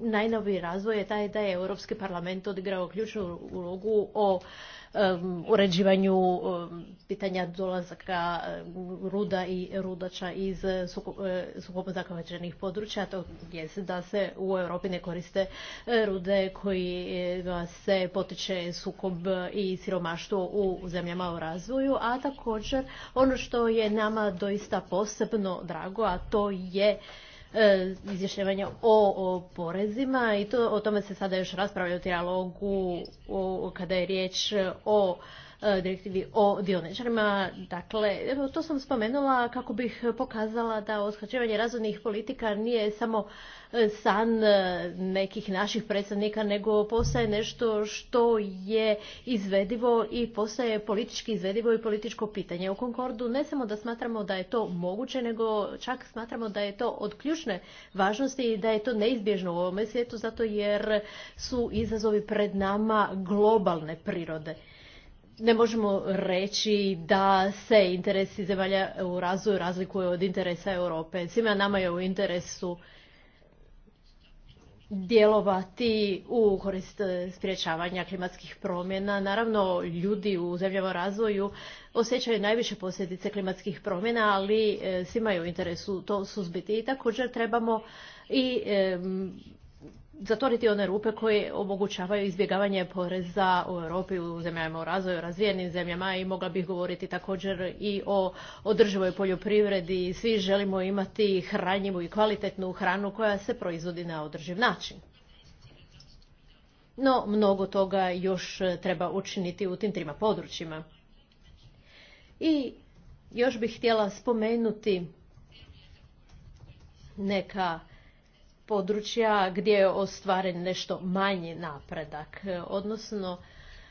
najnoviji razvoj je taj da je Europski parlament odigrao ključnu ulogu o Um, uređivanju um, pitanja dolazaka um, ruda i rudača iz uh, sukobo uh, zakačenih područja, to je da se u Europi ne koriste uh, rude koji se potiče sukob i siromaštvo u zemljama u razvoju, a također ono što je nama doista posebno drago, a to je E, izvješćivanja o, porezima i to o tome se sada još raspravlja u trijalogu kada je riječ o E, direktivi o dioničarima. Dakle, to sam spomenula kako bih pokazala da usklađivanje razvojnih politika nije samo e, san e, nekih naših predsjednika, nego postaje nešto što je izvedivo i postaje politički izvedivo i političko pitanje. U Konkordu. ne samo da smatramo da je to moguće, nego čak smatramo da je to od ključne važnosti i da je to neizbježno u ovome svijetu, zato jer su izazovi pred nama globalne prirode ne možemo reći da se interesi zemalja u razvoju razlikuju od interesa Europe. Svima nama je u interesu djelovati u korist sprječavanja klimatskih promjena. Naravno, ljudi u zemljama razvoju osjećaju najviše posljedice klimatskih promjena, ali e, svima je u interesu to suzbiti. I također trebamo i zatvoriti one rupe koje omogućavaju izbjegavanje poreza u Europi, u zemljama u razvoju, razvijenim zemljama i mogla bih govoriti također i o održivoj poljoprivredi. Svi želimo imati hranjivu i kvalitetnu hranu koja se proizvodi na održiv način. No, mnogo toga još treba učiniti u tim trima područjima. I još bih htjela spomenuti neka područja gdje je ostvaren nešto manji napredak, e, odnosno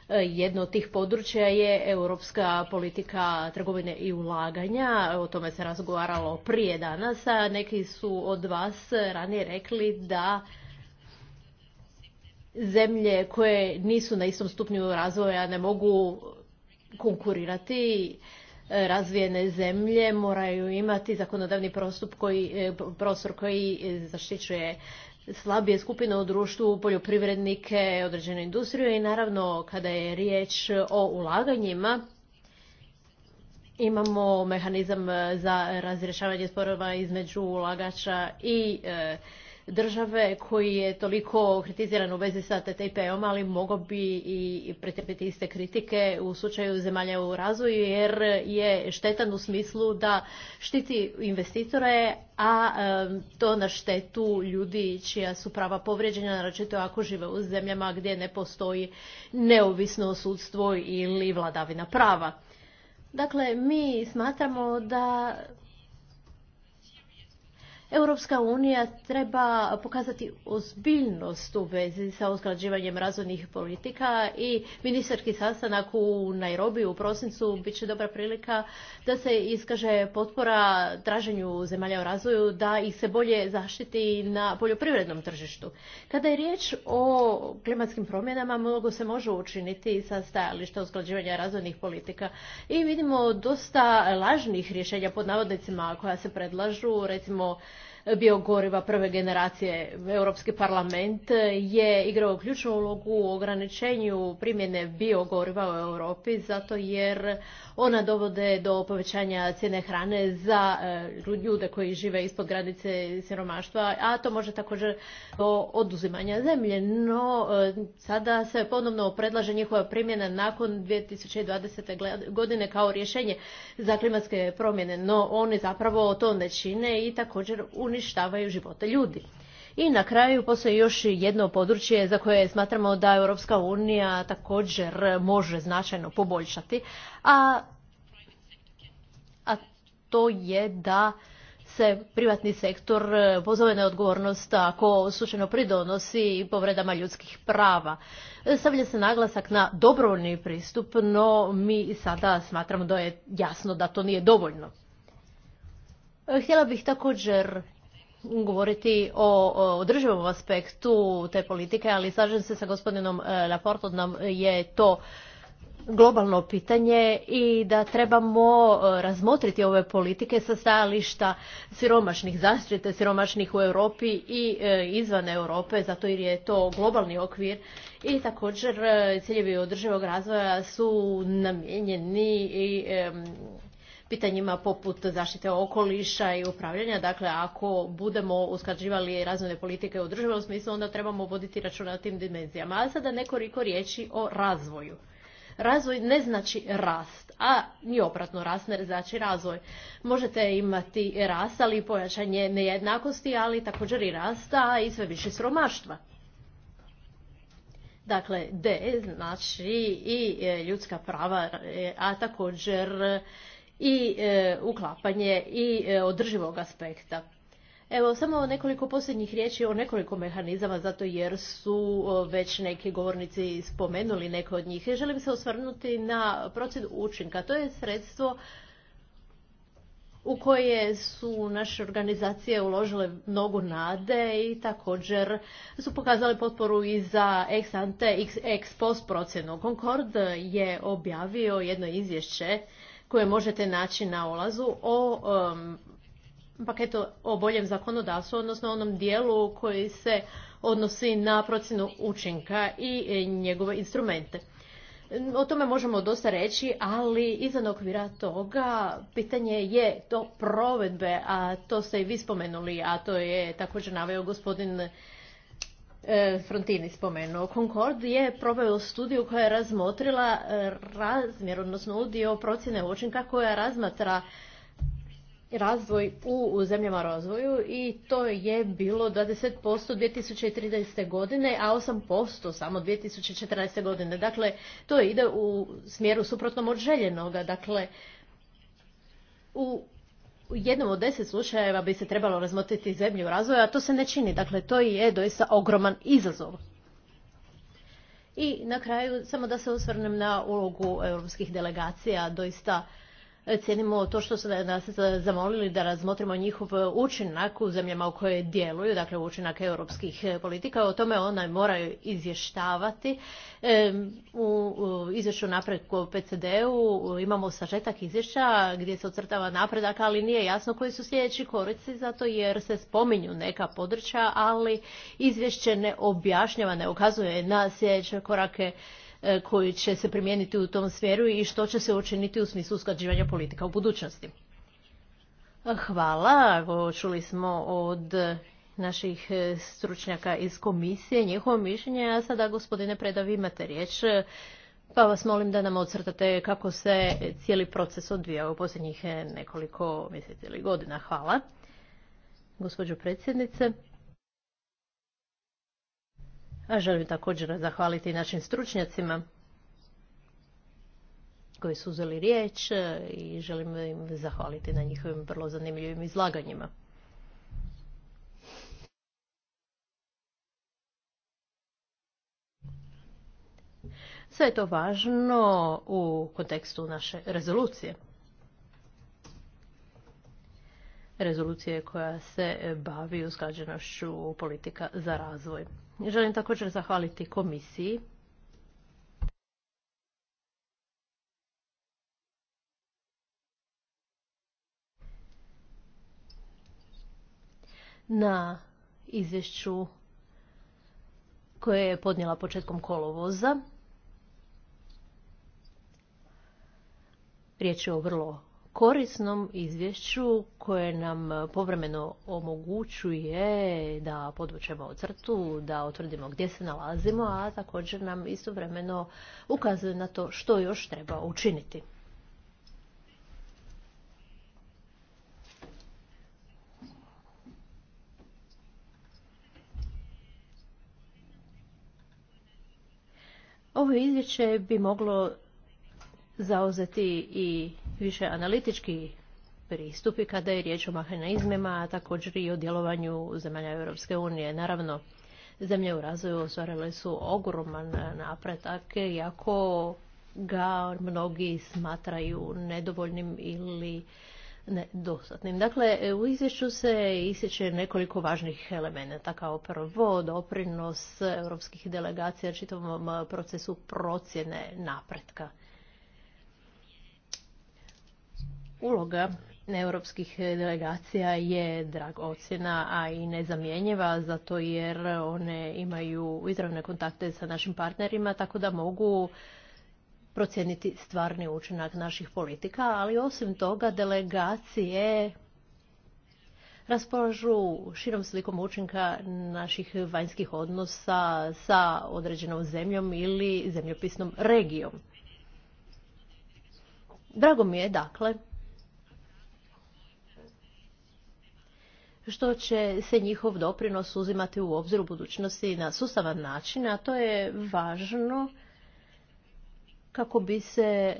e, jedno od tih područja je europska politika trgovine i ulaganja. O tome se razgovaralo prije danas, a neki su od vas ranije rekli da zemlje koje nisu na istom stupnju razvoja ne mogu konkurirati razvijene zemlje moraju imati zakonodavni koji, e, prostor koji zaštićuje slabije skupine u društvu, poljoprivrednike, određenu industriju i naravno kada je riječ o ulaganjima, imamo mehanizam za razrješavanje sporova između ulagača i e, države koji je toliko kritiziran u vezi sa TTIP-om, ali mogao bi i pretrpiti iste kritike u slučaju zemalja u razvoju jer je štetan u smislu da štiti investitore, a to na štetu ljudi čija su prava povrijeđena, naročito ako žive u zemljama gdje ne postoji neovisno sudstvo ili vladavina prava. Dakle, mi smatramo da Europska unija treba pokazati ozbiljnost u vezi sa usklađivanjem razvojnih politika i ministarski sastanak u Nairobi u prosincu bit će dobra prilika da se iskaže potpora traženju zemalja u razvoju da ih se bolje zaštiti na poljoprivrednom tržištu. Kada je riječ o klimatskim promjenama, mnogo se može učiniti sa stajališta usklađivanja razvojnih politika i vidimo dosta lažnih rješenja pod navodnicima koja se predlažu, recimo biogoriva prve generacije. Europski parlament je igrao ključnu ulogu u ograničenju primjene biogoriva u Europi zato jer ona dovode do povećanja cijene hrane za e, ljude koji žive ispod granice siromaštva, a to može također do oduzimanja zemlje. No, e, sada se ponovno predlaže njihova primjena nakon 2020. godine kao rješenje za klimatske promjene, no oni zapravo to ne čine i također u uništavaju živote ljudi. I na kraju postoji još jedno područje za koje smatramo da Europska unija također može značajno poboljšati, a, a to je da se privatni sektor pozove na odgovornost ako slučajno pridonosi povredama ljudskih prava. Stavlja se naglasak na dobrovoljni pristup, no mi sada smatramo da je jasno da to nije dovoljno. Htjela bih također govoriti o održivom aspektu te politike, ali slažem se sa gospodinom e, Laporto da je to globalno pitanje i da trebamo e, razmotriti ove politike sa stajališta siromašnih zaštite, siromašnih u Europi i e, izvan Europe, zato jer je to globalni okvir i također ciljevi održivog razvoja su namijenjeni i pitanjima poput zaštite okoliša i upravljanja. Dakle, ako budemo usklađivali razvojne politike u državnom smislu, onda trebamo voditi računa o tim dimenzijama. A sada nekoliko riječi o razvoju. Razvoj ne znači rast, a ni opratno rast ne znači razvoj. Možete imati rast, ali i pojačanje nejednakosti, ali također i rasta i sve više sromaštva. Dakle, D znači i e, ljudska prava, e, a također i e, uklapanje i e, održivog aspekta. Evo, samo nekoliko posljednjih riječi o nekoliko mehanizama, zato jer su već neki govornici spomenuli neko od njih. Želim se osvrnuti na procjenu učinka. To je sredstvo u koje su naše organizacije uložile mnogo nade i također su pokazale potporu i za ex ante, ex post procjenu. Concord je objavio jedno izvješće koje možete naći na olazu o paketu o boljem zakonodavstvu, odnosno onom dijelu koji se odnosi na procjenu učinka i e, njegove instrumente. O tome možemo dosta reći, ali izvan okvira toga pitanje je to provedbe, a to ste i vi spomenuli, a to je također naveo gospodin E, Frontini spomenuo. Concord je proveo studiju koja je razmotrila e, razmjer, odnosno udio procjene učinka koja razmatra razvoj u zemljama razvoju i to je bilo 20% 2030. godine, a 8% samo 2014. godine. Dakle, to ide u smjeru suprotnom od željenoga. Dakle, u u jednom od deset slučajeva bi se trebalo razmotriti zemlju razvoja, a to se ne čini. Dakle, to i je doista ogroman izazov. I na kraju, samo da se osvrnem na ulogu europskih delegacija, doista cijenimo to što su nas zamolili da razmotrimo njihov učinak u zemljama u koje djeluju, dakle učinak europskih politika. O tome one moraju izvještavati. U izvješću napretku o PCD-u imamo sažetak izvješća gdje se ocrtava napredak, ali nije jasno koji su sljedeći korici, zato jer se spominju neka područja, ali izvješće ne objašnjava, ne ukazuje na sljedeće korake E, koji će se primijeniti u tom smjeru i što će se učiniti u smislu usklađivanja politika u budućnosti. Hvala. Čuli smo od naših e, stručnjaka iz komisije njihovo mišljenje, a sada gospodine Preda vi imate riječ. E, pa vas molim da nam ocrtate kako se cijeli proces odvija u posljednjih nekoliko mjeseci ili godina. Hvala. Gospođo predsjednice. Želim također zahvaliti našim stručnjacima koji su uzeli riječ e, i želim im zahvaliti na njihovim vrlo zanimljivim izlaganjima. Sve je to važno u kontekstu naše rezolucije. Rezolucije koja se bavi usklađenošću politika za razvoj. Želim također zahvaliti komisiji na izvješću koje je podnijela početkom kolovoza. Riječ je o vrlo korisnom izvješću koje nam povremeno omogućuje da podvučemo crtu, da utvrdimo gdje se nalazimo, a također nam istovremeno ukazuje na to što još treba učiniti. Ovo izvješće bi moglo zauzeti i više analitički pristupi kada je riječ o mehanizmima, a također i o djelovanju zemalja Europske unije. Naravno, zemlje u razvoju ostvarile su ogroman napredak, iako ga mnogi smatraju nedovoljnim ili nedostatnim. Dakle, u izvješću se isjeće nekoliko važnih elemenata kao prvo doprinos europskih delegacija čitavom procesu procjene napretka. Uloga europskih delegacija je dragocjena ocjena, a i nezamjenjiva, zato jer one imaju izravne kontakte sa našim partnerima, tako da mogu procijeniti stvarni učinak naših politika, ali osim toga delegacije raspolažu širom slikom učinka naših vanjskih odnosa sa određenom zemljom ili zemljopisnom regijom. Drago mi je, dakle, što će se njihov doprinos uzimati u obzir u budućnosti na sustavan način, a to je važno kako bi se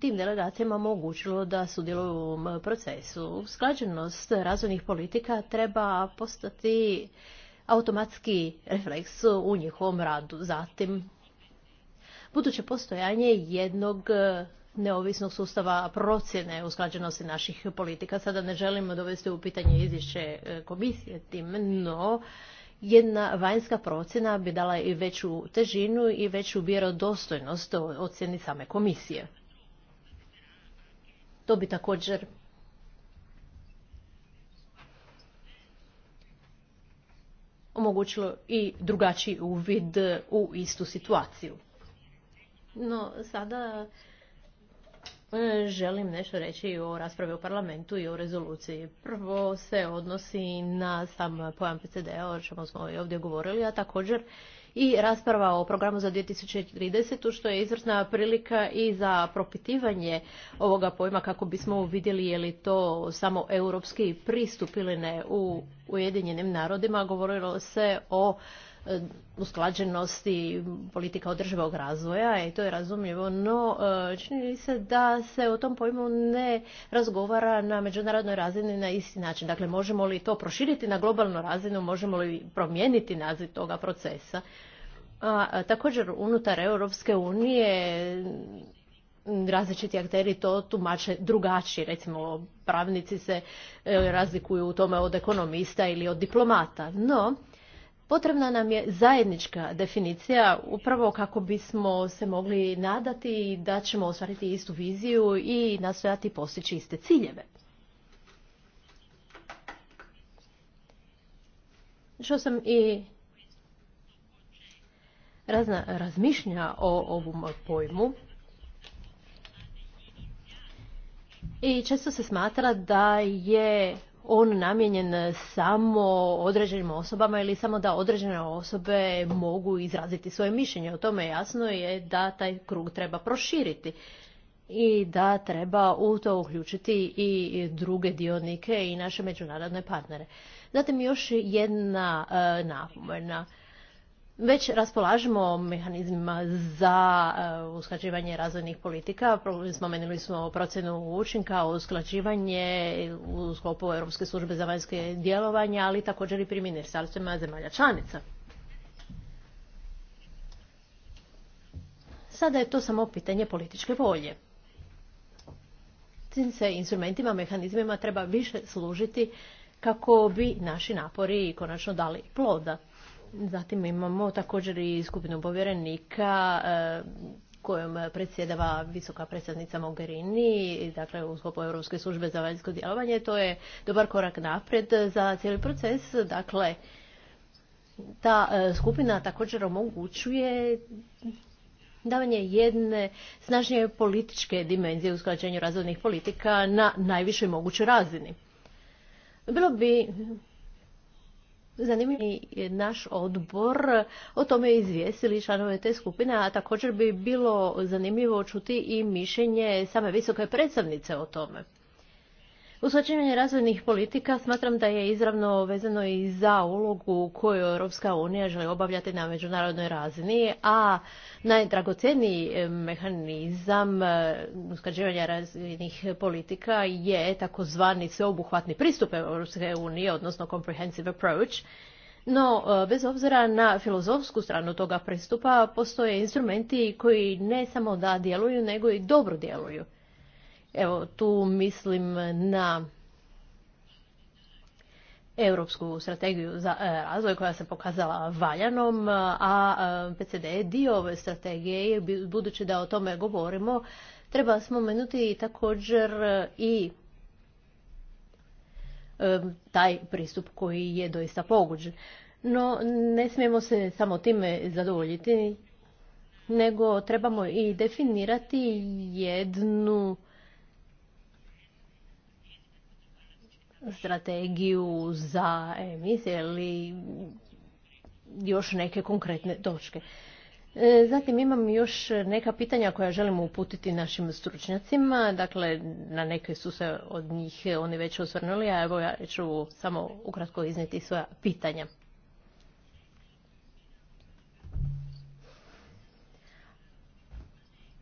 tim delegacijama omogućilo da sudjeluju u ovom procesu. Usklađenost razvojnih politika treba postati automatski refleks u njihovom radu. Zatim, buduće postojanje jednog neovisnog sustava procjene usklađenosti naših politika. Sada ne želimo dovesti u pitanje izvješće e, komisije tim, no jedna vanjska procjena bi dala i veću težinu i veću vjerodostojnost ocjeni same komisije. To bi također omogućilo i drugačiji uvid u istu situaciju. No, sada E, želim nešto reći o raspravi u parlamentu i o rezoluciji. Prvo se odnosi na sam pojam PCD-a, o čemu smo i ovdje govorili, a također i rasprava o programu za 2030. što je izvrsna prilika i za propitivanje ovoga pojma kako bismo vidjeli je li to samo europski pristup ili ne u Ujedinjenim narodima. Govorilo se o E, usklađenosti politika održivog razvoja i to je razumljivo, no e, čini se da se o tom pojmu ne razgovara na međunarodnoj razini na isti način. Dakle, možemo li to proširiti na globalnu razinu, možemo li promijeniti naziv toga procesa? A, također, unutar Europske unije različiti akteri to tumače drugačije. Recimo, pravnici se e, razlikuju u tome od ekonomista ili od diplomata. No, Potrebna nam je zajednička definicija upravo kako bismo se mogli nadati da ćemo ostvariti istu viziju i nastojati postići iste ciljeve. Što sam i razna razmišlja o ovom pojmu. I često se smatra da je on namijenjen samo određenim osobama ili samo da određene osobe mogu izraziti svoje mišljenje. O tome jasno je da taj krug treba proširiti i da treba u to uključiti i druge dionike i naše međunarodne partnere. Zatim još jedna e, napomena već raspolažemo mehanizmima za e, usklađivanje razvojnih politika. Spomenuli smo procjenu učinka, usklađivanje u sklopu Europske službe za vanjske djelovanje, ali također i pri ministarstvima zemalja članica. Sada je to samo pitanje političke volje. Tim se instrumentima, mehanizmima treba više služiti kako bi naši napori konačno dali ploda. Zatim imamo također i skupinu povjerenika e, kojom predsjedava visoka predsjednica Mogherini, dakle u sklopu Europske službe za vanjsko djelovanje. To je dobar korak naprijed za cijeli proces. Dakle, ta e, skupina također omogućuje davanje jedne snažnije političke dimenzije usklađenju razvojnih politika na najvišoj mogućoj razini. Bilo bi zanimljiv naš odbor o tome izvijestili članove te skupine, a također bi bilo zanimljivo čuti i mišljenje same visoke predstavnice o tome. Usklađivanje razvojnih politika smatram da je izravno vezano i za ulogu koju Europska unija želi obavljati na međunarodnoj razini, a najdragocjeniji eh, mehanizam eh, usklađivanja razvojnih politika je takozvani sveobuhvatni pristup Europske unije, odnosno comprehensive approach, no, eh, bez obzira na filozofsku stranu toga pristupa, postoje instrumenti koji ne samo da djeluju, nego i dobro djeluju. Evo, tu mislim na europsku strategiju za e, razvoj koja se pokazala valjanom, a PCD je dio ove strategije i budući da o tome govorimo, treba spomenuti također i e, taj pristup koji je doista poguđen. No, ne smijemo se samo time zadovoljiti, nego trebamo i definirati jednu strategiju za emisije ili još neke konkretne točke. E, zatim imam još neka pitanja koja želimo uputiti našim stručnjacima. Dakle, na neke su se od njih oni već osvrnuli, a evo ja ću samo ukratko iznijeti svoja pitanja.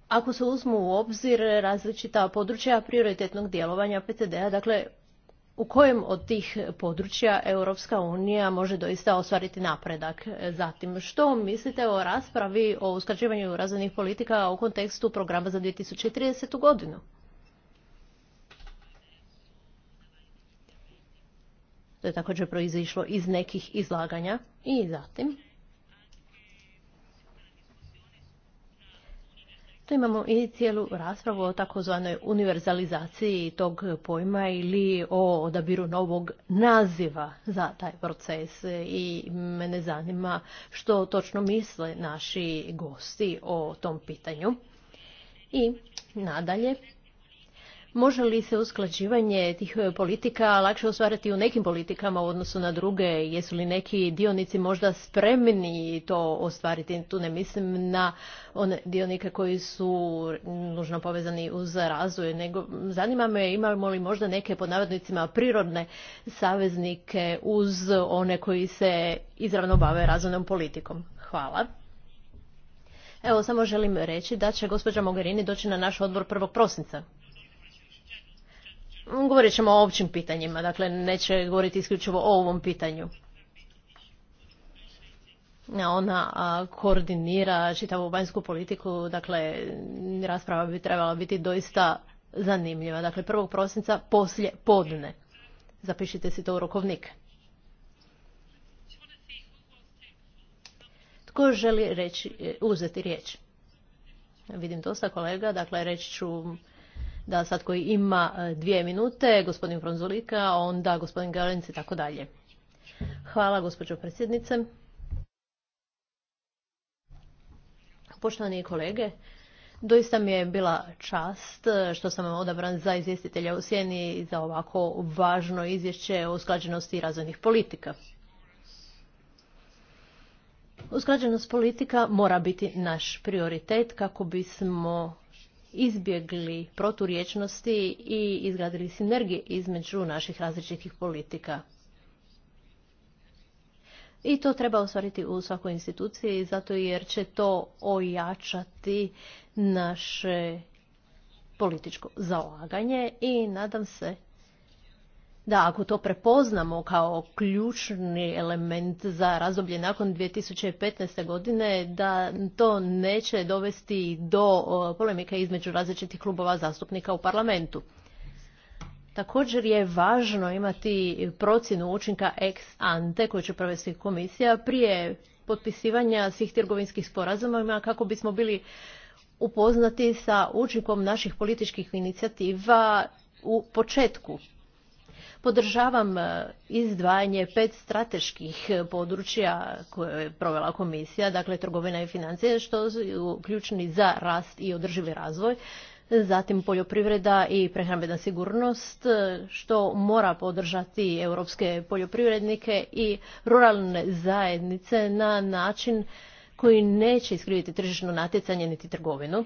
Ako se uzmu u obzir različita područja prioritetnog djelovanja PCD-a, dakle u kojem od tih područja Europska unija može doista ostvariti napredak. Zatim, što mislite o raspravi o usklađivanju razvojnih politika u kontekstu programa za 2030. godinu? To je također proizišlo iz nekih izlaganja. I zatim, imamo i cijelu raspravu o takozvanoj univerzalizaciji tog pojma ili o odabiru novog naziva za taj proces i mene zanima što točno misle naši gosti o tom pitanju. I nadalje, Može li se usklađivanje tih e, politika lakše ostvariti u nekim politikama u odnosu na druge? Jesu li neki dionici možda spremni to ostvariti? Tu ne mislim na one dionike koji su nužno povezani uz razvoj, nego zanima me imamo li možda neke pod navodnicima prirodne saveznike uz one koji se izravno bave razvojnom politikom. Hvala. Evo, samo želim reći da će gospođa Mogherini doći na naš odbor 1. prosinca. Govorit ćemo o općim pitanjima, dakle neće govoriti isključivo o ovom pitanju. Ona koordinira čitavu vanjsku politiku, dakle rasprava bi trebala biti doista zanimljiva. Dakle, 1. prosinca poslije podne. Zapišite si to u rokovnik. Tko želi reći, uzeti riječ? Vidim dosta kolega, dakle reći ću da sad koji ima e, dvije minute, gospodin Fronzulika, onda gospodin Galenc i tako dalje. Hvala gospođo predsjednice. Poštovani kolege, doista mi je bila čast e, što sam odabran za izvjestitelja u Sjeni i za ovako važno izvješće o usklađenosti razvojnih politika. Usklađenost politika mora biti naš prioritet kako bismo izbjegli proturječnosti i izgradili sinergije između naših različitih politika. I to treba ostvariti u svakoj instituciji, zato jer će to ojačati naše političko zalaganje i nadam se da, ako to prepoznamo kao ključni element za razdoblje nakon 2015. godine, da to neće dovesti do polemike između različitih klubova zastupnika u parlamentu. Također je važno imati procjenu učinka ex ante koju će provesti komisija prije potpisivanja svih trgovinskih sporazuma kako bismo bili upoznati sa učinkom naših političkih inicijativa u početku Podržavam e, izdvajanje pet strateških e, područja koje je provela komisija, dakle trgovina i financije, što su ključni za rast i održivi razvoj. Zatim poljoprivreda i prehrambena sigurnost, e, što mora podržati europske poljoprivrednike i ruralne zajednice na način koji neće iskriviti tržišno natjecanje niti trgovinu.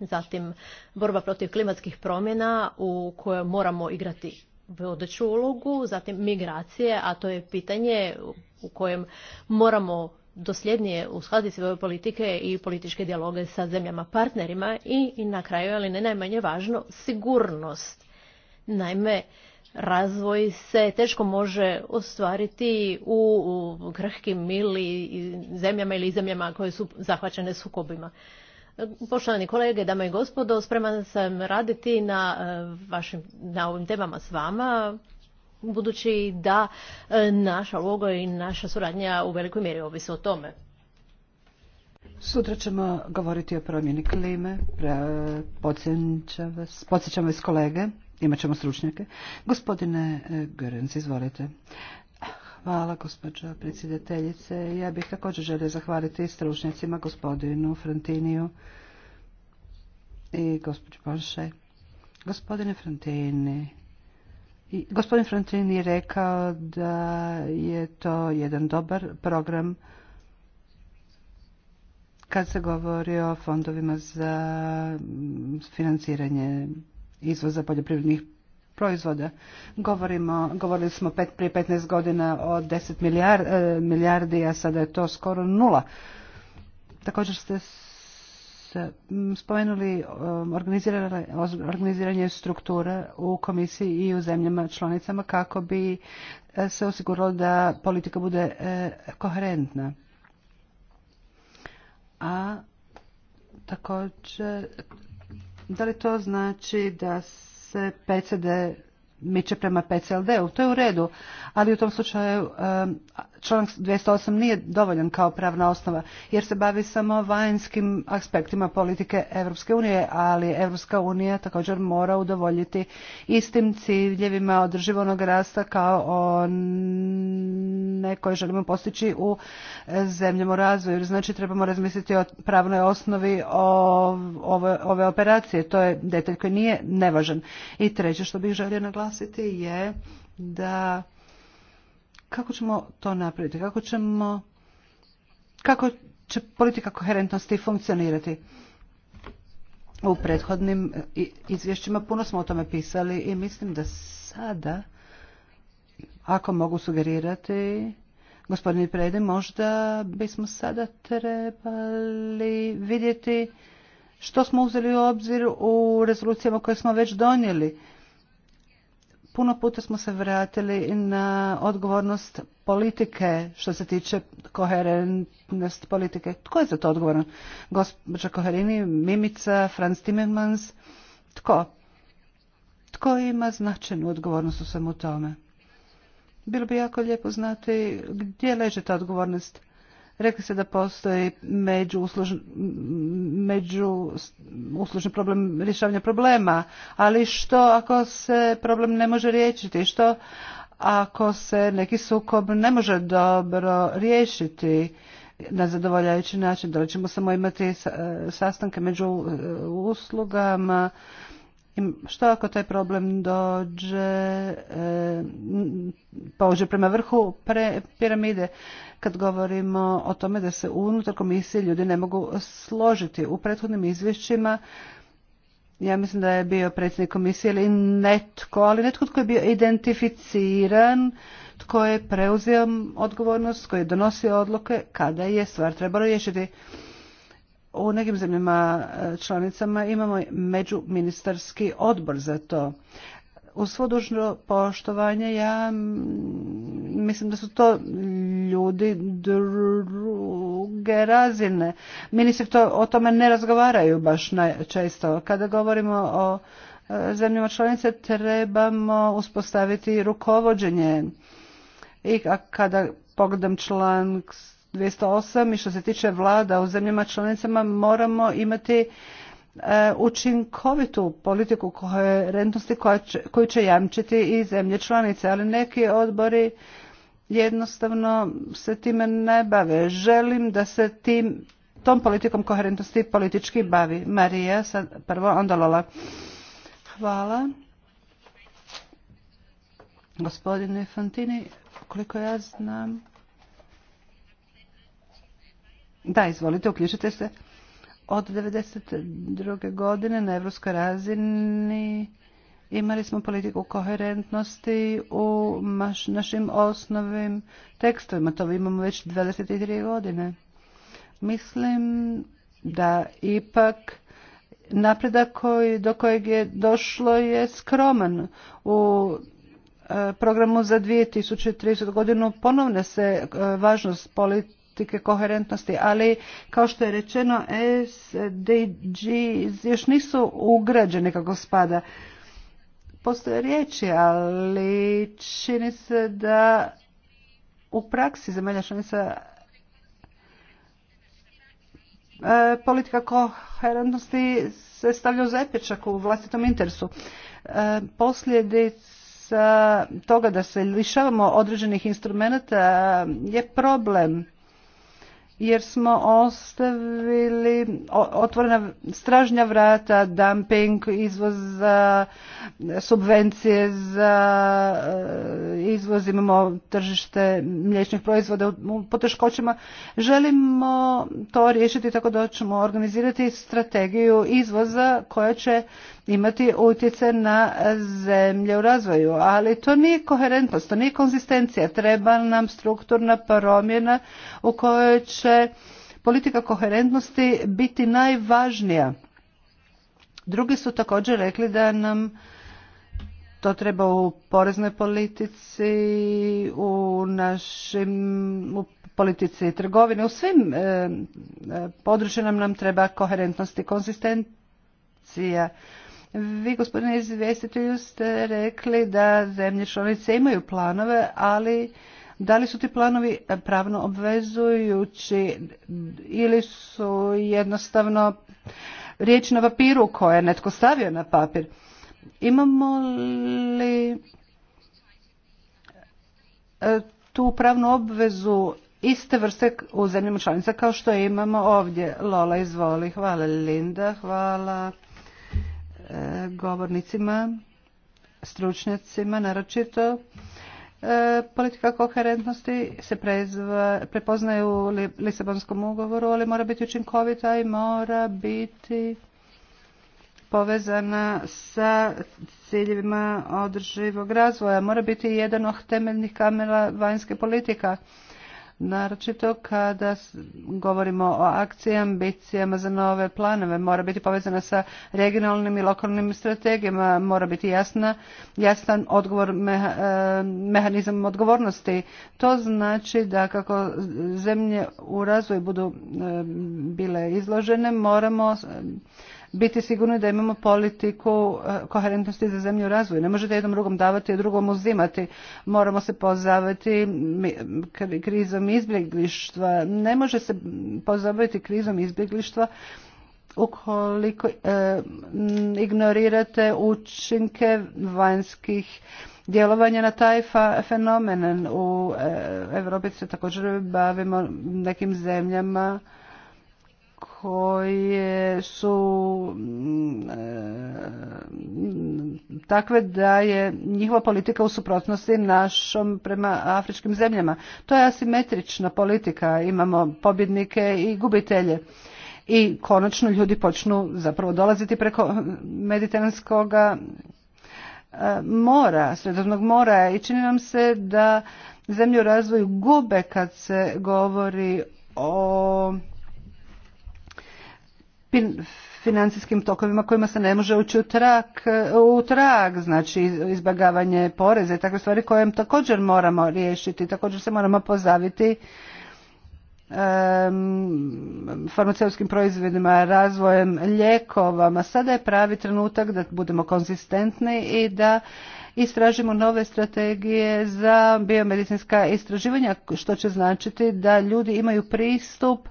Zatim borba protiv klimatskih promjena u kojoj moramo igrati vodeću ulogu, zatim migracije, a to je pitanje u kojem moramo dosljednije uskladiti svoje politike i političke dijaloge sa zemljama partnerima i, i na kraju, ali ne najmanje važno, sigurnost. Naime, razvoj se teško može ostvariti u, u krhkim ili zemljama ili zemljama koje su zahvaćene sukobima. Poštovani kolege, dame i gospodo, spreman sam raditi na, e, vašim, na ovim temama s vama, budući da e, naša uloga i naša suradnja u velikoj mjeri ovisi o tome. Sutra ćemo govoriti o promjeni klime, podsjećam vas kolege, imat ćemo stručnjake. Gospodine e, Gorenci, izvolite. Hvala, gospođo predsjedateljice. Ja bih također želio zahvaliti stručnjacima, gospodinu Frantiniju i gospođu Bonše. Gospodine Frantini, gospodin Frantini je rekao da je to jedan dobar program kad se govori o fondovima za financiranje izvoza poljoprivrednih proizvoda. Govorimo, govorili smo pet, prije 15 godina o 10 milijard, e, milijardi, a sada je to skoro nula. Također ste spomenuli e, organiziranje strukture u komisiji i u zemljama članicama kako bi e, se osiguralo da politika bude koherentna. A također, da li to znači da se PCD miče prema PCLD-u. To je u redu, ali u tom slučaju članak 208 nije dovoljan kao pravna osnova jer se bavi samo vanjskim aspektima politike Europske unije, ali Europska unija također mora udovoljiti istim ciljevima održivog rasta kao one koje želimo postići u zemljama u razvoju. Znači trebamo razmisliti o pravnoj osnovi ove, ove operacije. To je detalj koji nije nevažan. I treće što bih želio naglasiti je da kako ćemo to napraviti? Kako ćemo... Kako će politika koherentnosti funkcionirati? U prethodnim e, izvješćima puno smo o tome pisali i mislim da sada, ako mogu sugerirati, gospodine Prede, možda bismo sada trebali vidjeti što smo uzeli u obzir u rezolucijama koje smo već donijeli puno puta smo se vratili na odgovornost politike što se tiče koherentnosti politike. Tko je za to odgovoran? Gospođa Koherini, Mimica, Franz Timmermans? Tko? Tko ima značajnu odgovornost u svemu tome? Bilo bi jako lijepo znati gdje leži ta odgovornost. Rekli ste da postoji međuuslužni među problem rješavanja problema, ali što ako se problem ne može riješiti? Što ako se neki sukob ne može dobro riješiti? na zadovoljavajući način, da li ćemo samo imati e, sastanke među e, uslugama, što ako taj problem dođe, e, pođe prema vrhu piramide, kad govorimo o tome da se unutar komisije ljudi ne mogu složiti. U prethodnim izvješćima, ja mislim da je bio predsjednik komisije ili netko, ali netko tko je bio identificiran, tko je preuzeo odgovornost, koji je donosio odluke, kada je stvar trebalo riješiti u nekim zemljama e, članicama imamo međuministarski odbor za to. U svo dužno poštovanje ja mislim da su to ljudi druge razine. Ministri to, o tome ne razgovaraju baš često. Kada govorimo o e, zemljama članice trebamo uspostaviti rukovođenje. I kada pogledam članak 208 i što se tiče vlada u zemljama članicama moramo imati e, učinkovitu politiku koherentnosti koju će jamčiti i zemlje članice, ali neki odbori jednostavno se time ne bave. Želim da se tim, tom politikom koherentnosti politički bavi. Marija, sad prvo, onda Lola. Hvala. Gospodine Fantini, koliko ja znam, da, izvolite, uključite se. Od 1992. godine na evropskoj razini imali smo politiku koherentnosti u našim osnovim tekstovima. To imamo već 23 godine. Mislim da ipak napredak koji, do kojeg je došlo je skroman. U e, programu za 2030. godinu ponovne se e, važnost politike politike koherentnosti, ali kao što je rečeno SDG još nisu ugrađene kako spada. Postoje riječi, ali čini se da u praksi zemalja članica e, politika koherentnosti se stavlja u zapječak u vlastitom interesu. E, posljedica toga da se lišavamo određenih instrumenata je problem jer smo ostavili otvorena stražnja vrata, dumping, izvoz za subvencije za e, izvoz, imamo tržište mliječnih proizvoda u poteškoćama. Želimo to riješiti tako da ćemo organizirati strategiju izvoza koja će imati utjece na zemlje u razvoju, ali to nije koherentnost, to nije konzistencija, treba nam strukturna promjena u kojoj će će politika koherentnosti biti najvažnija. Drugi su također rekli da nam to treba u poreznoj politici, u našim u politici trgovine, u svim e, e područjima nam treba koherentnost i konzistencija. Vi, gospodine izvjestitelju, ste rekli da zemlje članice imaju planove, ali da li su ti planovi e, pravno obvezujući ili su jednostavno riječ na papiru koje je netko stavio na papir? Imamo li e, tu pravnu obvezu iste vrste u zemljama članica kao što imamo ovdje. Lola, izvoli. Hvala Linda, hvala e, govornicima, stručnjacima naročito. E, politika koherentnosti se prepoznaje u Lisabonskom ugovoru, ali mora biti učinkovita i mora biti povezana sa ciljevima održivog razvoja. Mora biti jedan od temeljnih kamera vanjske politika naročito kada govorimo o akcijama, ambicijama za nove planove. Mora biti povezana sa regionalnim i lokalnim strategijama, mora biti jasna, jasan odgovor, e, mehanizam odgovornosti. To znači da kako zemlje u razvoju budu e, bile izložene, moramo biti sigurni da imamo politiku e, koherentnosti za zemlju u razvoju. Ne možete jednom drugom davati, a drugom uzimati. Moramo se pozaviti krizom izbjeglištva. Ne može se pozabaviti krizom izbjeglištva ukoliko e, ignorirate učinke vanjskih djelovanja na taj fenomen. U e, Europi se također bavimo nekim zemljama koje su mm, e, takve da je njihova politika u suprotnosti našom prema afričkim zemljama. To je asimetrična politika, imamo pobjednike i gubitelje. I konačno ljudi počnu zapravo dolaziti preko mediteranskog e, mora, sredovnog mora i čini nam se da zemlje u razvoju gube kad se govori o financijskim tokovima kojima se ne može ući u trag, znači izbjegavanje poreza i takve stvari koje također moramo riješiti, također se moramo pozaviti farmaceutskim proizvodima, razvojem ljekovama. Sada je pravi trenutak da budemo konzistentni i da istražimo nove strategije za biomedicinska istraživanja, što će značiti da ljudi imaju pristup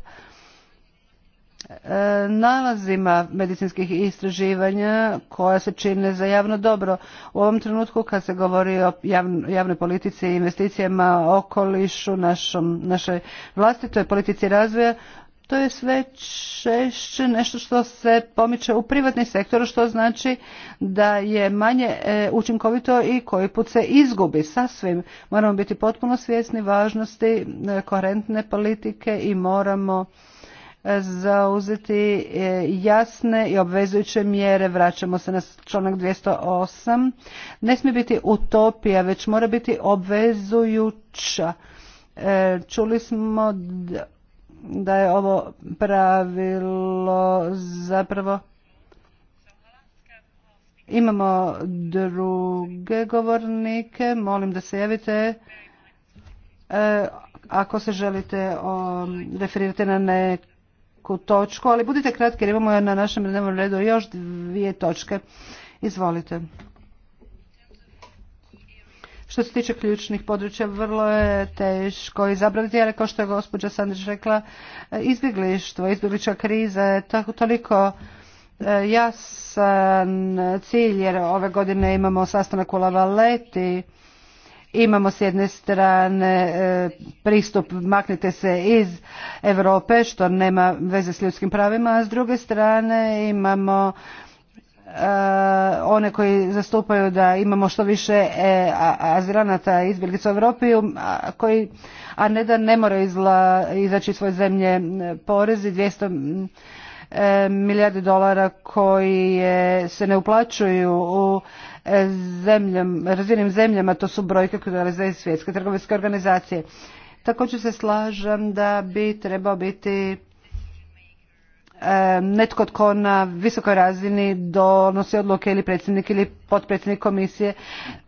E, nalazima medicinskih istraživanja koja se čine za javno dobro. U ovom trenutku kad se govori o javnoj politici i investicijama, okolišu, našom, našoj vlastitoj politici razvoja, to je sve češće nešto što se pomiče u privatni sektor, što znači da je manje e, učinkovito i koji put se izgubi sasvim. Moramo biti potpuno svjesni važnosti e, koherentne politike i moramo zauzeti e, jasne i obvezujuće mjere. Vraćamo se na članak 208. Ne smije biti utopija, već mora biti obvezujuća. E, čuli smo da je ovo pravilo zapravo Imamo druge govornike, molim da se javite e, ako se želite referirati na neko točku, ali budite kratki jer imamo na našem dnevnom redu još dvije točke. Izvolite. Što se tiče ključnih područja, vrlo je teško izabrati, ali kao što je gospođa Sandrić rekla, izbjeglištvo, izbjeglička kriza je tako toliko e, jasan cilj, jer ove godine imamo sastanak u Lavaleti, imamo s jedne strane e, pristup maknite se iz Europe što nema veze s ljudskim pravima, a s druge strane imamo e, one koji zastupaju da imamo što više e, aziranata iz izbjeglica u Europi, um, a, koji, a ne da ne moraju izla, izaći iz svoje zemlje porezi, 200 milijardi dolara koji se ne uplaćuju u zemljem, razvijenim zemljama, to su brojke koje dolaze iz svjetske trgovinske organizacije. Također se slažem da bi trebao biti netko tko na visokoj razini donosi odluke ili predsjednik ili potpredsjednik komisije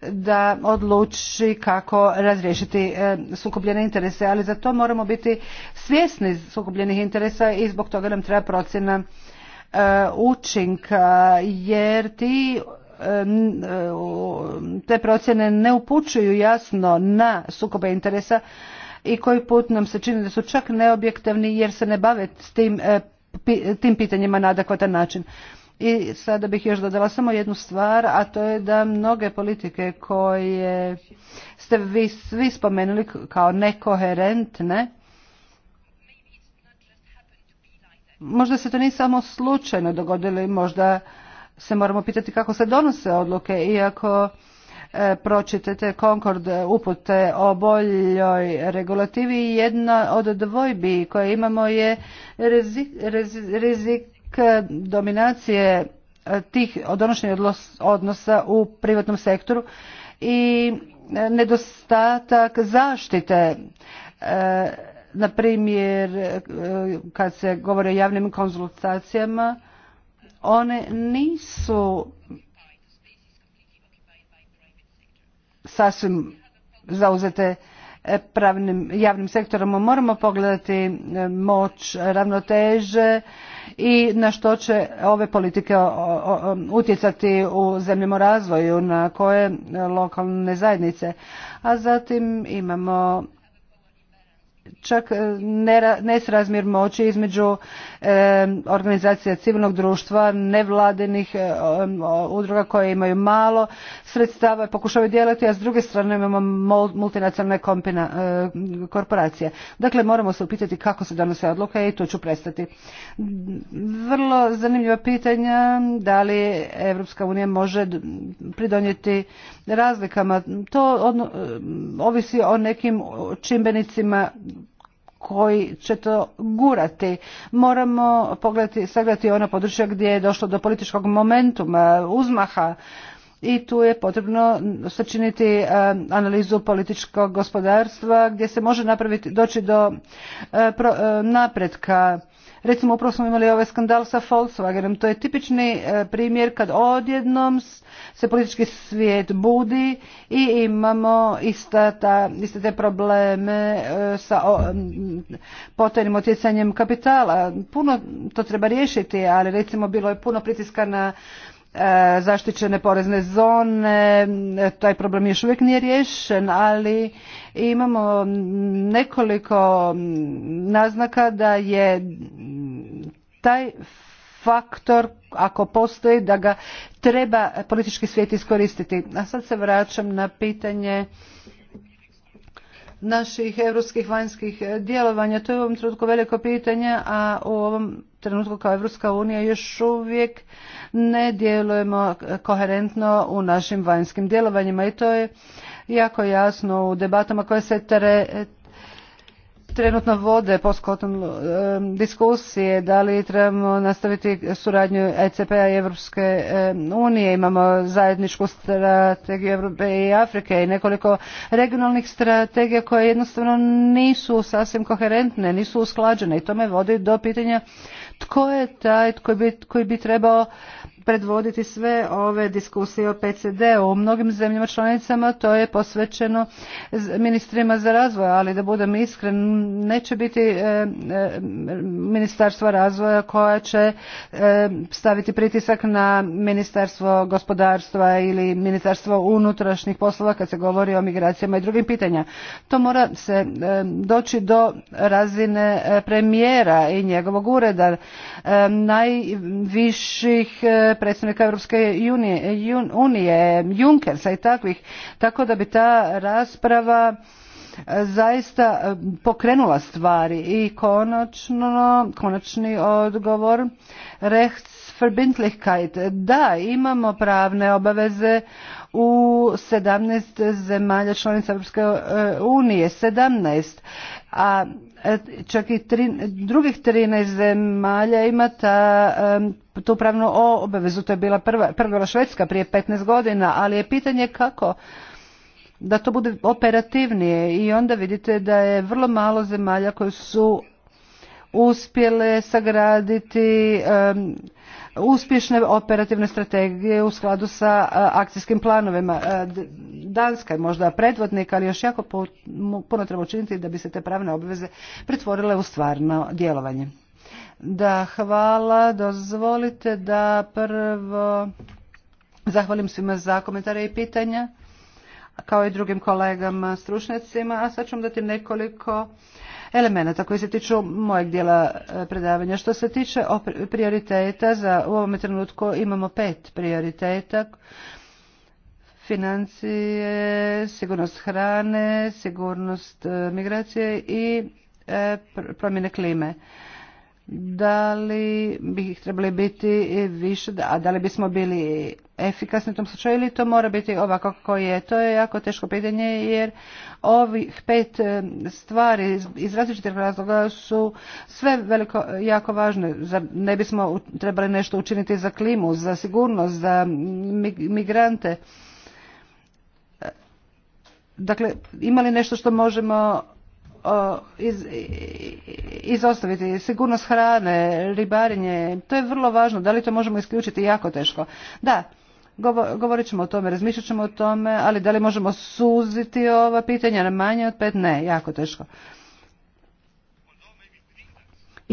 da odluči kako razriješiti sukobljene interese, ali za to moramo biti svjesni sukobljenih interesa i zbog toga nam treba procjena e, učinka jer ti E, e, te procjene ne upućuju jasno na sukobe interesa i koji put nam se čini da su čak neobjektivni jer se ne bave s tim, e, tim pitanjima na adekvatan način. I sada bih još dodala samo jednu stvar, a to je da mnoge politike koje ste vi svi spomenuli kao nekoherentne, možda se to nije samo slučajno dogodilo, možda se moramo pitati kako se donose odluke iako e, pročitate Concord upute o boljoj regulativi jedna od dvojbi koje imamo je rizik, dominacije e, tih donošenja odnosa u privatnom sektoru i nedostatak zaštite e, na primjer kad se govori o javnim konzultacijama one nisu sasvim zauzete e, pravnim, javnim sektorom. Moramo pogledati e, moć ravnoteže i na što će ove politike utjecati u zemljama razvoju, na koje lokalne zajednice. A zatim imamo čak e, nesrazmjer moći između e, organizacija civilnog društva, nevladinih e, udruga koje imaju malo sredstava i pokušavaju djelati, a s druge strane imamo multinacionalne korporacije. Dakle, moramo se upitati kako se donose odluke i tu ću prestati. Vrlo zanimljiva pitanja da li Evropska unija može pridonijeti razlikama. To odno, ovisi o nekim čimbenicima koji će to gurati. Moramo pogledati, sagledati ona područja gdje je došlo do političkog momentuma, uzmaha i tu je potrebno sačiniti e, analizu političkog gospodarstva gdje se može napraviti, doći do e, e, napretka Recimo upravo smo imali ovaj skandal sa Volkswagenom. To je tipični e, primjer kad odjednom se politički svijet budi i imamo ista ta, iste te probleme e, sa potajnim otjecanjem kapitala. Puno to treba riješiti, ali recimo bilo je puno pritiska na E, zaštićene porezne zone, e, taj problem još uvijek nije riješen, ali imamo nekoliko naznaka da je taj faktor ako postoji da ga treba politički svijet iskoristiti. A sad se vraćam na pitanje naših europskih vanjskih e, djelovanja. To je u ovom trenutku veliko pitanje, a u ovom trenutku kao Evropska unija još uvijek ne djelujemo e, koherentno u našim vanjskim djelovanjima i to je jako jasno u debatama koje se trenutno vode postkotom e, diskusije da li trebamo nastaviti suradnju ECP-a i Evropske e, unije. Imamo zajedničku strategiju Europe i Afrike i nekoliko regionalnih strategija koje jednostavno nisu sasvim koherentne, nisu usklađene i to me vodi do pitanja tko je taj koji bi, koji bi trebao predvoditi sve ove diskusije o PCD-u. mnogim zemljama članicama to je posvećeno ministrima za razvoj, ali da budem iskren, neće biti e, e, ministarstva razvoja koja će e, staviti pritisak na ministarstvo gospodarstva ili ministarstvo unutrašnjih poslova kad se govori o migracijama i drugim pitanjima. To mora se doći do razine premijera i njegovog ureda najviših predstavnika Europske unije, Junkersa i takvih. Tako da bi ta rasprava e, zaista e, pokrenula stvari i konačno, konačni odgovor Rechtsverbindlichkeit. Da, imamo pravne obaveze u 17 zemalja članica Europske e, unije, 17, a čak i tri, drugih 13 zemalja ima ta, tu pravnu obavezu. To je bila prva, prva Švedska prije 15 godina, ali je pitanje kako da to bude operativnije i onda vidite da je vrlo malo zemalja koje su uspjele sagraditi uspješne operativne strategije u skladu sa e, akcijskim planovima. E, Danska je možda predvodnik, ali još jako puno treba učiniti da bi se te pravne obveze pretvorile u stvarno djelovanje. Da, hvala. Dozvolite da prvo zahvalim svima za komentare i pitanja, kao i drugim kolegama stručnjacima, a sad ću vam dati nekoliko elemenata koji se tiču mojeg dijela e, predavanja. Što se tiče prioriteta, za, u ovom trenutku imamo pet prioriteta financije, sigurnost hrane, sigurnost e, migracije i e, promjene klime da li bi ih trebali biti više, a da li bismo bili efikasni u tom slučaju ili to mora biti ovako kako je. To je jako teško pitanje jer ovih pet e, stvari iz različitih razloga su sve veliko, jako važne. Ne bismo trebali nešto učiniti za klimu, za sigurnost, za migrante. E, dakle, imali nešto što možemo izostaviti. Sigurnost hrane, ribarenje, to je vrlo važno. Da li to možemo isključiti? Jako teško. Da, govorit ćemo o tome, razmišljat ćemo o tome, ali da li možemo suziti ova pitanja na manje od pet? Ne, jako teško.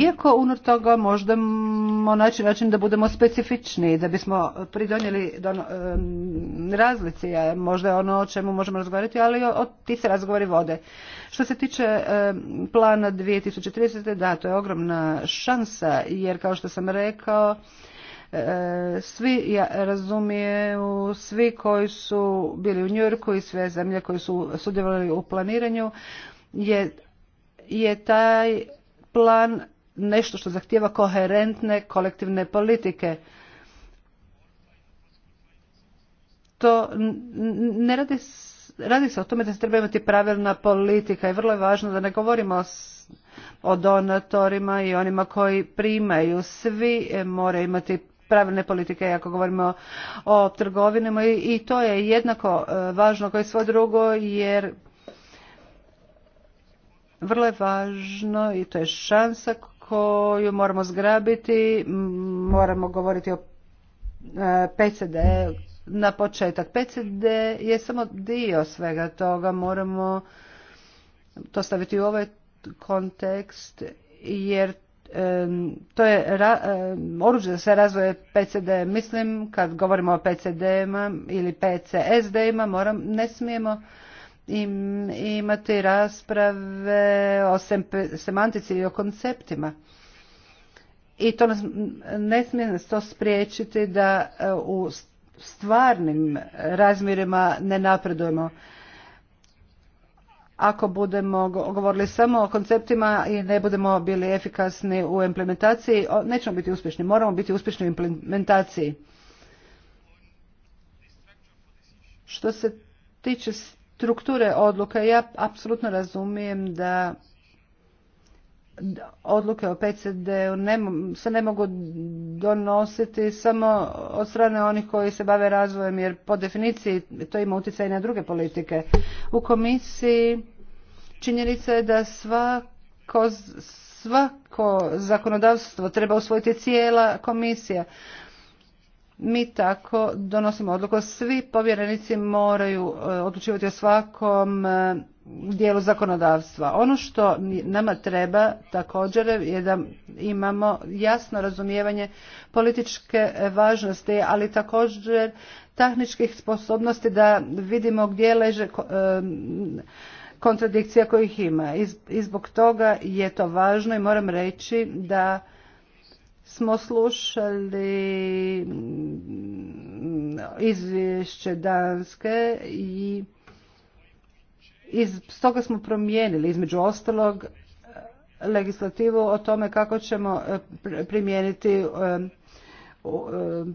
Iako unor toga možemo naći način da budemo specifični, da bismo pridonijeli um, razlici, a možda ono o čemu možemo razgovarati, ali o ti se razgovori vode. Što se tiče um, plana 2030. da, to je ogromna šansa, jer kao što sam rekao, um, svi ja, razumiju, svi koji su bili u Njurku i sve zemlje koji su sudjelovali u planiranju, je, je taj plan nešto što zahtjeva koherentne kolektivne politike. To ne radi Radi se o tome da se treba imati pravilna politika i vrlo je važno da ne govorimo o, donatorima i onima koji primaju. Svi e, moraju imati pravilne politike ako govorimo o, o trgovinama i, to je jednako e, važno kao i svo drugo jer vrlo je važno i to je šansa koju moramo zgrabiti, moramo govoriti o e, PCD na početak. PCD je samo dio svega toga, moramo to staviti u ovaj kontekst jer e, to je e, oruđe se razvoje PCD. Mislim, kad govorimo o PCD-ima ili PCSD-ima, ne smijemo imati rasprave o semantici i o konceptima. I to ne smije nas to spriječiti da e, u stvarnim razmirima ne napredujemo. Ako budemo govorili samo o konceptima i ne budemo bili efikasni u implementaciji, nećemo biti uspješni. Moramo biti uspješni u implementaciji. Što se tiče strukture odluka. Ja apsolutno razumijem da odluke o pcd se ne mogu donositi samo od strane onih koji se bave razvojem, jer po definiciji to ima utjecaj na druge politike. U komisiji činjenica je da svako, svako zakonodavstvo treba usvojiti cijela komisija mi tako donosimo odluku. Svi povjerenici moraju e, odlučivati o svakom e, dijelu zakonodavstva. Ono što nama treba također je da imamo jasno razumijevanje političke važnosti, ali također tehničkih sposobnosti da vidimo gdje leže e, kontradikcija kojih ima. I zbog toga je to važno i moram reći da smo slušali mm, izvješće Danske i iz stoga smo promijenili između ostalog e, legislativu o tome kako ćemo e, primijeniti e,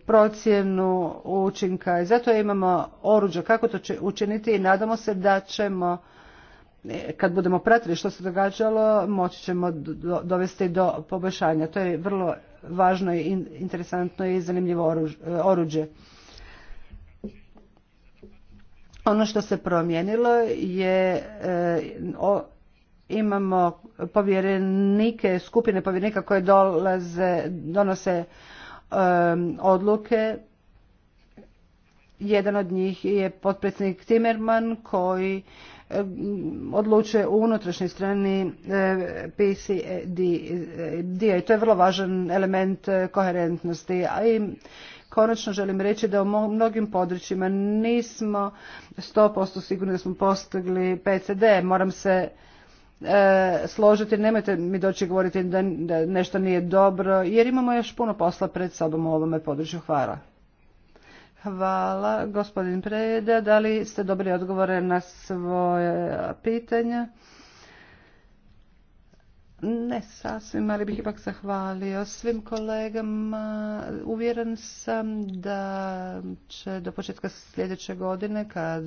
procjenu učinka i zato imamo oruđe kako to će učiniti i nadamo se da ćemo kad budemo pratili što se događalo moći ćemo dovesti do poboljšanja. To je vrlo važno i interesantno i zanimljivo e, oruđe. Ono što se promijenilo je e, imamo povjerenike, skupine povjerenika koje dolaze, donose odluke. Jedan od njih je potpredsjednik Timerman koji Eh, odlučuje u unutrašnjoj strani eh, pcd eh, i to je vrlo važan element koherentnosti. A i konačno želim reći da u mnogim područjima nismo 100% sigurni da smo postigli PCD. Moram se složiti, nemojte mi doći govoriti da, da nešto nije dobro, jer imamo još puno posla pred sobom u ovome području. Hvala. Hvala, gospodin Preda. Da li ste dobili odgovore na svoje pitanja? Ne sasvim, ali bih ipak zahvalio svim kolegama. Uvjeren sam da će do početka sljedeće godine, kad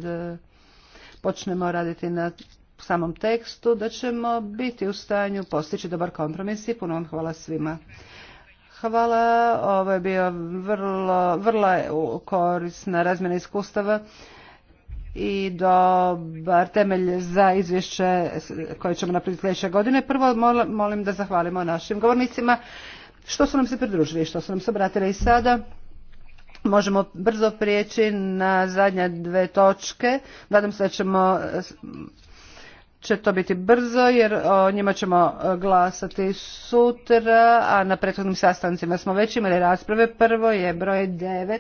počnemo raditi na samom tekstu, da ćemo biti u stanju postići dobar kompromis i puno vam hvala svima. Hvala, ovo je bio vrlo, vrlo korisna razmjena iskustava i dobar temelj za izvješće koje ćemo napraviti sljedeće godine. Prvo molim da zahvalimo našim govornicima što su nam se pridružili što su nam se obratili i sada. Možemo brzo prijeći na zadnje dve točke. Nadam se da ćemo će to biti brzo jer o njima ćemo e, glasati sutra, a na prethodnim sastancima smo već imali rasprave. Prvo je broj 9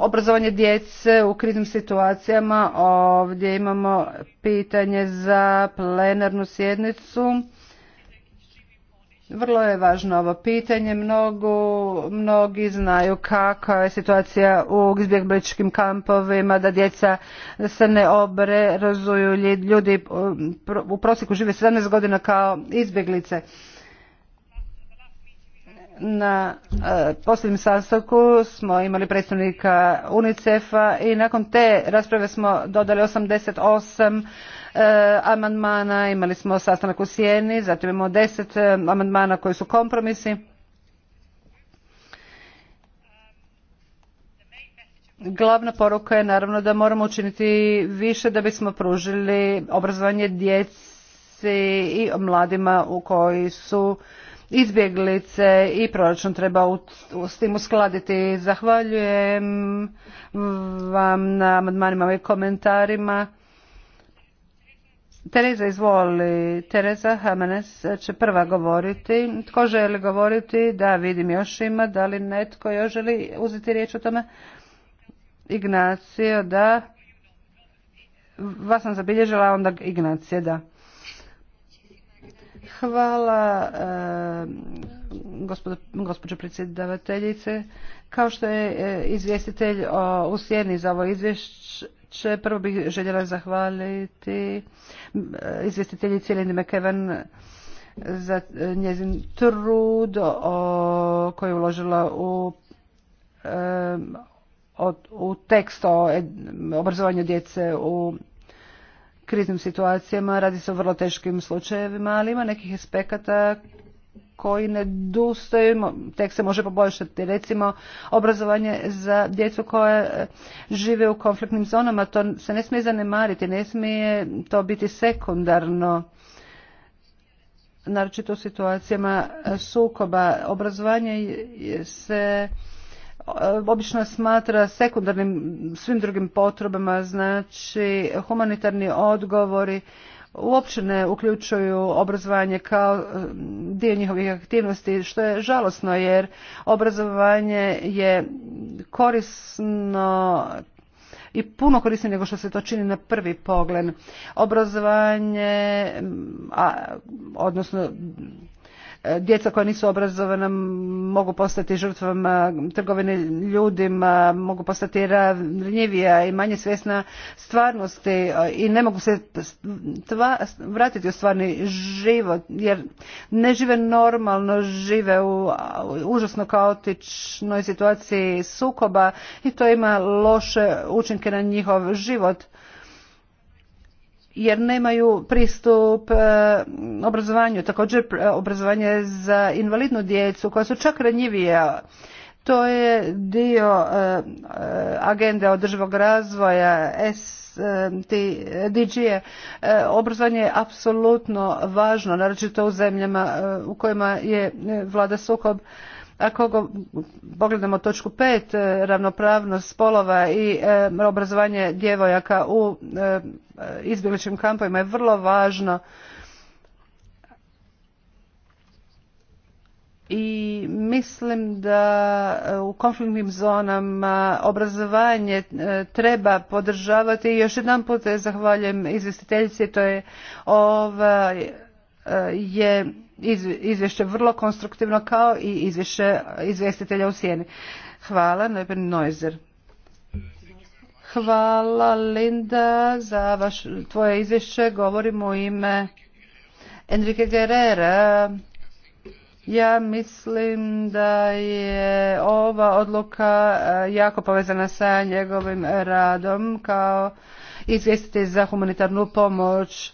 obrazovanje djece u kriznim situacijama. Ovdje imamo pitanje za plenarnu sjednicu. Vrlo je važno ovo pitanje. Mnogu, mnogi znaju kakva je situacija u izbjegličkim kampovima, da djeca se ne razuju ljudi u prosjeku žive 17 godina kao izbjeglice. Na e, posljednjem sastavku smo imali predstavnika UNICEF-a i nakon te rasprave smo dodali 88 Eh, amandmana, imali smo sastanak u Sijeni, zatim imamo deset eh, amandmana koji su kompromisi. Glavna poruka je naravno da moramo učiniti više da bismo pružili obrazovanje djeci i mladima u koji su izbjeglice i proračun treba s tim uskladiti. Zahvaljujem vam na amandmanima i komentarima. Tereza, izvoli. Tereza Hamanes će prva govoriti. Tko želi govoriti? Da, vidim još ima. Da li netko još želi uzeti riječ o tome? Ignacio, da. Vas sam zabilježila, onda Ignacije, da. Hvala eh, gospođo predsjedavateljice. Kao što je eh, izvjestitelj o, u za ovo izvješće, Prvo bih željela zahvaliti izvjestiteljici Lindy McEwan za e, njezin trud koji je uložila u e, u tekst o e, obrazovanju djece u kriznim situacijama. Radi se o vrlo teškim slučajevima, ali ima nekih aspekata koji nedostaju, tek se može poboljšati. Recimo, obrazovanje za djecu koja e, žive u konfliktnim zonama, to se ne smije zanemariti, ne smije to biti sekundarno naročito u situacijama e, sukoba. Obrazovanje se e, obično smatra sekundarnim svim drugim potrebama, znači humanitarni odgovori uopće ne uključuju obrazovanje kao e, dio njihovih aktivnosti, što je žalosno jer obrazovanje je korisno i puno korisnije nego što se to čini na prvi pogled. Obrazovanje, a, odnosno djeca koja nisu obrazovana mogu postati žrtvama trgovine ljudima, mogu postati ranjivija i manje svjesna stvarnosti e, i ne mogu se tva, vratiti u stvarni život jer ne žive normalno, žive u užasno kaotičnoj situaciji sukoba i to ima loše učinke na njihov život jer nemaju pristup e, obrazovanju. Također e, obrazovanje za invalidnu djecu koja su čak ranjivija. To je dio e, agende održivog razvoja S DG-e. Obrazovanje je apsolutno važno, naročito u zemljama u kojima je vlada sukob ako pogledamo točku 5, e, ravnopravnost spolova i e, obrazovanje djevojaka u e, izbjegličkim kampovima je vrlo važno. i mislim da u konfliktnim zonama obrazovanje treba podržavati i još jedan put zahvaljujem izvjestiteljici to je ova je izvješće vrlo konstruktivno kao i izvješće izvjestitelja u sjeni. Hvala, Neben Neuser. Hvala Linda za vaš, tvoje izvješće. Govorim u ime Enrique Guerrera. Ja mislim da je ova odluka eh, jako povezana sa njegovim radom kao izvjestitelj za humanitarnu pomoć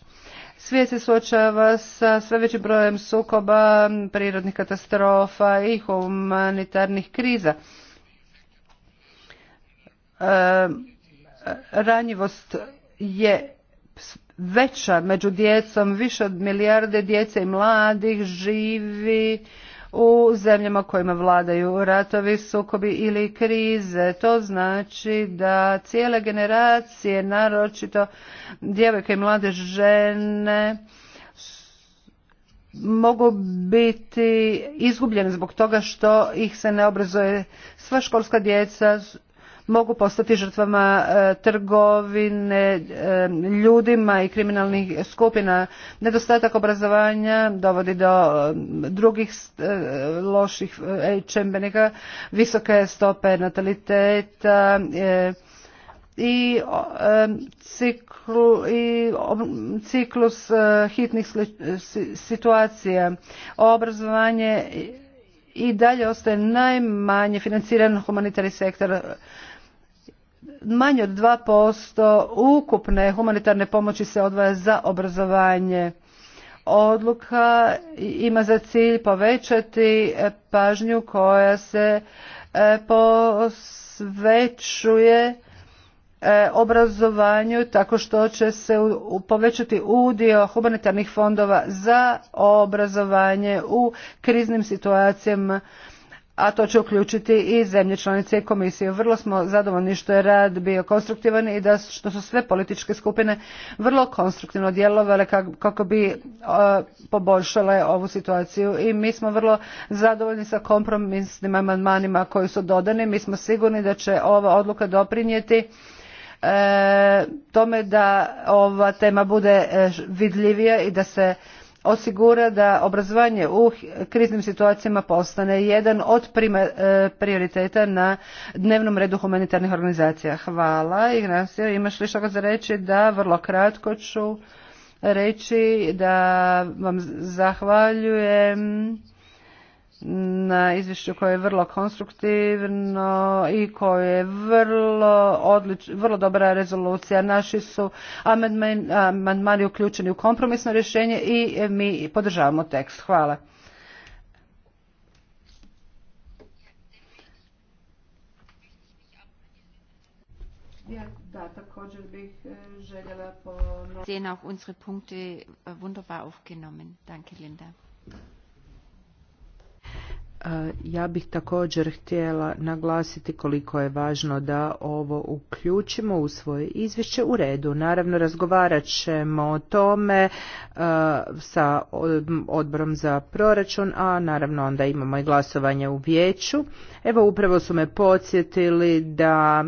Svijet se suočava sa sve većim brojem sukoba, prirodnih katastrofa i humanitarnih kriza. E, ranjivost je veća među djecom, više od milijarde djece i mladih živi u zemljama kojima vladaju ratovi, sukobi ili krize. To znači da cijele generacije, naročito djevojke i mlade žene, mogu biti izgubljene zbog toga što ih se ne obrazuje. Sva školska djeca mogu postati žrtvama e, trgovine e, ljudima i kriminalnih skupina. Nedostatak obrazovanja dovodi do e, drugih loših čembenika, visoke stope nataliteta, i ciklus hitnih situacija. Obrazovanje i dalje ostaje najmanje financiran humanitarni sektor manje od posto ukupne humanitarne pomoći se odvaja za obrazovanje. Odluka ima za cilj povećati pažnju koja se e, posvećuje e, obrazovanju tako što će se povećati udio humanitarnih fondova za obrazovanje u kriznim situacijama a to će uključiti i zemlje članice i komisiju. Vrlo smo zadovoljni što je rad bio konstruktivan i da što su sve političke skupine vrlo konstruktivno djelovale kako bi e, poboljšale ovu situaciju i mi smo vrlo zadovoljni sa kompromisnim amandmanima koji su dodani. Mi smo sigurni da će ova odluka doprinijeti e, tome da ova tema bude e, vidljivija i da se osigura da obrazovanje u kriznim situacijama postane jedan od e, prioriteta na dnevnom redu humanitarnih organizacija. Hvala. Ignacio, imaš li što za reći? Da, vrlo kratko ću reći da vam zahvaljujem na izvješću koje je vrlo konstruktivno i koje je vrlo, odlič, vrlo dobra rezolucija. Naši su amandmani uključeni u kompromisno rješenje i mi podržavamo tekst. Hvala. Ja, da, također bih e, željela po... unsere Punkte äh, wunderbar aufgenommen. Danke, Linda. Ja bih također htjela naglasiti koliko je važno da ovo uključimo u svoje izvješće u redu. Naravno, razgovarat ćemo o tome sa odborom za proračun, a naravno onda imamo i glasovanje u vijeću. Evo, upravo su me podsjetili da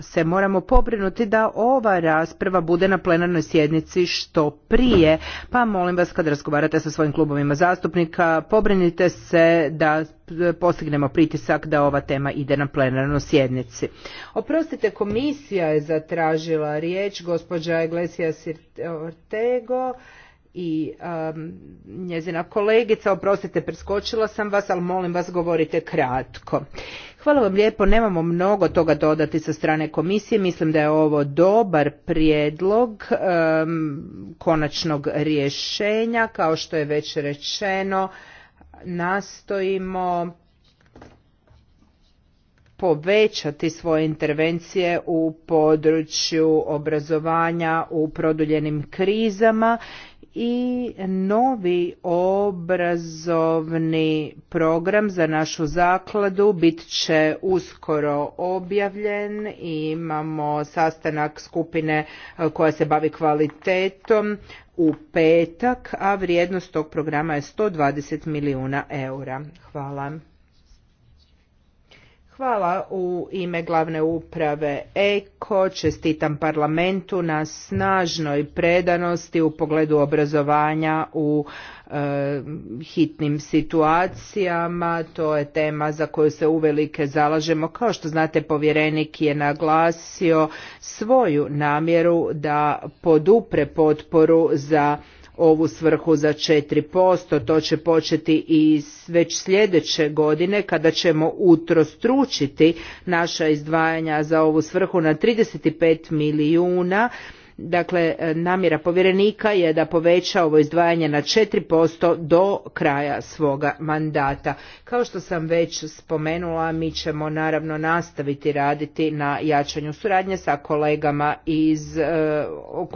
se moramo pobrinuti da ova rasprava bude na plenarnoj sjednici što prije. Pa molim vas kad razgovarate sa svojim klubovima zastupnika, pobrinite se da postignemo pritisak da ova tema ide na plenarnoj sjednici. Oprostite, komisija je zatražila riječ, gospođa Iglesias Ortego i um, njezina kolegica, oprostite preskočila sam vas, ali molim vas govorite kratko. Hvala vam lijepo, nemamo mnogo toga dodati sa strane komisije, mislim da je ovo dobar prijedlog um, konačnog rješenja, kao što je već rečeno, nastojimo povećati svoje intervencije u području obrazovanja u produljenim krizama i novi obrazovni program za našu zakladu bit će uskoro objavljen imamo sastanak skupine e, koja se bavi kvalitetom u petak, a vrijednost tog programa je 120 milijuna eura. Hvala. Hvala u ime glavne uprave EKO. Čestitam parlamentu na snažnoj predanosti u pogledu obrazovanja u e, hitnim situacijama. To je tema za koju se uvelike zalažemo. Kao što znate, povjerenik je naglasio svoju namjeru da podupre potporu za ovu svrhu za 4%. To će početi i već sljedeće godine kada ćemo utrostručiti naša izdvajanja za ovu svrhu na 35 milijuna Dakle, namjera povjerenika je da poveća ovo izdvajanje na 4% do kraja svoga mandata. Kao što sam već spomenula, mi ćemo naravno nastaviti raditi na jačanju suradnje sa kolegama iz, e,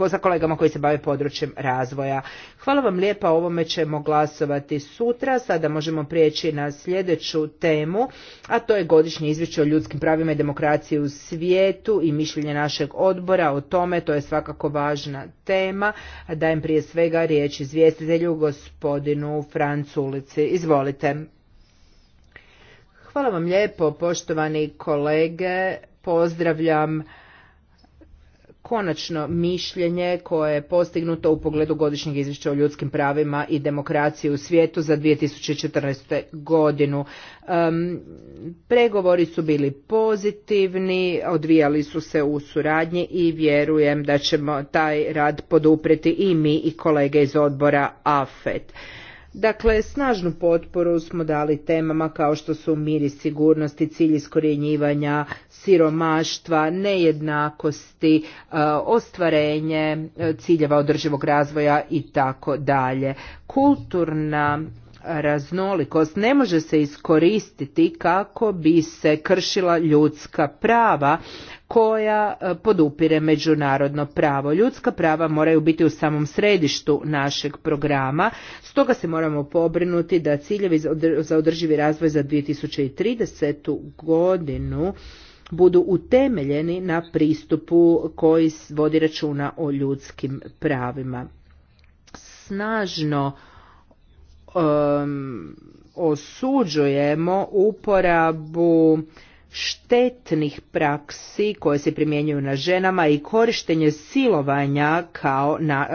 sa kolegama koji se bave područjem razvoja. Hvala vam lijepa, ovome ćemo glasovati sutra. Sada možemo prijeći na sljedeću temu, a to je godišnje izvješće o ljudskim pravima i demokraciji u svijetu i mišljenje našeg odbora o tome, to je svakako svakako važna tema. Dajem prije svega riječ izvjestitelju gospodinu Franculici. Izvolite. Hvala vam lijepo, poštovani kolege. Pozdravljam konačno mišljenje koje je postignuto u pogledu godišnjeg izvješća o ljudskim pravima i demokraciji u svijetu za 2014. godinu. pregovori su bili pozitivni, odvijali su se u suradnji i vjerujem da ćemo taj rad podupreti i mi i kolege iz odbora AFET. Dakle, snažnu potporu smo dali temama kao što su mir i sigurnost i cilj iskorjenjivanja, siromaštva, nejednakosti, e, ostvarenje e, ciljeva održivog razvoja i tako dalje. Kulturna raznolikost ne može se iskoristiti kako bi se kršila ljudska prava koja e, podupire međunarodno pravo. Ljudska prava moraju biti u samom središtu našeg programa, stoga se moramo pobrinuti da ciljevi za održivi razvoj za 2030. godinu budu utemeljeni na pristupu koji vodi računa o ljudskim pravima. Snažno osuđujemo uporabu štetnih praksi koje se primjenjuju na ženama i korištenje silovanja kao na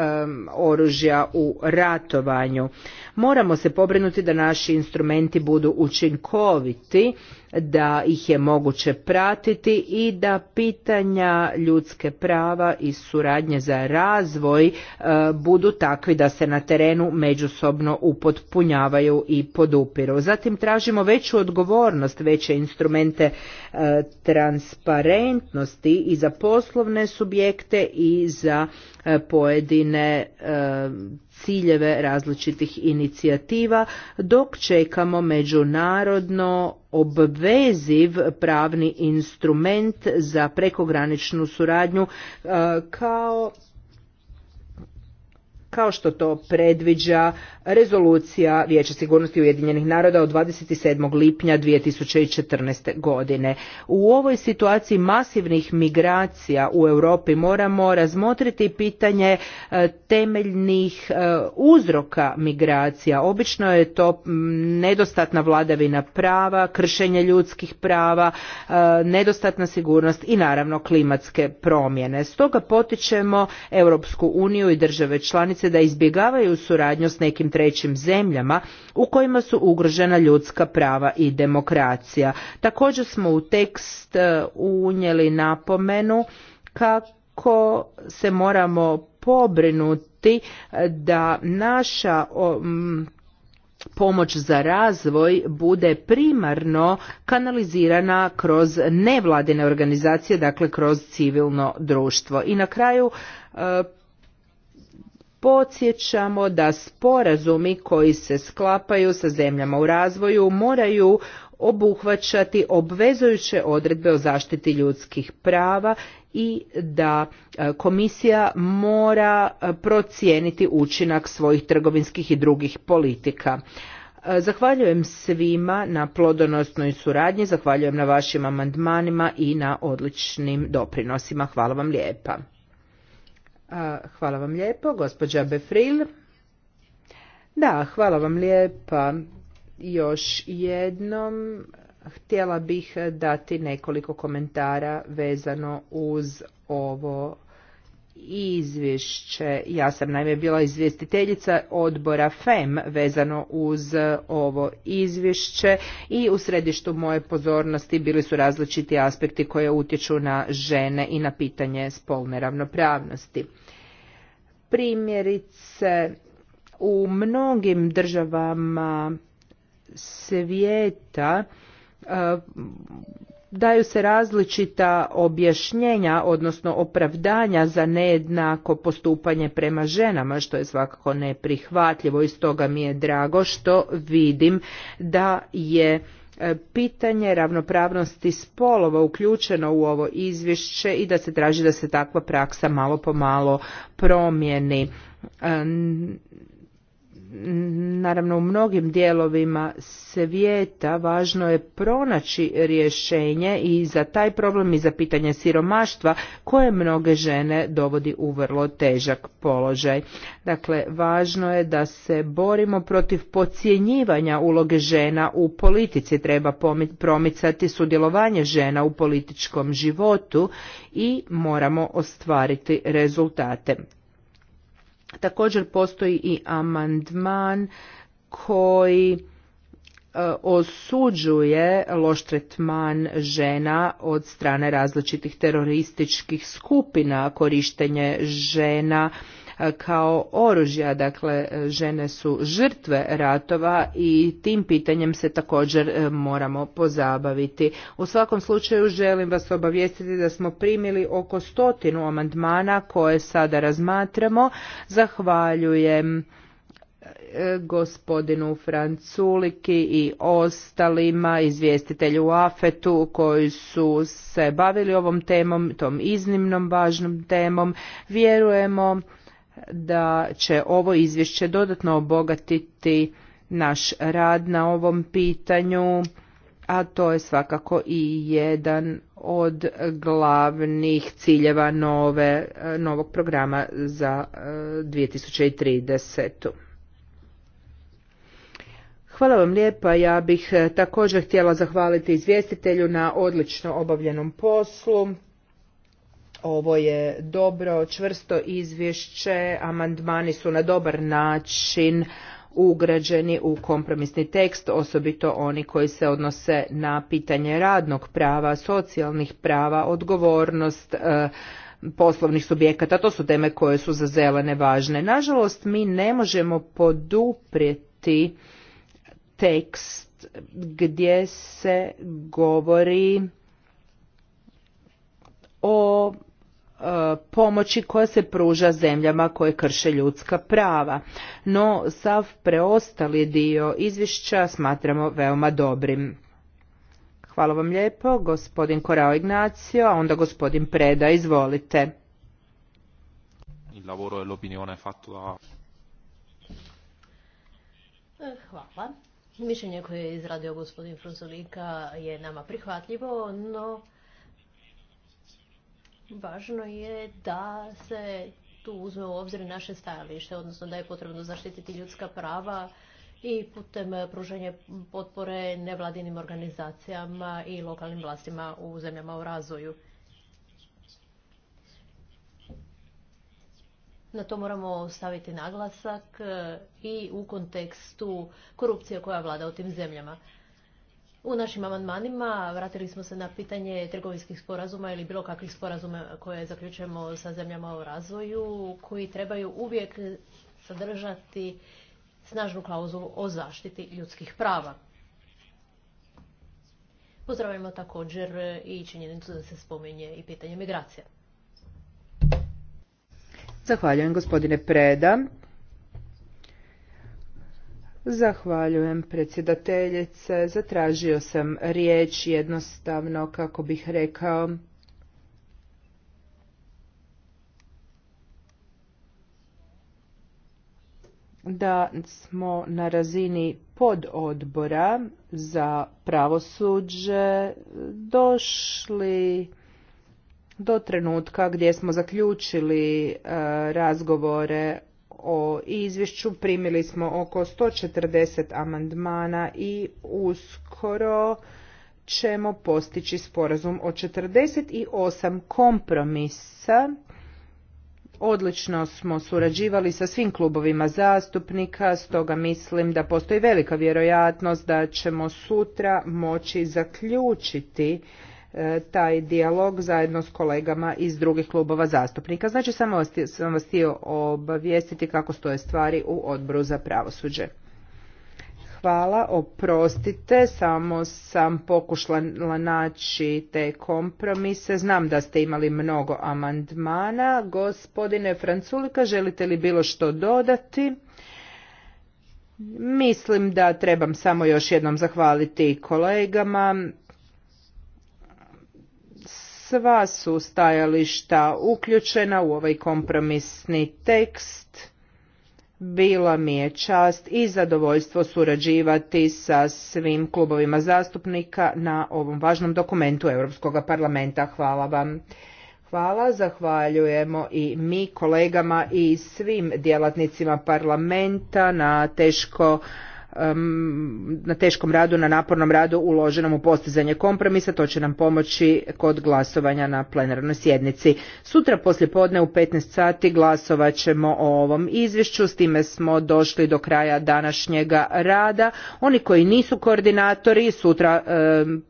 oružja u ratovanju moramo se pobrinuti da naši instrumenti budu učinkoviti da ih je moguće pratiti i da pitanja ljudske prava i suradnje za razvoj e, budu takvi da se na terenu međusobno upotpunjavaju i podupiru. Zatim tražimo veću odgovornost, veće instrumente e, transparentnosti i za poslovne subjekte i za e, pojedine ciljeve različitih inicijativa dok čekamo međunarodno obveziv pravni instrument za prekograničnu suradnju e, kao kao što to predviđa rezolucija Vijeća sigurnosti Ujedinjenih naroda od 27. lipnja 2014. godine. U ovoj situaciji masivnih migracija u Europi moramo razmotriti pitanje e, temeljnih e, uzroka migracija. Obično je to nedostatna vladavina prava, kršenje ljudskih prava, e, nedostatna sigurnost i naravno klimatske promjene. Stoga potičemo Europsku uniju i države članice da izbjegavaju suradnju s nekim trećim zemljama u kojima su ugrožena ljudska prava i demokracija. Također smo u tekst e, unijeli napomenu kako se moramo pobrinuti e, da naša pomoć za razvoj bude primarno kanalizirana kroz nevladine organizacije, dakle kroz civilno društvo. I na kraju e, podsjećamo da sporazumi koji se sklapaju sa zemljama u razvoju moraju obuhvaćati obvezujuće odredbe o zaštiti ljudskih prava i da e, komisija mora e, procijeniti učinak svojih trgovinskih i drugih politika. E, zahvaljujem svima na plodonosnoj suradnji, zahvaljujem na vašim amandmanima i na odličnim doprinosima. Hvala vam lijepa. Hvala vam lijepo, gospođa Befril. Da, hvala vam lijepa. Još jednom htjela bih dati nekoliko komentara vezano uz ovo izvješće. Ja sam naime bila izvjestiteljica odbora FEM vezano uz e, ovo izvješće i u središtu moje pozornosti bili su različiti aspekti koje utječu na žene i na pitanje spolne ravnopravnosti. Primjerice, u mnogim državama svijeta e, daju se različita objašnjenja, odnosno opravdanja za nejednako postupanje prema ženama, što je svakako neprihvatljivo i stoga mi je drago što vidim da je e, pitanje ravnopravnosti spolova uključeno u ovo izvješće i da se traži da se takva praksa malo po malo promijeni e, naravno u mnogim dijelovima svijeta važno je pronaći rješenje i za taj problem i za pitanje siromaštva koje mnoge žene dovodi u vrlo težak položaj. Dakle, važno je da se borimo protiv podcjenjivanja uloge žena u politici. Treba promicati sudjelovanje žena u političkom životu i moramo ostvariti rezultate. Također postoji i amandman koji e, osuđuje loš tretman žena od strane različitih terorističkih skupina, korištenje žena E, kao oružja. Dakle, e, žene su žrtve ratova i tim pitanjem se također e, moramo pozabaviti. U svakom slučaju želim vas obavijestiti da smo primili oko stotinu amandmana koje sada razmatramo. Zahvaljujem gospodinu Franculiki i ostalima izvjestitelju u Afetu koji su se bavili ovom temom, tom iznimnom važnom temom. Vjerujemo da će ovo izvješće dodatno obogatiti naš rad na ovom pitanju, a to je svakako i jedan od glavnih ciljeva nove, novog programa za 2030. E, Hvala vam lijepa, ja bih e, također htjela zahvaliti izvjestitelju na odlično obavljenom poslu. Ovo je dobro, čvrsto izvješće, amandmani su na dobar način ugrađeni u kompromisni tekst, osobito oni koji se odnose na pitanje radnog prava, socijalnih prava, odgovornost, e, poslovnih subjekata, to su teme koje su za zelene važne. Nažalost, mi ne možemo poduprijeti tekst gdje se govori o pomoći koja se pruža zemljama koje krše ljudska prava. No, sav preostali dio izvješća smatramo veoma dobrim. Hvala vam lijepo, gospodin Korao Ignacio, a onda gospodin Preda, izvolite. E Hvala. Mišljenje koje je izradio gospodin Frunzolika je nama prihvatljivo, no Važno je da se tu uzme u obzir naše stajalište, odnosno da je potrebno zaštititi ljudska prava i putem pružanja potpore nevladinim organizacijama i lokalnim vlastima u zemljama u razvoju. Na to moramo staviti naglasak e, i u kontekstu korupcije koja vlada u tim zemljama. U našim amandmanima vratili smo se na pitanje trgovinskih sporazuma ili bilo kakvih sporazuma koje zaključujemo sa zemljama u razvoju, koji trebaju uvijek sadržati snažnu klauzulu o zaštiti ljudskih prava. Pozdravljamo također i činjenicu da se spominje i pitanje migracija. Zahvaljujem gospodine Preda. Zahvaljujem predsjedateljice. Zatražio sam riječ jednostavno kako bih rekao da smo na razini pododbora za pravosuđe došli do trenutka gdje smo zaključili e, razgovore o izvješću primili smo oko 140 amandmana i uskoro ćemo postići sporazum o 48 kompromisa. Odlično smo surađivali sa svim klubovima zastupnika, stoga mislim da postoji velika vjerojatnost da ćemo sutra moći zaključiti E, taj dijalog zajedno s kolegama iz drugih klubova zastupnika. Znači samo sam vas htio obavijestiti kako stoje stvari u odboru za pravosuđe. Hvala, oprostite, samo sam pokušala naći te kompromise. Znam da ste imali mnogo amandmana. Gospodine Franculika, želite li bilo što dodati? Mislim da trebam samo još jednom zahvaliti kolegama sva su stajališta uključena u ovaj kompromisni tekst. Bila mi je čast i zadovoljstvo surađivati sa svim klubovima zastupnika na ovom važnom dokumentu Europskog parlamenta. Hvala vam. Hvala, zahvaljujemo i mi kolegama i svim djelatnicima parlamenta na teško na teškom radu, na napornom radu uloženom u postizanje kompromisa. To će nam pomoći kod glasovanja na plenarnoj sjednici. Sutra poslje podne u 15 sati glasovat ćemo o ovom izvješću. S time smo došli do kraja današnjega rada. Oni koji nisu koordinatori, sutra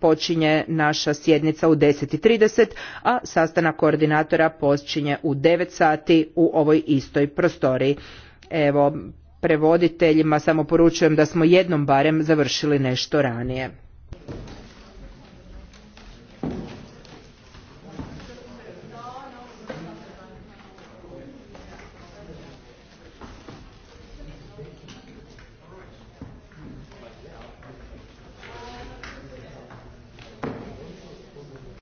počinje naša sjednica u 10.30, a sastanak koordinatora počinje u 9 sati u ovoj istoj prostoriji. Evo, prevoditeljima samo poručujem da smo jednom barem završili nešto ranije.